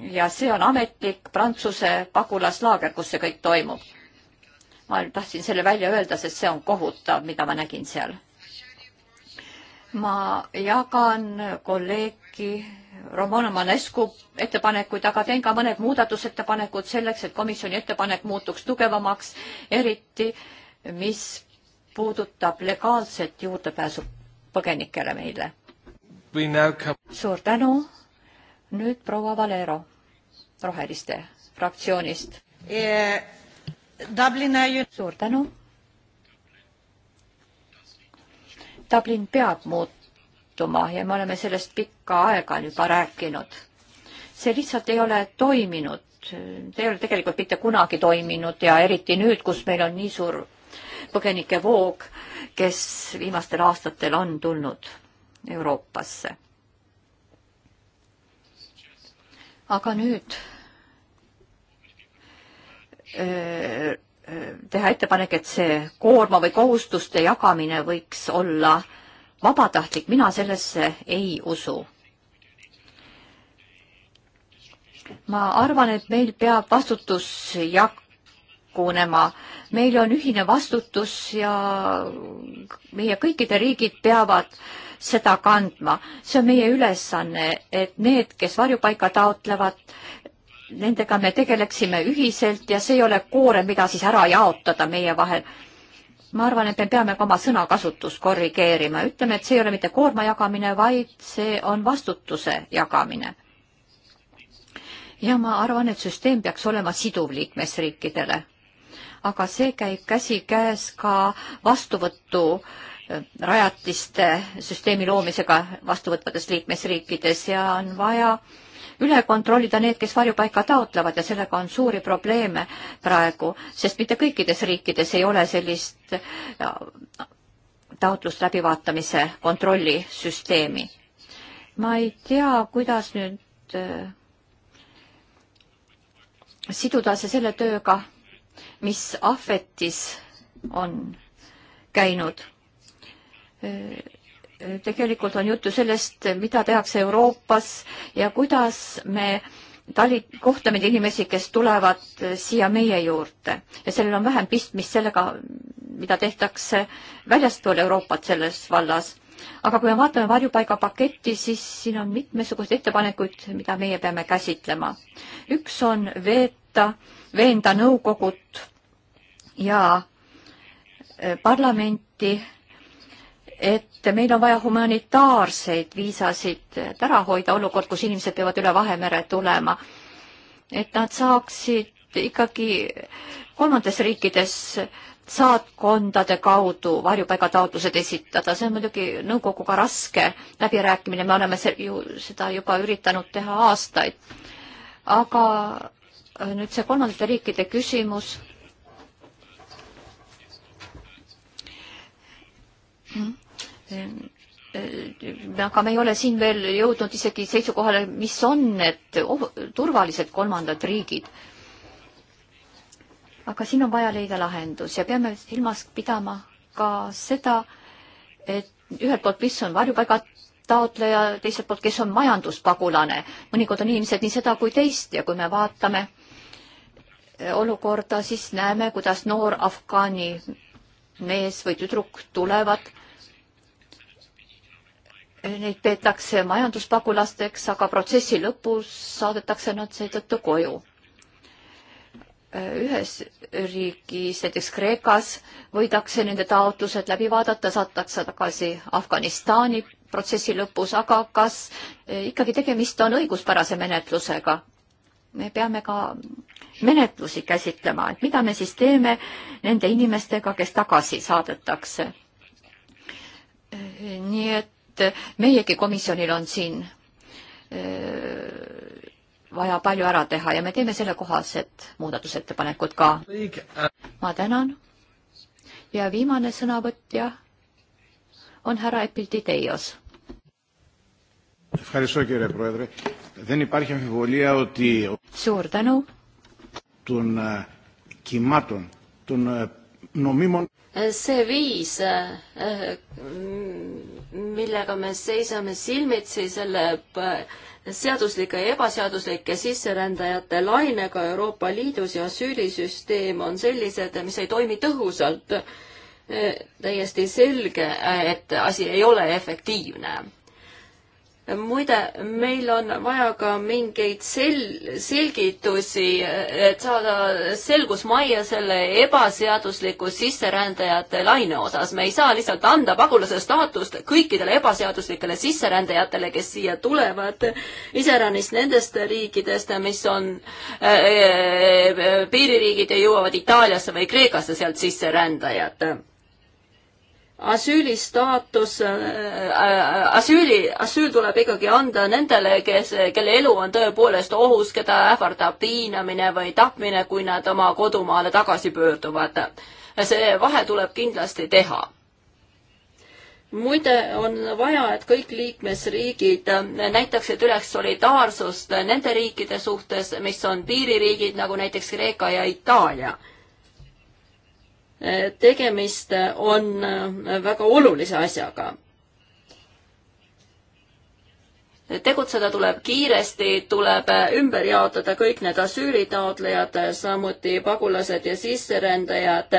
ja see on ametlik Prantsuse pagulaslaager, kus see kõik toimub. ma tahtsin selle välja öelda, sest see on kohutav, mida ma nägin seal ma jagan kolleegi Romana Manescu ettepanekuid, aga teen ka mõned muudatusettepanekud selleks, et komisjoni ettepanek muutuks tugevamaks, eriti mis puudutab legaalset juurdepääsu põgenikele meile. suur tänu. nüüd proua Valero Roheliste fraktsioonist e. Dublina... suur tänu Dublin peab muutuma ja me oleme sellest pikka aega juba rääkinud. see lihtsalt ei ole toiminud, see ei ole tegelikult mitte kunagi toiminud ja eriti nüüd, kus meil on nii suur põgenikevoog, kes viimastel aastatel on tulnud Euroopasse. aga nüüd öö, teha ettepanek, et see koorma või kohustuste jagamine võiks olla vabatahtlik, mina sellesse ei usu. ma arvan, et meil peab vastutus jagunema, meil on ühine vastutus ja meie kõikide riigid peavad seda kandma. see on meie ülesanne, et need, kes varjupaika taotlevad, nendega me tegeleksime ühiselt ja see ei ole koorem, mida siis ära jaotada meie vahel. ma arvan, et me peame ka oma sõnakasutust korrigeerima, ütleme, et see ei ole mitte koorma jagamine, vaid see on vastutuse jagamine. ja ma arvan, et süsteem peaks olema siduv liikmesriikidele. aga see käib käsikäes ka vastuvõtu äh, rajatiste süsteemi loomisega vastuvõtvates liikmesriikides ja on vaja äh, üle kontrollida need, kes varjupaika taotlevad ja sellega on suuri probleeme praegu, sest mitte kõikides riikides ei ole sellist äh, taotlust läbivaatamise kontrollisüsteemi. ma ei tea, kuidas nüüd äh, siduda see selle tööga, mis ahvetis on käinud äh, tegelikult on juttu sellest, mida tehakse Euroopas ja kuidas me tali-, kohtame inimesi, kes tulevad siia meie juurde ja sellel on vähem pistmist sellega, mida tehtakse väljaspool Euroopat selles vallas. aga kui me vaatame varjupaigapaketti, siis siin on mitmesuguseid ettepanekuid, mida meie peame käsitlema. üks on veeta, veenda nõukogut ja eh, parlamenti et meil on vaja humanitaarseid viisasid ära hoida, olukord, kus inimesed peavad üle Vahemere tulema. et nad saaksid ikkagi kolmandates riikides saatkondade kaudu varjupaigataotlused esitada, see on muidugi nõukoguga raske läbirääkimine, me oleme see, ju seda juba üritanud teha aastaid. aga nüüd see kolmandate riikide küsimus mm.. Ehm, aga me ei ole siin veel jõudnud isegi seisukohale, mis on need oh, turvalised kolmandad riigid. aga siin on vaja leida lahendus ja peame silmas pidama ka seda, et ühelt poolt, mis on varjupaiga taotleja, teiselt poolt, kes on majanduspagulane. mõnikord on inimesed nii seda kui teist ja kui me vaatame eh, olukorda, siis näeme, kuidas noor afgaani mees või tüdruk tulevad Neid peetakse majanduspagulasteks, aga protsessi lõpus saadetakse nad seetõttu koju. ühes riigis, näiteks Kreekas, võidakse nende taotlused läbi vaadata, saadetakse tagasi Afganistani protsessi lõpus, aga kas e, ikkagi tegemist on õiguspärase menetlusega? me peame ka menetlusi käsitlema, et mida me siis teeme nende inimestega, kes tagasi saadetakse. E, nii et et meiegi komisjonil on siin vaja palju ära teha ja me teeme sellekohased muudatusettepanekud ka. ma tänan. ja viimane sõnavõtja on härra Epilditeios. suur tänu. see viis millega me seisame silmitsi selle seaduslike ja ebaseaduslike sisserändajate lainega Euroopa Liidus ja asüülisüsteem on sellised, mis ei toimi tõhusalt. täiesti selge, et asi ei ole efektiivne muide, meil on vaja ka mingeid sel-, selgitusi, et saada selgus majja selle ebaseadusliku sisserändajate laine osas. me ei saa lihtsalt anda pagulase staatust kõikidele ebaseaduslikele sisserändajatele, kes siia tulevad, iseäranis nendest riikidest, mis on äh, äh, piiririigid ja jõuavad Itaaliasse või Kreekasse sealt sisserändajad asüülistaatus äh, äh,, asüüli, asüül tuleb ikkagi anda nendele, kes, kelle elu on tõepoolest ohus, keda ähvardab piinamine või tapmine, kui nad oma kodumaale tagasi pöörduvad. see vahe tuleb kindlasti teha muide, on vaja, et kõik liikmesriigid näitaksid üles solidaarsust nende riikide suhtes, mis on piiririigid, nagu näiteks Kreeka ja Itaalia tegemist on väga olulise asjaga. tegutseda tuleb kiiresti, tuleb ümber jaotada kõik need asüülitaotlejad, samuti pagulased ja sisserändajad.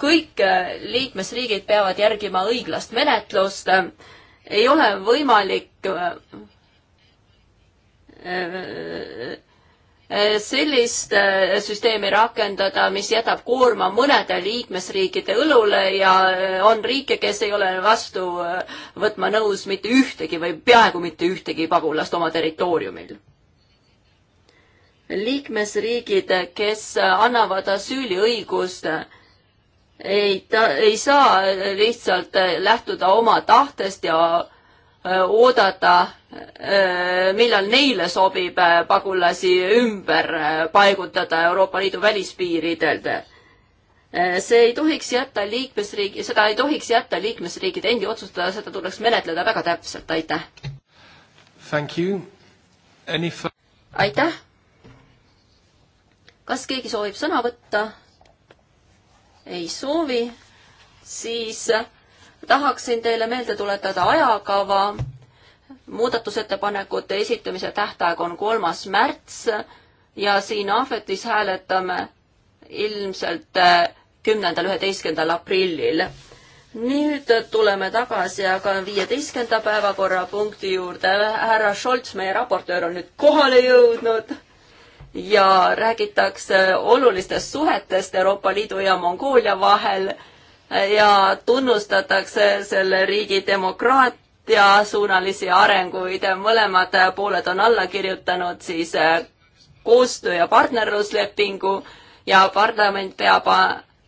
kõik liikmesriigid peavad järgima õiglast menetlust. ei ole võimalik Eh, sellist eh, süsteemi rakendada, mis jätab koorma mõnede liikmesriikide õlule ja eh, on riike, kes ei ole vastu võtma nõus mitte ühtegi või peaaegu mitte ühtegi pagulast oma territooriumil. liikmesriigid, kes annavad asüüliõigust, ei, ta ei saa lihtsalt lähtuda oma tahtest ja Äh, oodata, äh, millal neile sobib äh, pagulasi ümber paigutada Euroopa Liidu välispiiridelt. see ei tohiks jätta liikmesriigi, seda ei tohiks jätta liikmesriigide endi otsustada, seda tuleks menetleda väga täpselt, aitäh. If... aitäh. kas keegi soovib sõna võtta? ei soovi, siis tahaksin teile meelde tuletada ajakava. muudatusettepanekute esitamise tähtaeg on kolmas märts ja siin ahvetis hääletame ilmselt eh, kümnendal, üheteistkümnendal aprillil. nüüd tuleme tagasi aga viieteistkümnenda päevakorrapunkti juurde. härra Scholz, meie raportöör, on nüüd kohale jõudnud ja räägitakse olulistest suhetest Euroopa Liidu ja Mongoolia vahel ja tunnustatakse selle riigi demokraatia suunalisi arenguid, mõlemad pooled on alla kirjutanud siis koostöö- ja partnerluslepingu ja parlament peab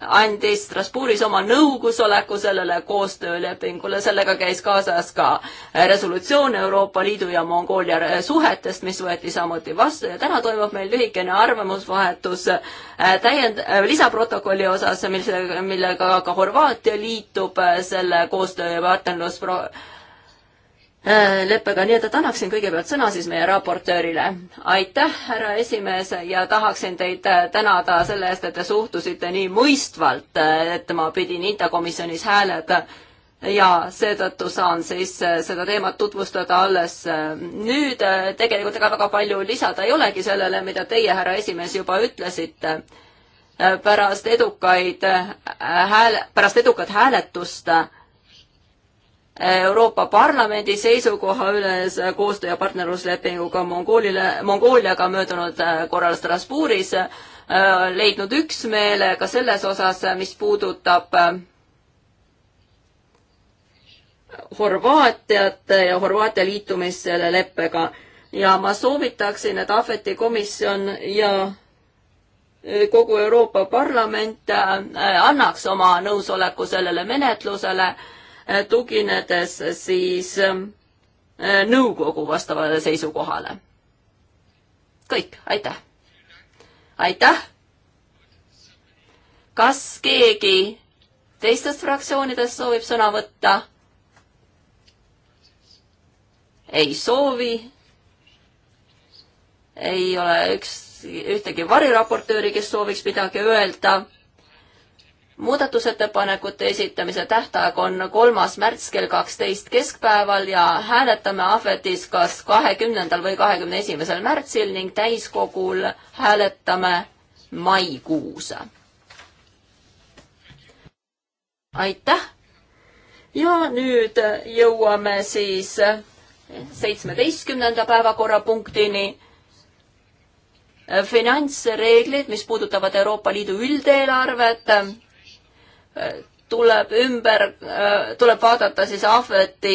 andis Strasbourgis oma nõukosoleku sellele koostöölepingule, sellega käis kaasas ka resolutsioon Euroopa Liidu ja Mongoolia suhetest, mis võeti samuti vastu ja täna toimub meil lühikene arvamusvahetus äh, täiend-, äh, lisaprotokolli osas, mille, millega ka Horvaatia liitub äh, selle koostöö ja partnerlus Äh, leppega, nii et, et annaksin kõigepealt sõna siis meie raportöörile. aitäh, härra esimees, ja tahaksin teid äh, tänada selle eest, et te suhtusite nii mõistvalt, äh, et ma pidin Intakomisjonis hääled ja seetõttu saan siis seda teemat tutvustada alles nüüd. tegelikult ega väga palju lisada ei olegi sellele, mida teie, härra esimees, juba ütlesite. pärast edukaid hääle, pärast edukat hääletust äh, Euroopa Parlamendi seisukoha üle koostöö- ja partnerluslepinguga Mongoolile, Mongooliaga möödunud äh, korral Strasbourgis, äh, leidnud üksmeele ka selles osas, mis puudutab äh, Horvaatiat ja Horvaatia liitumist selle leppega ja ma soovitaksin, et Ahveti komisjon ja kogu Euroopa Parlament annaks oma nõusoleku sellele menetlusele tuginedes siis äh, nõukogu vastavale seisukohale. kõik, aitäh. aitäh. kas keegi teistest fraktsioonidest soovib sõna võtta? ei soovi. ei ole üks, ühtegi variraportööri, kes sooviks midagi öelda muudatusettepanekute esitamise tähtaeg on kolmas märts kell kaksteist keskpäeval ja hääletame ahvetis kas kahekümnendal või kahekümne esimesel märtsil ning täiskogul hääletame maikuus. aitäh! ja nüüd jõuame siis seitsmeteistkümnenda päevakorrapunktini finantsreeglid, mis puudutavad Euroopa Liidu üldeelarvet tuleb ümber, tuleb vaadata siis ahveti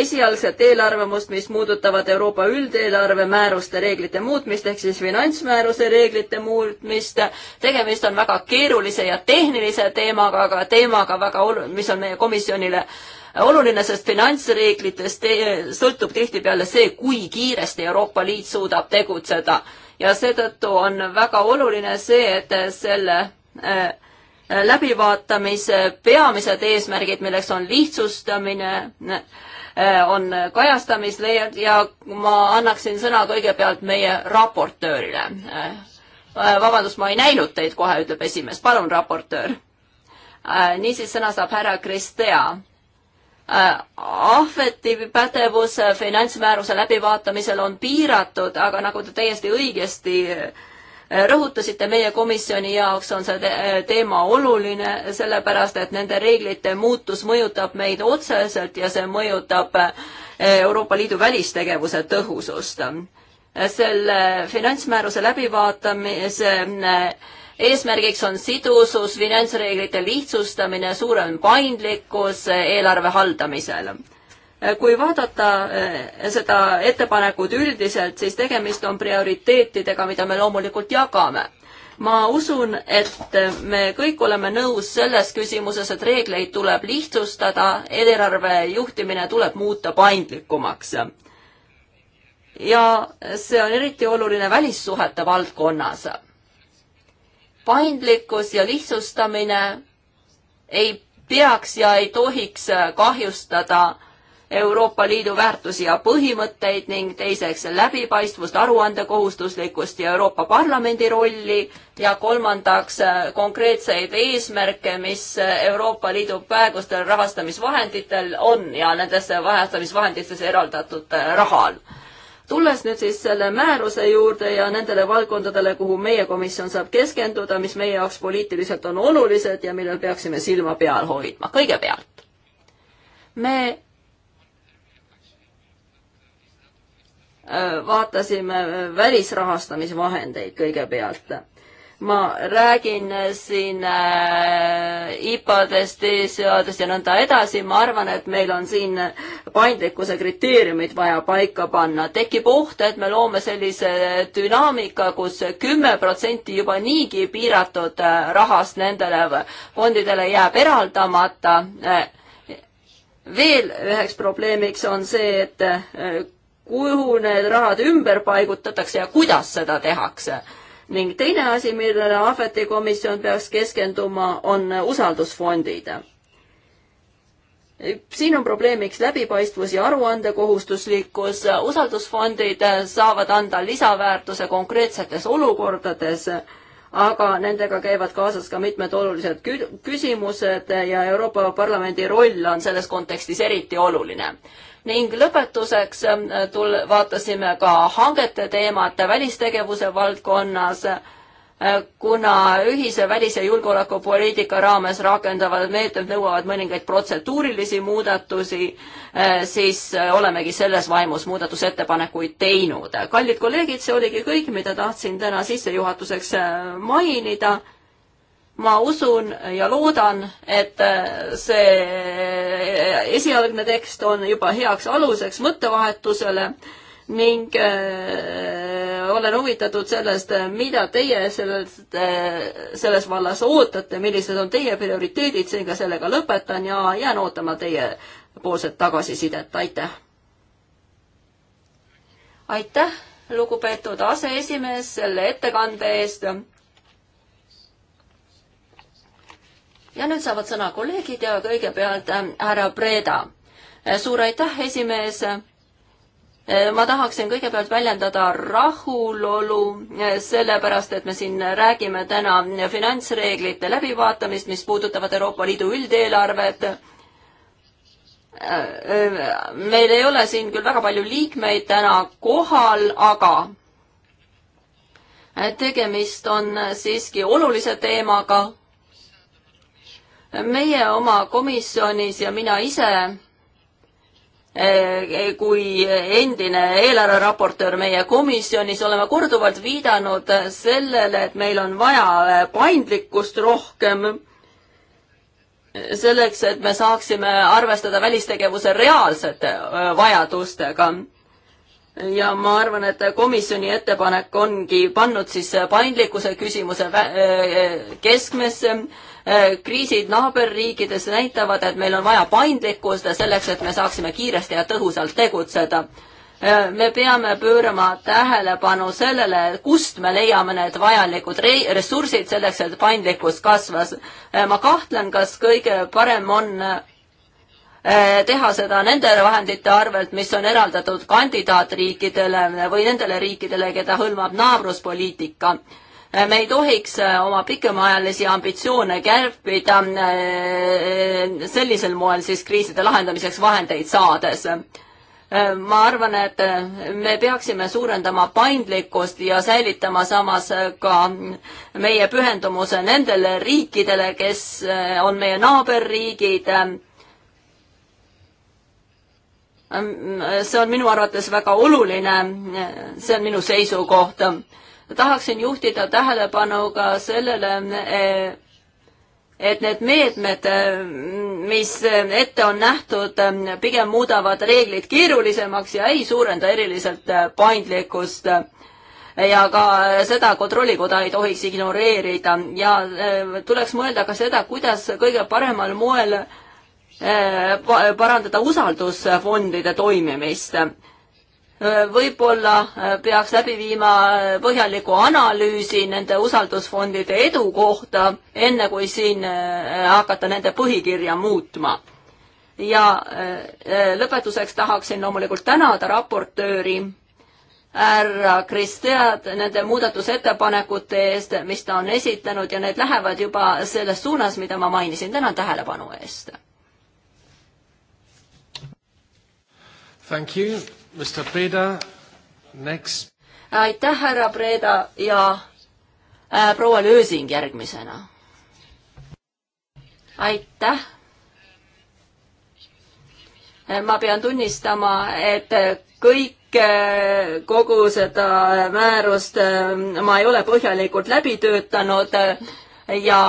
esialgset eelarvamust, mis puudutavad Euroopa üldeelarve määruste reeglite muutmist ehk siis finantsmääruse reeglite muutmist. tegemist on väga keerulise ja tehnilise teemaga, aga teemaga väga olu-, mis on meie komisjonile oluline, sest finantsreeglitest sõltub tihtipeale see, kui kiiresti Euroopa Liit suudab tegutseda ja seetõttu on väga oluline see, et selle äh, läbivaatamise peamised eesmärgid, milleks on lihtsustamine, on kajastamisleiad ja ma annaksin sõna kõigepealt meie raportöörile. vabandust, ma ei näinud teid kohe, ütleb esimees, palun, raportöör. niisiis, sõna saab härra Kristea. Ahveti pädevus finantsmääruse läbivaatamisel on piiratud, aga nagu te täiesti õigesti äh, rõhutasite, meie komisjoni jaoks on see teema oluline, sellepärast et nende reeglite muutus mõjutab meid otseselt ja see mõjutab eh, Euroopa Liidu välistegevuse tõhusust. selle finantsmääruse läbivaatamise eh, eesmärgiks on sidusus, finantsreeglite lihtsustamine, suurem paindlikkus eh, eelarve haldamisel Äh, kui vaadata äh, seda ettepanekut üldiselt, siis tegemist on prioriteetidega, mida me loomulikult jagame. ma usun, et me kõik oleme nõus selles küsimuses, et reegleid tuleb lihtsustada, eelarve juhtimine tuleb muuta paindlikumaks. ja see on eriti oluline välissuhete valdkonnas. paindlikkus ja lihtsustamine ei peaks ja ei tohiks kahjustada Euroopa Liidu väärtusi ja põhimõtteid ning teiseks läbipaistvust, aruandekohustuslikkust ja Euroopa Parlamendi rolli ja kolmandaks äh, konkreetseid eesmärke, mis Euroopa Liidu praegustel rahastamisvahenditel on ja nendesse rahastamisvahenditesse eraldatud äh, rahal tulles nüüd siis selle määruse juurde ja nendele valdkondadele, kuhu meie komisjon saab keskenduda, mis meie jaoks poliitiliselt on olulised ja millel peaksime silma peal hoidma. kõigepealt, me Äh, vaatasime äh, välisrahastamisvahendeid kõigepealt. ma räägin äh, siin IPA-dest, ESA-dest e ja nõnda edasi, ma arvan, et meil on siin paindlikkuse kriteeriumid vaja paika panna. tekib oht, et me loome sellise dünaamika kus, kus kümme protsenti juba niigi piiratud rahast nendele fondidele jääb eraldamata veel üheks probleemiks on see, et kuhu need rahad ümber paigutatakse ja kuidas seda tehakse. ning teine asi, millele Ahveti komisjon peaks keskenduma, on usaldusfondid. siin on probleemiks läbipaistvus ja aruandekohustuslikkus. usaldusfondid saavad anda lisaväärtuse konkreetsetes olukordades aga nendega käivad kaasas ka mitmed olulised küsimused ja Euroopa Parlamendi roll on selles kontekstis eriti oluline ning lõpetuseks ähm, tul-, vaatasime ka hangete teemat välistegevuse valdkonnas, äh, kuna ühise välis- ja julgeolekupoliitika raames rakendavad meetmed nõuavad mõningaid protseduurilisi muudatusi, äh, siis äh, olemegi selles vaimus muudatusettepanekuid teinud. kallid kolleegid, see oligi kõik, mida tahtsin täna sissejuhatuseks mainida ma usun ja loodan, et äh, see esialgne tekst on juba heaks aluseks mõttevahetusele ning äh, olen huvitatud sellest, mida teie sellest, äh, selles vallas ootate, millised on teie prioriteedid, seega sellega lõpetan ja jään ootama teiepoolset tagasisidet, aitäh! aitäh, lugupeetud aseesimees, selle ettekande eest ja nüüd saavad sõna kolleegid ja kõigepealt äh, härra Breda. Äh, suur aitäh, esimees äh, ma tahaksin kõigepealt väljendada rahulolu, sellepärast et me siin räägime täna finantsreeglite läbivaatamist, mis puudutavad Euroopa Liidu üldeelarvet. meil ei ole siin küll väga palju liikmeid täna kohal, aga tegemist on siiski olulise teemaga meie oma komisjonis ja mina ise eh, kui endine eelarveraportöör meie komisjonis oleme korduvalt viidanud sellele, et meil on vaja eh, paindlikkust rohkem selleks, et me saaksime arvestada välistegevuse reaalsete eh, vajadustega. ja ma arvan, et komisjoni ettepanek ongi pannud siis paindlikkuse küsimuse keskmesse Äh, kriisid naaberriikides näitavad, et meil on vaja paindlikkust selleks, et me saaksime kiiresti ja tõhusalt tegutseda. Äh, me peame pöörama tähelepanu sellele, kust me leiame need vajalikud ressursid selleks, et paindlikkus kasvas. Äh, ma kahtlen, kas kõige parem on teha seda nende vahendite arvelt, mis on eraldatud kandidaatriikidele või nendele riikidele, keda hõlmab naabruspoliitika Äh, me ei tohiks äh, oma pikemaajalisi ambitsioone kärpida äh, sellisel moel siis kriiside lahendamiseks vahendeid saades. ma arvan, et me peaksime suurendama paindlikkust ja säilitama samas ka meie pühendumuse nendele riikidele, kes on meie naaberriigid see on minu arvates väga oluline, see on minu seisukoht tahaksin juhtida tähelepanu ka sellele, e, et need meetmed, e, mis ette on nähtud, e, pigem muudavad reeglid keerulisemaks ja ei suurenda eriliselt paindlikkust. ja ka seda Kontrollikoda ei tohiks ignoreerida ja tuleks mõelda ka seda, kuidas kõige paremal moel parandada usaldusfondide toimimist võib-olla äh, peaks läbi viima äh, põhjaliku analüüsi nende usaldusfondide edu kohta, enne kui siin äh, hakata nende põhikirja muutma. ja lõpetuseks tahaksin loomulikult tänada raportööri härra Kristead nende muudatusettepanekute eest, mis ta on esitanud ja need lähevad juba selles suunas, mida ma mainisin. tänan tähelepanu eest. Thank you. Mr Preda, next. aitäh, härra Preda ja äh, proua Lösing järgmisena. aitäh. Äh, ma pean tunnistama, et kõik kõike, äh, kogu seda määrust äh, ma ei ole põhjalikult läbi töötanud ja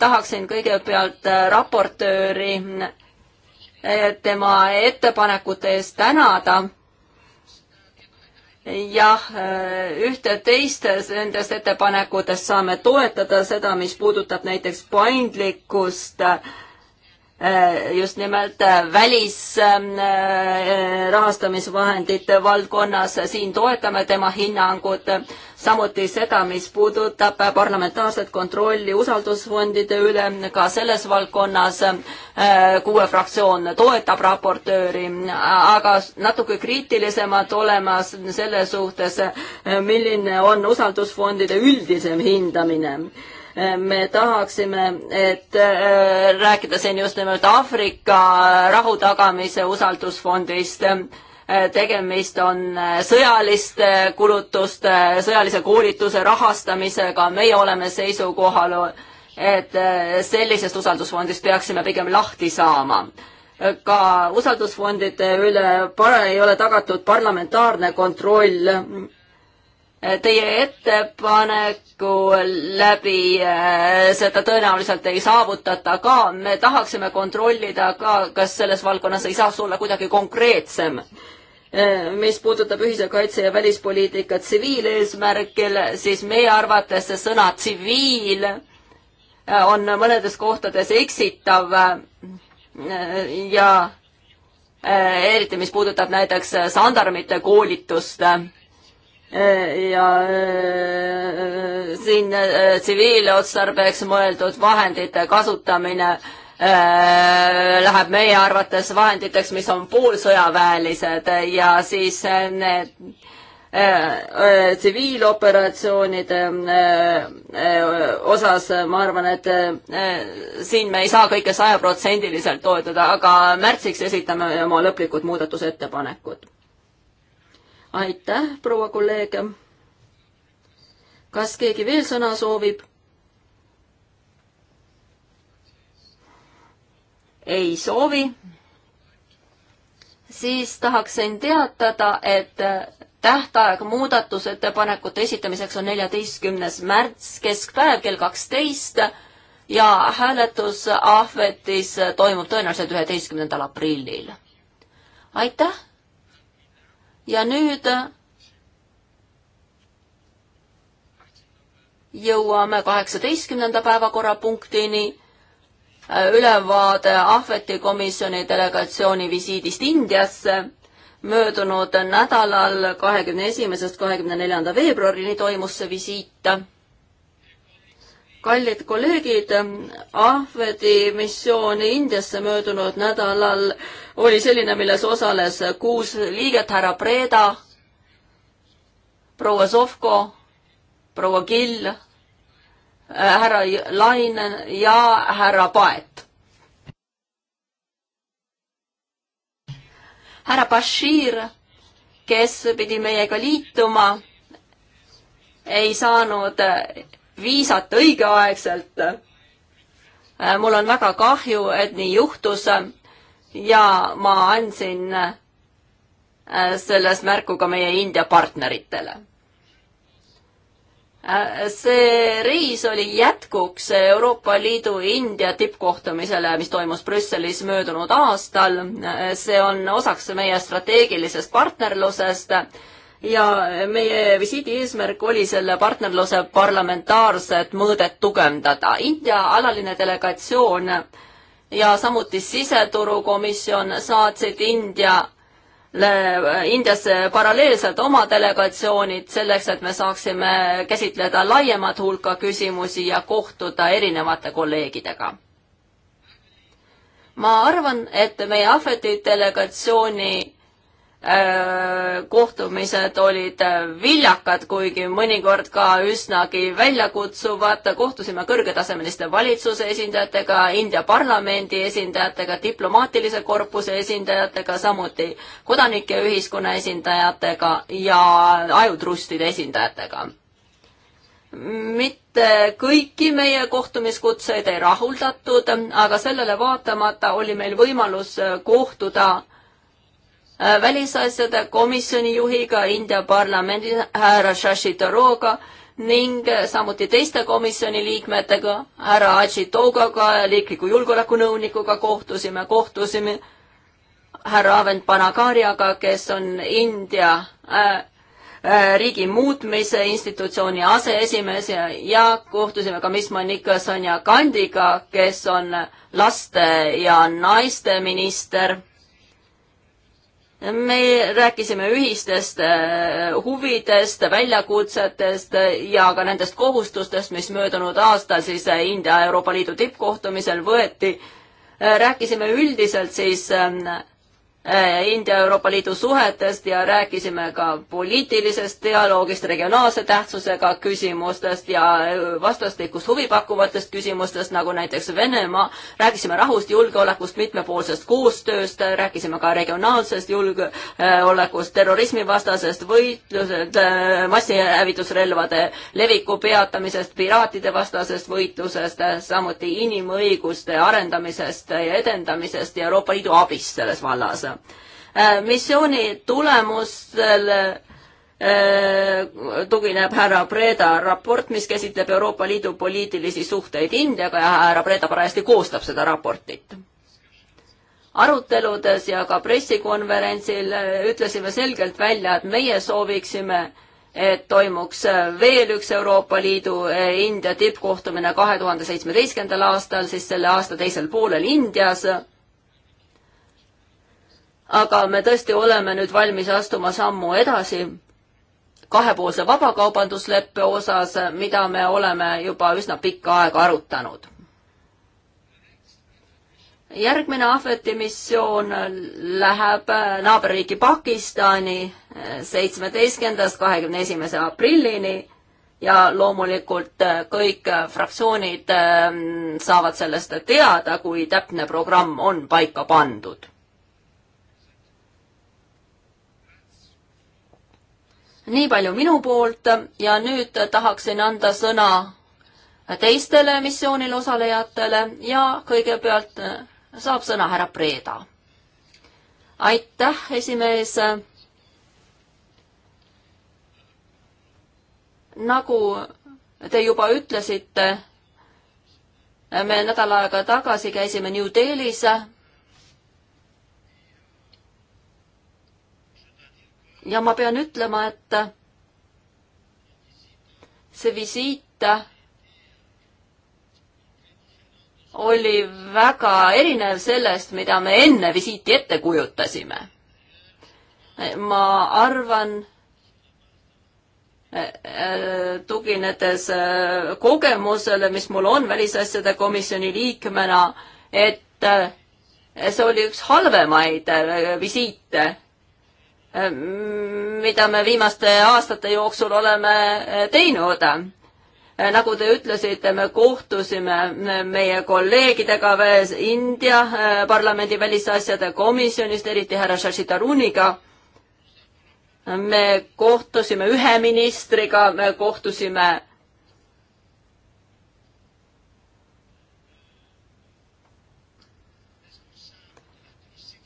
tahaksin kõigepealt raportööri tema ettepanekute eest tänada jah, äh, ühte-teist nendest ettepanekutest saame toetada, seda, mis puudutab näiteks paindlikkust äh, Äh, just nimelt äh, välisrahastamisvahendite ähm, äh, valdkonnas, siin toetame tema hinnangut, samuti seda, mis puudutab parlamentaarset kontrolli usaldusfondide üle, ka selles valdkonnas kuue fraktsioon toetab raportööri, aga natuke kriitilisemad olema selle suhtes, milline on usaldusfondide üldisem hindamine me tahaksime, et äh, rääkida siin just nimelt Aafrika rahu tagamise usaldusfondist. Äh, tegemist on äh, sõjaliste kulutuste, sõjalise koolituse rahastamisega, meie oleme seisukohal, et sellisest usaldusfondist peaksime pigem lahti saama ka usaldusfondide üle ei ole tagatud parlamentaarne kontroll teie ettepaneku läbi äh, seda tõenäoliselt ei saavutata ka. me tahaksime kontrollida ka, kas selles valdkonnas ei saaks olla kuidagi konkreetsem äh, mis puudutab ühise kaitse ja välispoliitika tsiviileesmärkil, siis meie arvates see sõna tsiviil äh, on mõnedes kohtades eksitav ja eriti, mis puudutab näiteks sandarmite koolitust ja äh, siin äh, tsiviilotstarbeks mõeldud vahendite kasutamine äh, läheb meie arvates vahenditeks, mis on poolsõjaväelised ja siis need tsiviiloperatsioonide osas ma arvan, et siin me ei saa kõike sajaprotsendiliselt toetada, aga märtsiks esitame oma lõplikud muudatusettepanekud aitäh, proua kolleeg. kas keegi veel sõna soovib? ei soovi. siis tahaksin teatada, et tähtaeg muudatusettepanekute esitamiseks on neljateistkümnes märts keskpäev kell kaksteist ja hääletus Ahvetis toimub tõenäoliselt üheteistkümnendal aprillil. aitäh ja nüüd jõuame kaheksateistkümnenda päevakorrapunktini, ülevaade Ahveti komisjoni delegatsiooni visiidist Indiasse. möödunud nädalal, kahekümne esimesest kahekümne neljanda veebruarini toimus see visiit kallid kolleegid, Ahvedi missioon Indiasse möödunud nädalal oli selline, milles osales kuus liiget, härra Preda, proua Sovko, proua Kill, äh, härra Lainen ja härra Paet. härra Bashir, kes pidi meiega liituma, ei saanud viisat õigeaegselt. Äh, mul on väga kahju, et nii juhtus ja ma andsin äh, sellest märku ka meie India partneritele äh, see reis oli jätkuks Euroopa Liidu India tippkohtumisele, mis toimus Brüsselis möödunud aastal. see on osaks meie strateegilisest partnerlusest ja meie visiidi eesmärk oli selle partnerluse parlamentaarset mõõdet tugevdada. India alaline delegatsioon ja samuti siseturukomisjon saatsid India Indiasse paralleelselt oma delegatsioonid selleks, et me saaksime käsitleda laiemat hulka küsimusi ja kohtuda erinevate kolleegidega. ma arvan, et meie Ahveti delegatsiooni Äh, kohtumised olid äh, viljakad, kuigi mõnikord ka üsnagi väljakutsuvad. kohtusime kõrgetasemeliste valitsuse esindajatega, India parlamendi esindajatega, diplomaatilise korpuse esindajatega, samuti kodanike ühiskonna esindajatega ja ajutrustide esindajatega. mitte kõiki meie kohtumiskutseid ei rahuldatud, aga sellele vaatamata oli meil võimalus kohtuda Äh, välisasjade komisjoni juhiga India parlamendi härra Shashi Taroga ning äh, samuti teiste komisjoni liikmetega, härra Aji Togaga, riikliku julgeolekunõunikuga kohtusime, kohtusime härra Avent Panakarjaga, kes on India äh, äh, riigi muutmise institutsiooni aseesimees ja, ja kohtusime ka Miss Monika Sonja Kandiga, kes on laste ja naiste minister me rääkisime ühistest äh, huvidest, väljakutsetest ja ka nendest kohustustest, mis möödunud aastal siis äh, India Euroopa Liidu tippkohtumisel võeti. Äh, rääkisime üldiselt siis ähm, Äh, India-Euroopa Liidu suhetest ja rääkisime ka poliitilisest dialoogist, regionaalse tähtsusega küsimustest ja äh, vastastikust huvipakkuvatest küsimustest, nagu näiteks Venemaa. rääkisime rahust, julgeolekust, mitmepoolsest koostööst, rääkisime ka regionaalsest julgeolekust, äh, terrorismivastasest võitlusest, massihävitusrelvade leviku peatamisest, piraatide vastasest võitlusest, samuti inimõiguste arendamisest ja edendamisest ja Euroopa Liidu abist selles vallas Äh, missiooni tulemustel äh, tugineb härra Preda raport, mis käsitleb Euroopa Liidu poliitilisi suhteid Indiaga ja härra Preda parajasti koostab seda raportit. aruteludes ja ka pressikonverentsil äh, ütlesime selgelt välja, et meie sooviksime, et toimuks veel üks Euroopa Liidu India tippkohtumine kahe tuhande seitsmeteistkümnendal aastal, siis selle aasta teisel poolel Indias aga me tõesti oleme nüüd valmis astuma sammu edasi kahepoolse vabakaubandusleppe osas, mida me oleme juba üsna pikka aega arutanud. järgmine ahveti missioon läheb naaberriiki Pakistani seitsmeteistkümnendast kahekümne esimese aprillini ja loomulikult kõik fraktsioonid ähm, saavad sellest teada, kui täpne programm on paika pandud. nii palju minu poolt ja nüüd tahaksin anda sõna teistele missioonil osalejatele ja kõigepealt saab sõna härra Preeda. aitäh, esimees. nagu te juba ütlesite, me nädal aega tagasi käisime New Delhis ja ma pean ütlema, et see visiit oli väga erinev sellest, mida me enne visiiti ette kujutasime. ma arvan, eh, eh, tuginedes eh, kogemusele, mis mul on välisasjade komisjoni liikmena, et see oli üks halvemaid visiite Ehm, mida me viimaste aastate jooksul oleme eh, teinud. Eh, nagu te ütlesite, me kohtusime eh, meie kolleegidega India parlamendi välisasjade komisjonist, eriti härra Shashi Taruniga. me kohtusime ühe ministriga, me kohtusime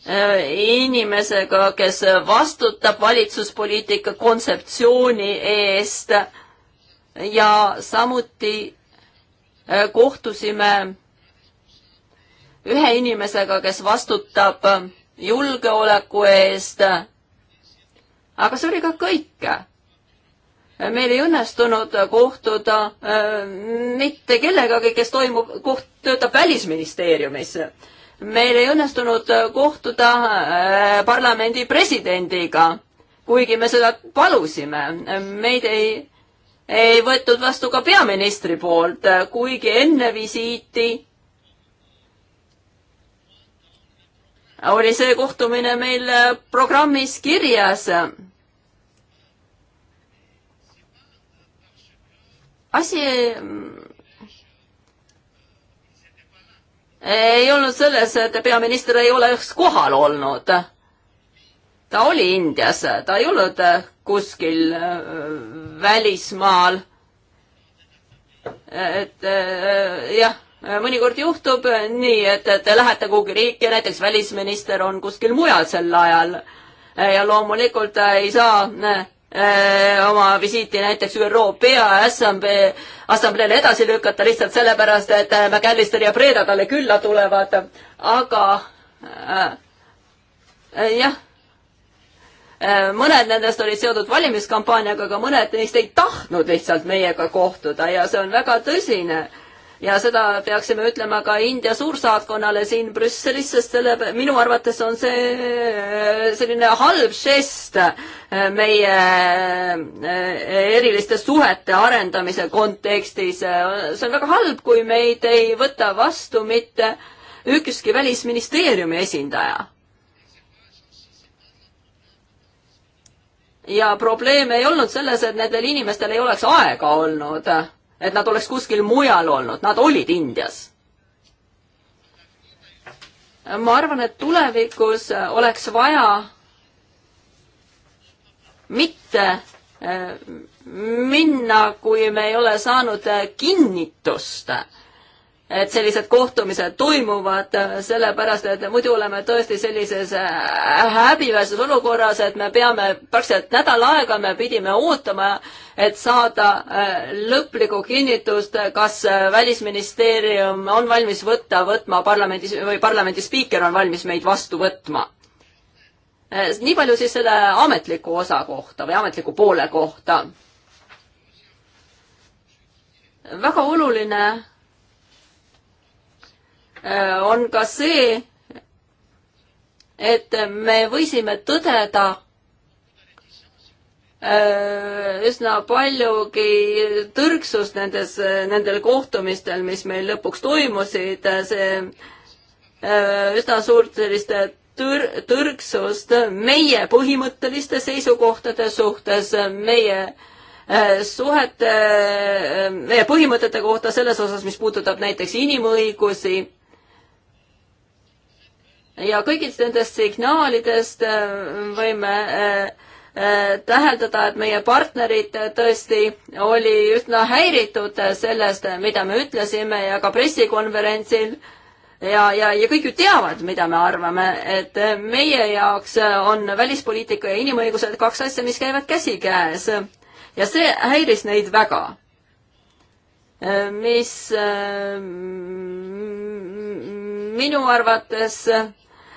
Äh, inimesega, kes vastutab valitsuspoliitika kontseptsiooni eest ja samuti äh, kohtusime ühe inimesega, kes vastutab julgeoleku eest. aga see oli ka kõik. meil ei õnnestunud kohtuda äh, mitte kellegagi, kes toimub, koht-, töötab Välisministeeriumis meil ei õnnestunud kohtuda äh, parlamendi presidendiga, kuigi me seda palusime. meid ei, ei võetud vastu ka peaministri poolt, kuigi enne visiiti oli see kohtumine meil programmis kirjas. asi ei olnud selles, et peaminister ei oleks kohal olnud. ta oli Indias, ta ei olnud kuskil äh, välismaal. et äh, jah, mõnikord juhtub nii, et te lähete kuhugi riiki ja näiteks välisminister on kuskil mujal sel ajal ja loomulikult ei saa äh, Äh, oma visiiti näiteks ÜRO Peaassamblee, assambleele edasi lükata lihtsalt sellepärast, et äh, McAllister ja Breda talle külla tulevad, aga äh, äh jah, mõned nendest olid seotud valimiskampaaniaga, aga mõned neist ei tahtnud lihtsalt meiega kohtuda ja see on väga tõsine äh, ja seda peaksime ütlema ka India suursaatkonnale siin Brüsselis, sest selle, minu arvates on see selline halb žest äh, meie äh, eriliste suhete arendamise kontekstis. see on väga halb, kui meid ei võta vastu mitte ükski välisministeeriumi esindaja ja probleem ei olnud selles, et nendel inimestel ei oleks aega olnud et nad oleks kuskil mujal olnud, nad olid Indias. ma arvan, et tulevikus oleks vaja mitte eh, minna, kui me ei ole saanud kinnitust et sellised kohtumised toimuvad, sellepärast et muidu oleme tõesti sellises äh, häbiväärses olukorras, et me peame praktiliselt nädal aega, me pidime ootama, et saada äh, lõplikku kinnitust, kas äh, Välisministeerium on valmis võtta, võtma parlamendis või parlamendi spiiker on valmis meid vastu võtma. nii palju siis selle ametliku osa kohta või ametliku poole kohta. väga oluline Äh, on ka see, et me võisime tõdeda äh, üsna paljugi tõrksust nendes, nendel kohtumistel, mis meil lõpuks toimusid, see äh, üsna suurt sellist tõr-, tõrksust meie põhimõtteliste seisukohtade suhtes, meie suhete, meie põhimõtete kohta selles osas, mis puudutab näiteks inimõigusi ja kõigist nendest signaalidest äh, võime äh, äh, täheldada, et meie partnerid tõesti oli üsna häiritud sellest, mida me ütlesime ja ka pressikonverentsil ja, ja, ja kõik ju teavad, mida me arvame, et meie jaoks on välispoliitika ja inimõigused kaks asja, mis käivad käsikäes. ja see häiris neid väga. mis minu arvates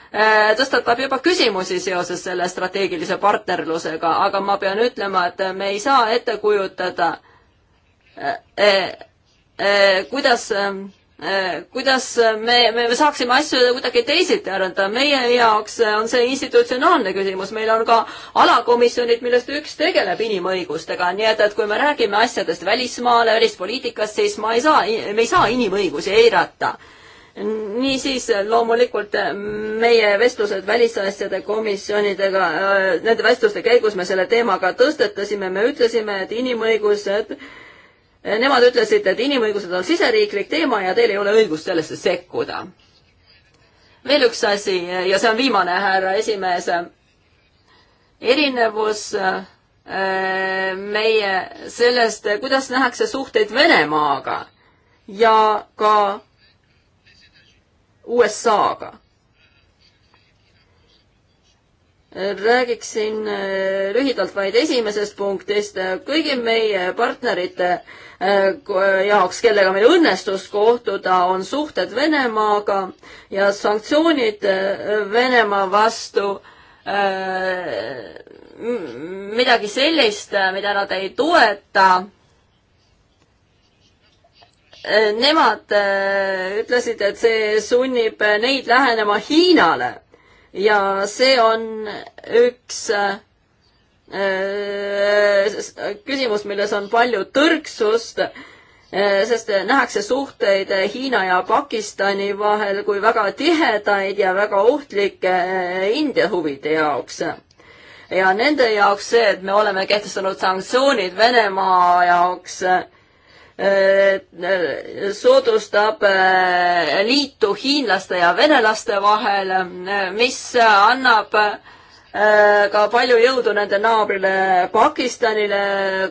Äh, tõstatab juba küsimusi seoses selle strateegilise partnerlusega, aga ma pean ütlema, et me ei saa ette kujutada, äh, äh, kuidas, kuidas me, me saaksime asju kuidagi teisiti arendada. meie jaoks on see institutsionaalne küsimus, meil on ka alakomisjonid, millest üks tegeleb inimõigustega, nii et, et kui me räägime asjadest välismaale, välispoliitikast, siis ma ei saa, me ei saa inimõigusi eirata niisiis loomulikult eh, meie vestlused välisasjade komisjonidega, eh, nende vestluste käigus me selle teemaga tõstetasime, me ütlesime, et inimõigused, eh, nemad ütlesid, et inimõigused on siseriiklik teema ja teil ei ole õigust sellesse sekkuda. veel üks asi ja see on viimane, härra esimees. erinevus meie sellest, kuidas nähakse suhteid Venemaaga ja ka USA-ga. räägiksin eh, lühidalt vaid esimesest punktist. kõigi meie partnerite eh, jaoks, kellega meil õnnestus kohtuda, on suhted Venemaaga ja sanktsioonid eh, Venemaa vastu midagi sellist, mida nad ei toeta Äh, nemad äh, ütlesid, et see sunnib äh, neid lähenema Hiinale ja see on üks küsimus, milles on palju tõrksust, sest nähakse suhteid Hiina ja Pakistani vahel kui väga tihedaid ja väga ohtlikke India huvide jaoks ja nende jaoks see, et me oleme kehtestanud sanktsioonid Venemaa jaoks äh, Äh, äh, soodustab äh, liitu hiinlaste ja venelaste vahel, mis annab ka palju jõudu nende naabrile Pakistanile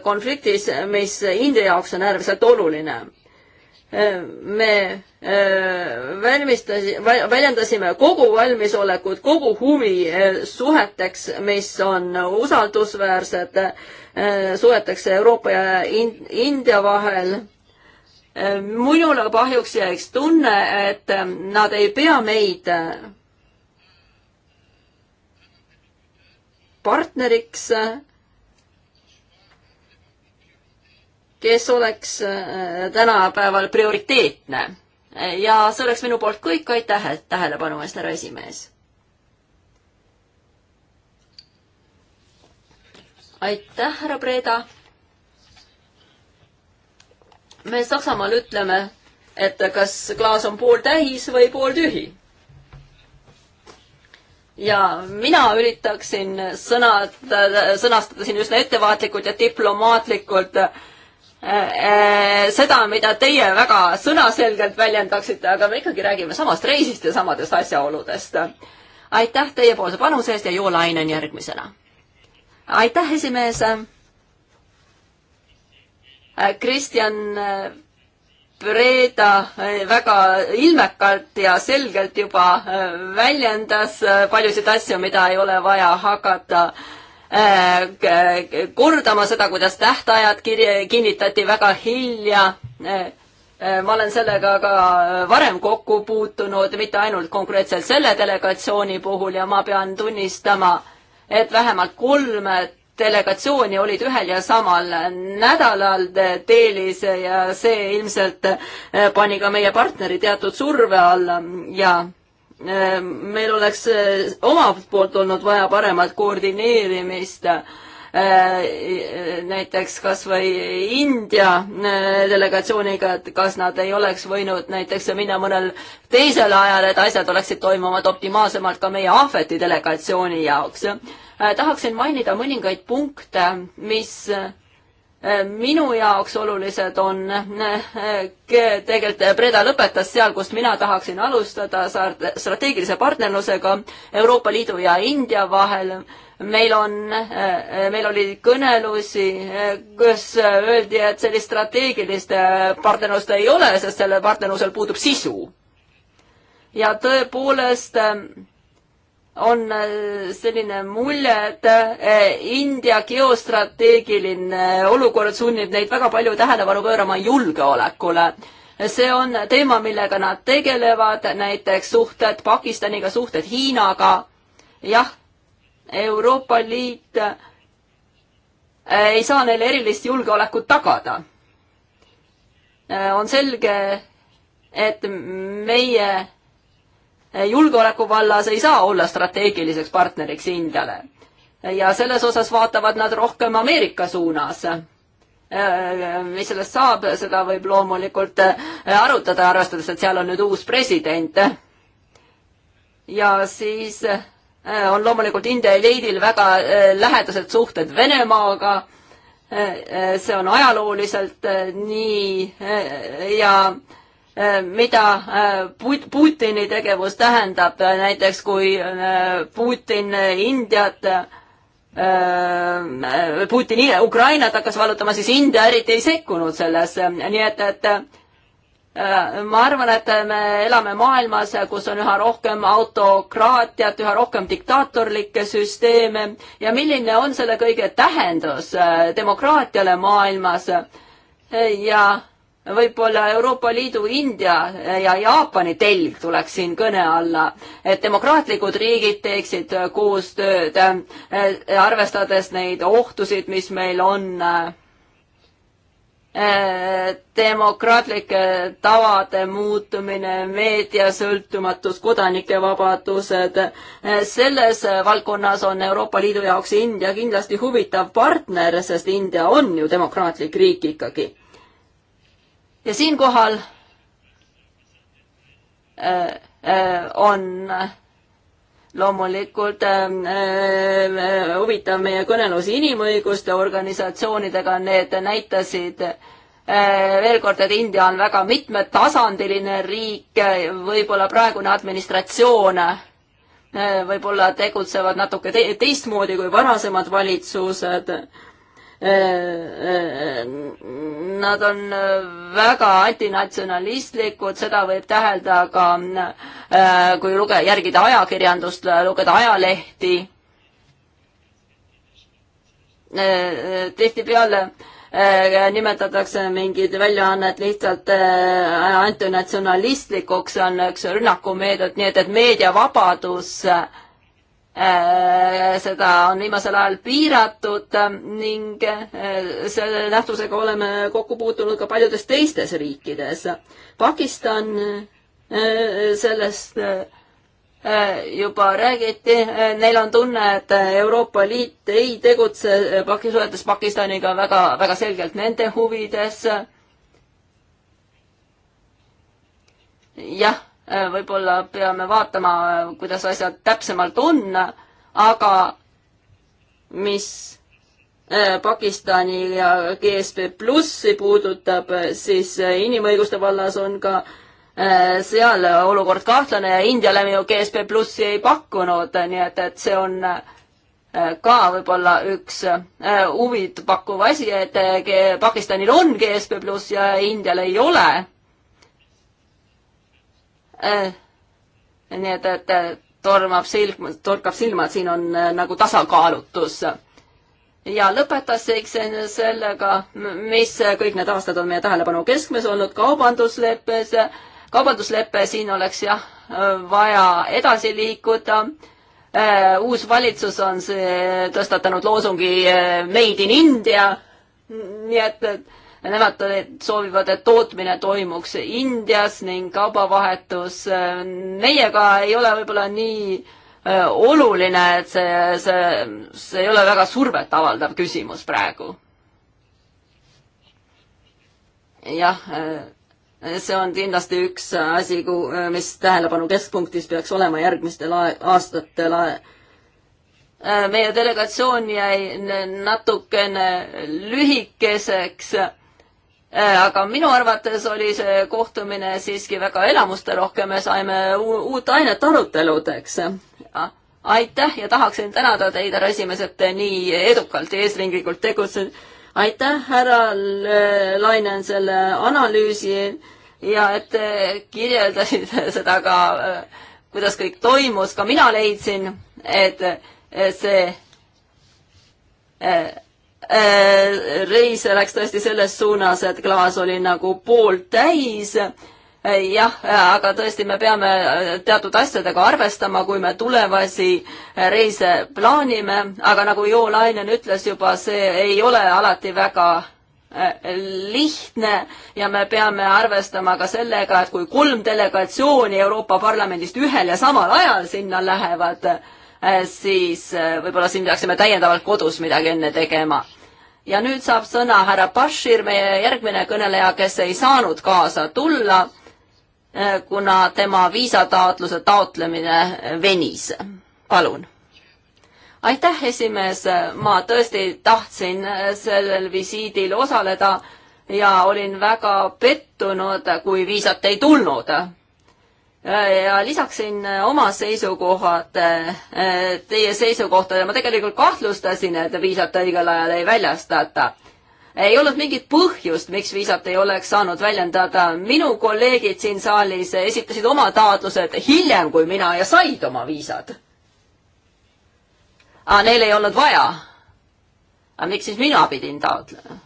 konfliktis, mis India jaoks on äärmiselt oluline. me valmistasime, väljendasime kogu valmisolekut, kogu huvi suheteks, mis on usaldusväärsed Äh, suletakse Euroopa ja India vahel. Äh, minul aga kahjuks jääks tunne, et äh, nad ei pea meid partneriks, kes oleks tänapäeval prioriteetne. ja see oleks minu poolt kõik, aitäh tähelepanu eest, härra esimees aitäh, härra Breda. me Saksamaal ütleme, et kas klaas on pooltäis või pooltühi. ja mina üritaksin sõnad, sõnastada siin üsna ettevaatlikult ja diplomaatlikult äh, äh, seda, mida teie väga sõnaselgelt väljendaksite, aga me ikkagi räägime samast reisist ja samadest asjaoludest. aitäh teiepoolse panuse eest ja Joel Ainen järgmisena aitäh, esimees. Kristjan Breda väga ilmekalt ja selgelt juba väljendas paljusid asju, mida ei ole vaja hakata eh, kordama seda, kuidas tähtajad kirje, kinnitati väga hilja. Eh, ma olen sellega ka varem kokku puutunud, mitte ainult konkreetselt selle delegatsiooni puhul ja ma pean tunnistama, et vähemalt kolm delegatsiooni olid ühel ja samal nädalal Delis ja see ilmselt eh, pani ka meie partneri teatud surve alla ja eh, meil oleks eh, omalt poolt olnud vaja paremat koordineerimist Äh, näiteks kas või India äh, delegatsiooniga, et kas nad ei oleks võinud näiteks minna mõnel teisel ajal, et asjad oleksid toimuvad optimaalsemalt ka meie ahveti delegatsiooni jaoks. Äh, tahaksin mainida mõningaid punkte, mis Äh, minu jaoks olulised on, äh, tegelikult Breda äh, lõpetas seal, kust mina tahaksin alustada, strateegilise partnerlusega Euroopa Liidu ja India vahel. meil on, meil oli kõnelusi, kus öeldi, et sellist strateegilist partnerlust ei ole, sest sellel partnerlusel puudub sisu. ja tõepoolest äh, on äh, selline mulje, et äh, India geostrateegiline olukord sunnib neid väga palju tähelepanu pöörama julgeolekule. see on teema, millega nad tegelevad, näiteks suhted Pakistaniga, suhted Hiinaga. jah, Euroopa Liit äh, ei saa neile erilist julgeolekut tagada. on selge, et meie Eh, julgeoleku vallas ei saa olla strateegiliseks partneriks Indiale. Eh, ja selles osas vaatavad nad rohkem Ameerika suunas. Eh, mis sellest saab, seda võib loomulikult arutada, arvestades, et seal on nüüd uus president. ja siis on loomulikult India eliidil väga lähedased suhted Venemaaga. see on ajalooliselt nii ja Äh, mida äh, Putini tegevus tähendab, äh, näiteks kui Putin Indiat Putin Ukrainat hakkas vallutama, siis India eriti ei sekkunud sellesse, nii et, et ma arvan, et me elame maailmas, kus on üha rohkem autokraatiat, üha rohkem diktaatorlikke süsteeme ja milline on selle kõige tähendus demokraatiale maailmas ja võib-olla Euroopa Liidu, India ja Jaapani telg tuleks siin kõne alla, et demokraatlikud riigid teeksid koostööd, eh, arvestades neid ohtusid, mis meil on eh, demokraatlike tavade muutumine, meediasõltumatus, kodanike vabadused. Eh, selles valdkonnas on Euroopa Liidu jaoks India kindlasti huvitav partner, sest India on ju demokraatlik riik ikkagi ja siinkohal äh, äh, on loomulikult ähm, äh, huvitav meie kõnelus inimõiguste organisatsioonidega, need näitasid veel kord, et India on väga mitmetasandiline riik, võib-olla praegune administratsioon võib-olla tegutsevad natuke te teistmoodi kui varasemad valitsused Äh, äh, nad on äh, väga antinatsionalistlikud, seda võib tähelda ka kui luge-, järgida ajakirjandust, lugeda ajalehti. tihtipeale nimetatakse mingid väljaannet lihtsalt antinatsionalistlikuks, see on üks rünnakumeetod, nii et, et meediavabadus äh, Äh, seda on viimasel ajal piiratud äh, ning äh, selle nähtusega oleme kokku puutunud ka paljudes teistes riikides. Pakistan sellest juba räägiti, neil on tunne, et Euroopa Liit ei tegutse paki-, suhetes Pakistaniga väga, väga selgelt nende huvides. jah Äh, võib-olla peame vaatama, kuidas asjad täpsemalt on, aga mis äh, Pakistani ja GSP Plussi puudutab, siis äh, inimõiguste vallas on ka seal olukord kahtlane ja India läbi ju GSP Plussi ei pakkunud, nii et, et see on ka võib-olla üks huvid pakkuv asi, et Pakistanil on GSP Pluss ja Indial ei ole Äh, nii et, et äh, tormab silm, torkab silma, et siin on äh, nagu tasakaalutus. ja lõpetaseks sellega, mis kõik need aastad on meie tähelepanu keskmes olnud, kaubandusleppes, kaubanduslepe, siin oleks jah, vaja edasi liikuda. uus valitsus on see tõstatanud loosungi Made in India, nii et, et Nemad soovivad, et tootmine toimuks Indias ning kaubavahetus äh, meiega ei ole võib-olla nii äh, oluline, et see, see, see ei ole väga survet avaldav küsimus praegu. jah, äh, see on kindlasti üks asi, mis tähelepanu keskpunktis peaks olema järgmistel aastatel meie delegatsioon jäi natukene lühikeseks. Äh, aga minu arvates oli see kohtumine siiski väga elamusterohke, me saime uut ainet aruteludeks. aitäh ja tahaksin tänada teid, härra esimees, et te nii edukalt ja eesringlikult tegutsete. aitäh, härra Lainen, selle analüüsi ja et te kirjeldasite seda ka, kuidas kõik toimus, ka mina leidsin, et see äh, Äh, reis läks tõesti selles suunas, et klaas oli nagu pooltäis äh, jah, aga tõesti, me peame äh, teatud asjadega arvestama, kui me tulevasi reise plaanime, aga nagu Jo Lainen ütles juba, see ei ole alati väga lihtne ja me peame arvestama ka sellega, et kui kolm delegatsiooni Euroopa Parlamendist ühel ja samal ajal sinna lähevad, siis võib-olla siin peaksime täiendavalt kodus midagi enne tegema ja nüüd saab sõna härra Bashir, meie järgmine kõneleja, kes ei saanud kaasa tulla, eh, kuna tema viisataotluse taotlemine venis. palun aitäh, esimees, ma tõesti tahtsin sellel visiidil osaleda ja olin väga pettunud, kui viisat ei tulnud. Äh, ja lisaksin äh, oma seisukohad äh, teie seisukohtadele, ma tegelikult kahtlustasin, et viisat õigel ajal ei väljastata. ei olnud mingit põhjust, miks viisat ei oleks saanud väljendada, minu kolleegid siin saalis esitasid oma taotlused hiljem kui mina ja said oma viisad. aga neil ei olnud vaja. aga miks siis mina pidin taotlema?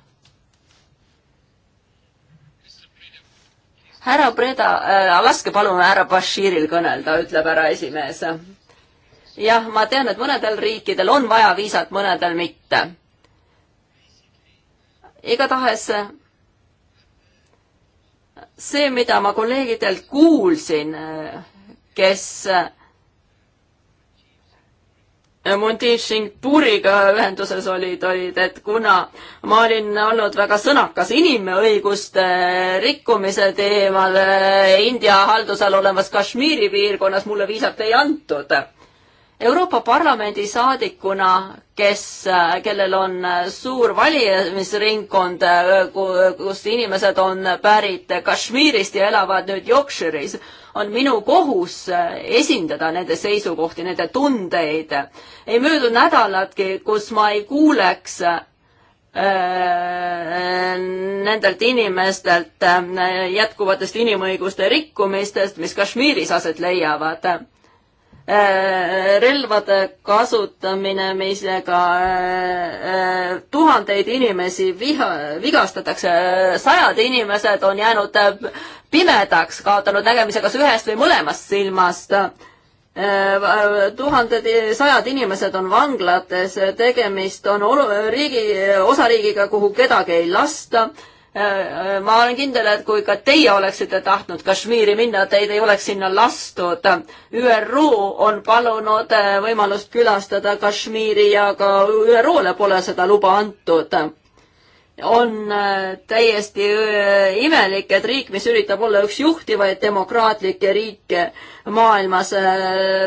härra Preda äh,, laske palun härra Bashiril kõnelda, ütleb härra esimees. jah, ma tean, et mõnedel riikidel on vaja viisat, mõnedel mitte. igatahes see, mida ma kolleegidelt kuulsin, kes äh, Monti Shingpuriga ühenduses olid, olid, et kuna ma olin olnud väga sõnakas inimõiguste rikkumise teemal eh, India halduse all olevas Kashmiri piirkonnas, mulle viisat ei antud. Euroopa Parlamendi saadikuna, kes, kellel on suur valimisringkond, eh, kust inimesed on pärit Kashmirist ja elavad nüüd Yorkshire'is on minu kohus äh, esindada nende seisukohti, nende tundeid. ei möödu nädalatki, kus ma ei kuuleks äh, nendelt inimestelt äh, jätkuvatest inimõiguste rikkumistest, mis Kashmiris aset leiavad relvade kasutamine, millega äh, äh, tuhandeid inimesi viha, vigastatakse, sajad inimesed on jäänud äh, pimedaks, kaotanud nägemise kas ühest või mõlemast silmast. tuhanded, sajad inimesed on vanglates, tegemist on olu-, riigi, osariigiga, kuhu kedagi ei lasta Äh, äh, ma olen kindel, et kui ka teie oleksite tahtnud Kashmiri minna, teid ei oleks sinna lastud. ÜRO on palunud äh, võimalust külastada Kashmiri ja ka ÜRO-le pole seda luba antud. on täiesti imelik, et riik, mis üritab olla üks juhtivaid demokraatlikke riike maailmas,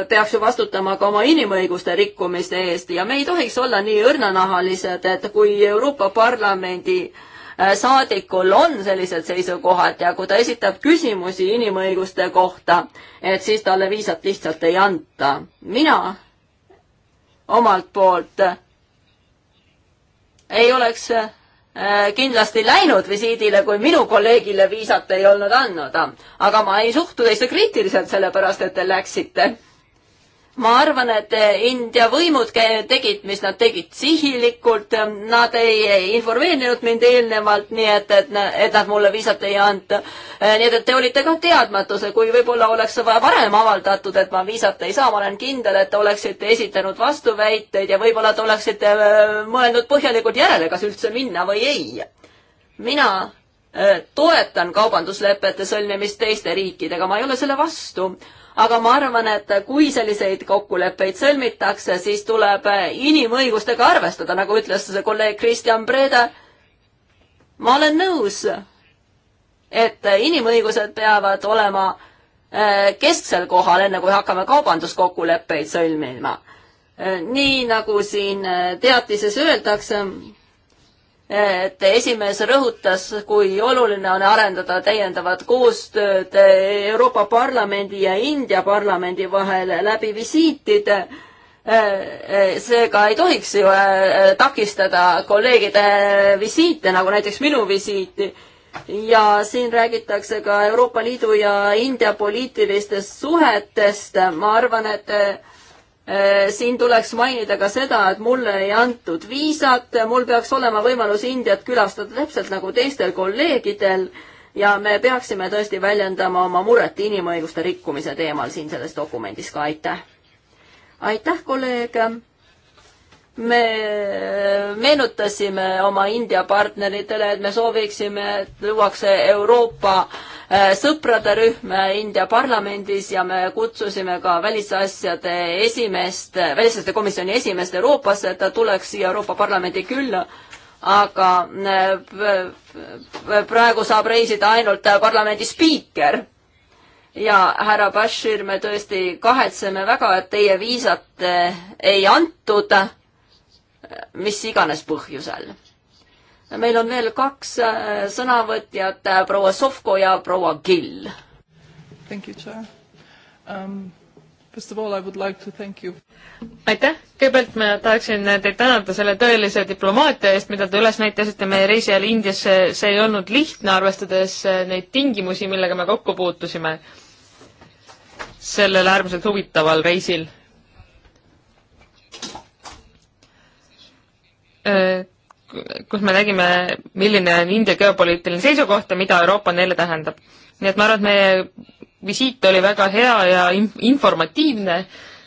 peaks ju vastutama ka oma inimõiguste rikkumiste eest ja me ei tohiks olla nii õrnanahalised, et kui Euroopa Parlamendi äh, Äh, saadikul on sellised seisukohad ja kui ta esitab küsimusi inimõiguste kohta, et siis talle viisat lihtsalt ei anta. mina omalt poolt äh, ei oleks äh, kindlasti läinud visiidile, kui minu kolleegile viisat ei olnud andnud. aga ma ei suhtu teisse kriitiliselt, sellepärast et te läksite ma arvan, et eh, India võimud tegid, mis nad tegid sihilikult, nad ei informeerinud mind eelnevalt, nii et, et, et nad mulle viisat ei anta. Eh, nii et, et te olite ka teadmatuse, kui võib-olla oleks varem avaldatud, et ma viisat ei saa, ma olen kindel, et te oleksite esitanud vastuväiteid ja võib-olla te oleksite eh, mõelnud põhjalikult järele, kas üldse minna või ei. mina toetan kaubanduslepete sõlmimist teiste riikidega, ma ei ole selle vastu aga ma arvan, et kui selliseid kokkuleppeid sõlmitakse, siis tuleb inimõigustega arvestada, nagu ütles kolleeg Kristjan Preda. ma olen nõus, et inimõigused peavad olema eh, kesksel kohal, enne kui hakkame kaubanduskokkuleppeid sõlmima. Eh, nii nagu siin eh, teatises öeldakse, et esimees rõhutas, kui oluline on arendada täiendavat koostööd Euroopa Parlamendi ja India parlamendi vahel läbi visiitide. seega ei tohiks ju äh, takistada kolleegide visiite, nagu näiteks minu visiiti. ja siin räägitakse ka Euroopa Liidu ja India poliitilistest suhetest, ma arvan, et äh, Äh, siin tuleks mainida ka seda, et mulle ei antud viisat, mul peaks olema võimalus Indiat külastada täpselt nagu teistel kolleegidel ja me peaksime tõesti väljendama oma muret inimõiguste rikkumise teemal siin selles dokumendis ka, aitäh. aitäh, kolleeg. me meenutasime oma India partneritele, et me sooviksime, et luuakse Euroopa äh, Äh, sõprade rühm äh, India parlamendis ja me kutsusime ka välisasjade esimeest, äh, välisasjade komisjoni esimeest Euroopasse, et ta tuleks siia Euroopa Parlamendi külla aga praegu saab reisida ainult parlamendi spiiker. ja härra Bashir, me tõesti kahetseme väga, et teie viisat ei antud, mis iganes põhjusel meil on veel kaks äh, sõnavõtjat, äh, proua Sovko ja proua Kill. Thank you, Chair um,. First of all I would like to thank you. aitäh, kõigepealt ma tahaksin teid tänada selle tõelise diplomaatia eest, mida te üles näitasite meie reisi ajal Indiasse, see ei olnud lihtne, arvestades äh, neid tingimusi, millega me kokku puutusime sellel äärmiselt huvitaval reisil kus me nägime, milline on India geopoliitiline seisukoht ja mida Euroopa neile tähendab. nii et ma arvan, et meie visiit oli väga hea ja informatiivne.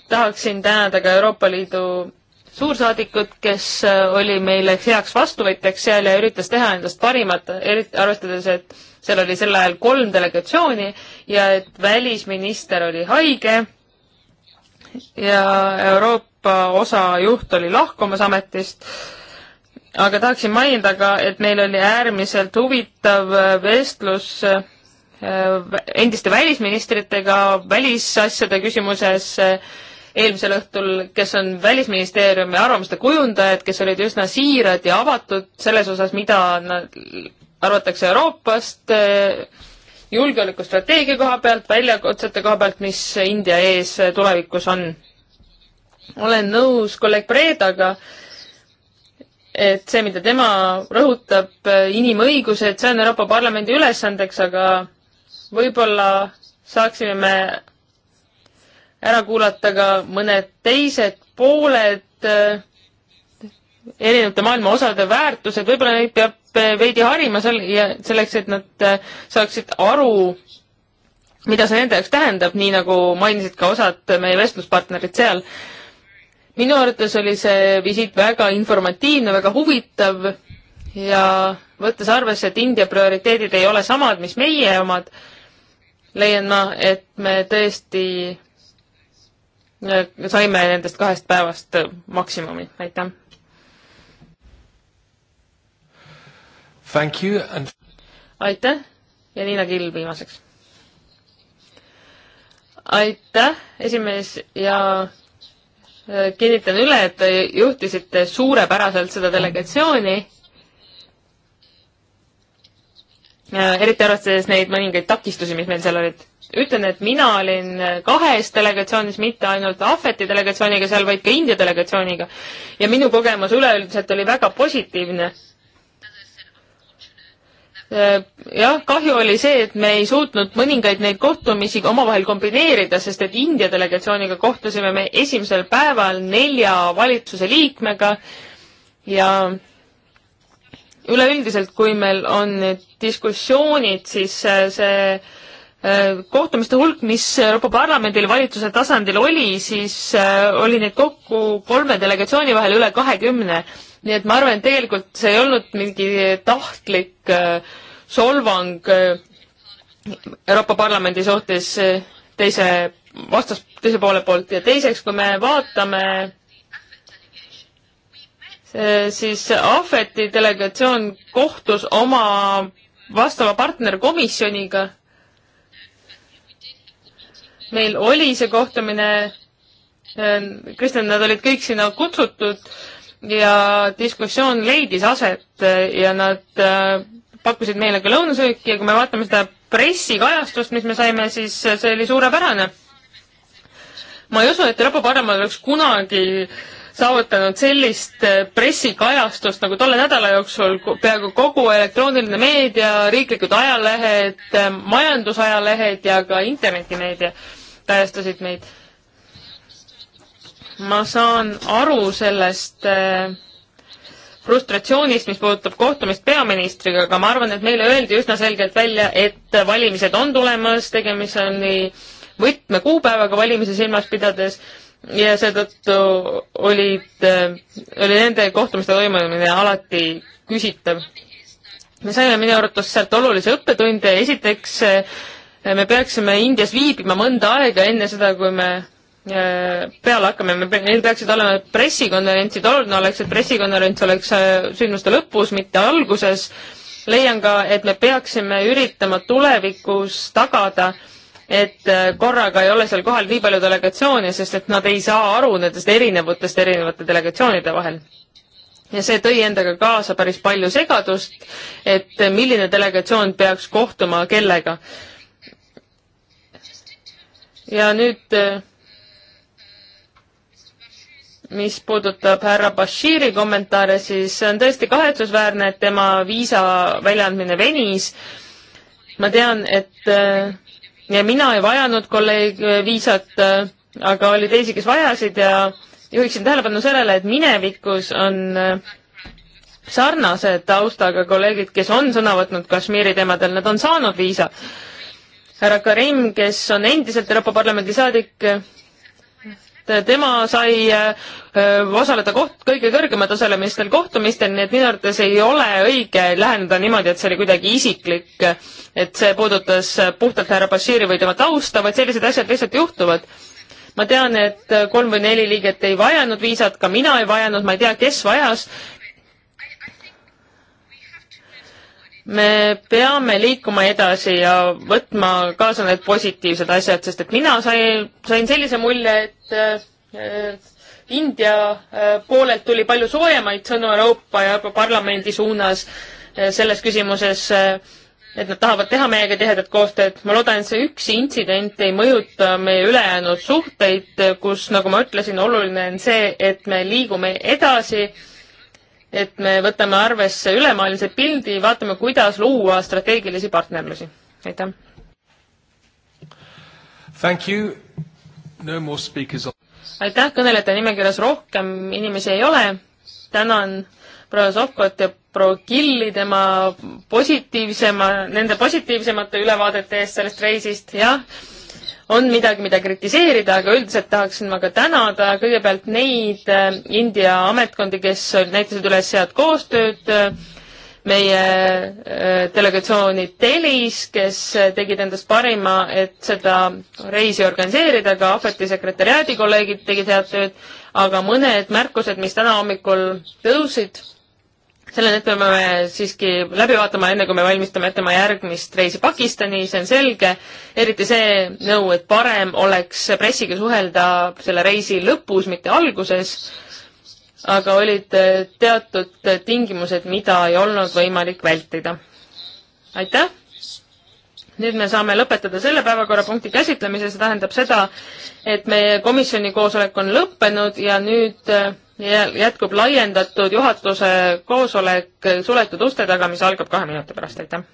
tahaksin tänada ka Euroopa Liidu suursaadikut, kes äh, oli meile heaks vastuvõtjaks seal ja üritas teha endast parimat, eriti arvestades, et seal oli sel ajal kolm delegatsiooni ja et välisminister oli haige ja Euroopa osa juht oli lahkumas ametist aga tahaksin mainida ka, et meil oli äärmiselt huvitav äh, vestlus äh, endiste välisministritega välisasjade küsimuses äh, eelmisel õhtul, kes on Välisministeeriumi arvamuste kujundajad, kes olid üsna siirad ja avatud selles osas, mida nad arvatakse Euroopast, julgeolekustrateegia koha pealt, väljakutsete koha pealt, mis India ees tulevikus on. olen nõus kolleeg Predaga, et see, mida tema rõhutab, äh, inimõigused, see on Euroopa Parlamendi ülesandeks, aga võib-olla saaksime me ära kuulata ka mõned teised pooled, äh, erinevate maailma osade väärtused, võib-olla neid peab äh, veidi harima seal ja selleks, et nad saaksid aru, mida see nende jaoks tähendab, nii nagu mainisid ka osad meie vestluspartnerid seal minu arvates oli see visiit väga informatiivne, väga huvitav ja võttes arvesse, et India prioriteedid ei ole samad, mis meie omad, leian ma, et me tõesti äh, saime nendest kahest päevast maksimumi, aitäh. Thank you and aitäh ja Liina Kill viimaseks. aitäh, esimees ja Äh, kinnitan üle, et te juhtisite suurepäraselt seda delegatsiooni. Äh, eriti arvestades neid mõningaid takistusi, mis meil seal olid. ütlen, et mina olin kahes delegatsioonis, mitte ainult Ahveti delegatsiooniga seal, vaid ka India delegatsiooniga. ja minu kogemus üleüldiselt oli väga positiivne Äh, jah, kahju oli see, et me ei suutnud mõningaid neid kohtumisi omavahel kombineerida, sest et India delegatsiooniga kohtusime me esimesel päeval nelja valitsuse liikmega ja üleüldiselt, kui meil on need diskussioonid, siis äh, see äh, kohtumiste hulk, mis Euroopa Parlamendil valitsuse tasandil oli, siis oli neid kokku kolme delegatsiooni vahel üle kahekümne nii et ma arvan, et tegelikult see ei olnud mingi tahtlik äh, solvang äh, Euroopa Parlamendi suhtes äh, teise, vastas, teise poole poolt ja teiseks, kui me vaatame siis Ahveti delegatsioon kohtus oma vastava partnerkomisjoniga. meil oli see kohtumine, Kristjan, nad olid kõik sinna kutsutud ja diskussioon leidis aset eh, ja nad eh, pakkusid meile ka lõunasööki ja kui me vaatame seda pressikajastust, mis me saime, siis eh, see oli suurepärane. ma ei usu, et Euroopa Parlament oleks kunagi saavutanud sellist pressikajastust nagu tolle nädala jooksul, peaaegu kogu elektrooniline meedia, riiklikud ajalehed, majandusajalehed ja ka internetimeedia kajastasid meid ma saan aru sellest äh, frustratsioonist, mis puudutab kohtumist peaministriga, aga ma arvan, et meile öeldi üsna selgelt välja, et valimised on tulemas, tegemist on nii võtmekuupäevaga valimisi silmas pidades ja seetõttu olid, äh, oli nende kohtumiste toimumine alati küsitav. me saime minu arvates sealt olulisi õppetunde, esiteks äh, me peaksime Indias viibima mõnda aega enne seda, kui me Äh, peale hakkame, me, neil peaksid olema pressikonverentsid, oluline oleks, et pressikonverents oleks äh, sündmuste lõpus, mitte alguses. leian ka, et me peaksime üritama tulevikus tagada, et äh, korraga ei ole seal kohal nii palju delegatsioone, sest et nad ei saa aru nendest erinevutest erinevate delegatsioonide vahel ja see tõi endaga kaasa päris palju segadust, et milline delegatsioon peaks kohtuma kellega. ja nüüd mis puudutab härra Bashiri kommentaare, siis on tõesti kahetsusväärne, et tema viisa väljaandmine venis. ma tean, et äh, ja mina ei vajanud kolleeg äh, viisat, äh, aga oli teisi, kes vajasid ja juhiksin tähelepanu sellele, et minevikus on sarnase taustaga kolleegid, kes on sõna võtnud Kashmiri teemadel, nad on saanud viisa. härra Karim, kes on endiselt Euroopa Parlamendi saadik, et tema sai äh, osaleda koht, kõige kõrgema tasemelistel kohtumistel, nii et minu arvates ei ole õige läheneda niimoodi, et see oli kuidagi isiklik, et see puudutas puhtalt härra Bashiri või tema tausta, vaid sellised asjad lihtsalt juhtuvad ma tean, et kolm või neli liiget ei vajanud viisat, ka mina ei vajanud, ma ei tea, kes vajas me peame liikuma edasi ja võtma kaasa need positiivsed asjad, sest et mina sain, sain sellise mulje, et äh, India äh, poolelt tuli palju soojemaid sõnu Euroopa ja Euroopa Parlamendi suunas äh, selles küsimuses, äh, et nad tahavad teha meiega tihedat koostööd. ma loodan, et see üks intsident ei mõjuta meie ülejäänud suhteid, kus, nagu ma ütlesin, oluline on see, et me liigume edasi äh, et me võtame arvesse ülemaailmse pildi, vaatame, kuidas luua strateegilisi partnerlusi. aitäh! Thank you. No more speakers on. aitäh, kõnelejate nimekirjas rohkem inimesi ei ole. tänan proua Sovkot ja proua Killi tema positiivsema, nende positiivsemate ülevaadete eest sellest reisist, jah on midagi, mida kritiseerida, aga üldiselt tahaksin ma ka tänada kõigepealt neid äh, India ametkondi, kes näitasid üles head koostööd, äh, meie äh, delegatsiooni Telis, kes tegid endast parima, et seda reisi organiseerida, ka Ahveti sekretäriaadi kolleegid tegid head tööd, aga mõned märkused, mis täna hommikul tõusid sellel hetkel me siiski läbi vaatama, enne kui me valmistame ette oma järgmist reisi Pakistani, see on selge. eriti see nõu, et parem oleks pressiga suhelda selle reisi lõpus, mitte alguses. aga olid teatud tingimused, mida ei olnud võimalik vältida. aitäh! nüüd me saame lõpetada selle päevakorrapunkti käsitlemise, see tähendab seda, et meie komisjoni koosolek on lõppenud ja nüüd äh, jätkub laiendatud juhatuse koosolek suletud uste taga, mis algab kahe minuti pärast, aitäh!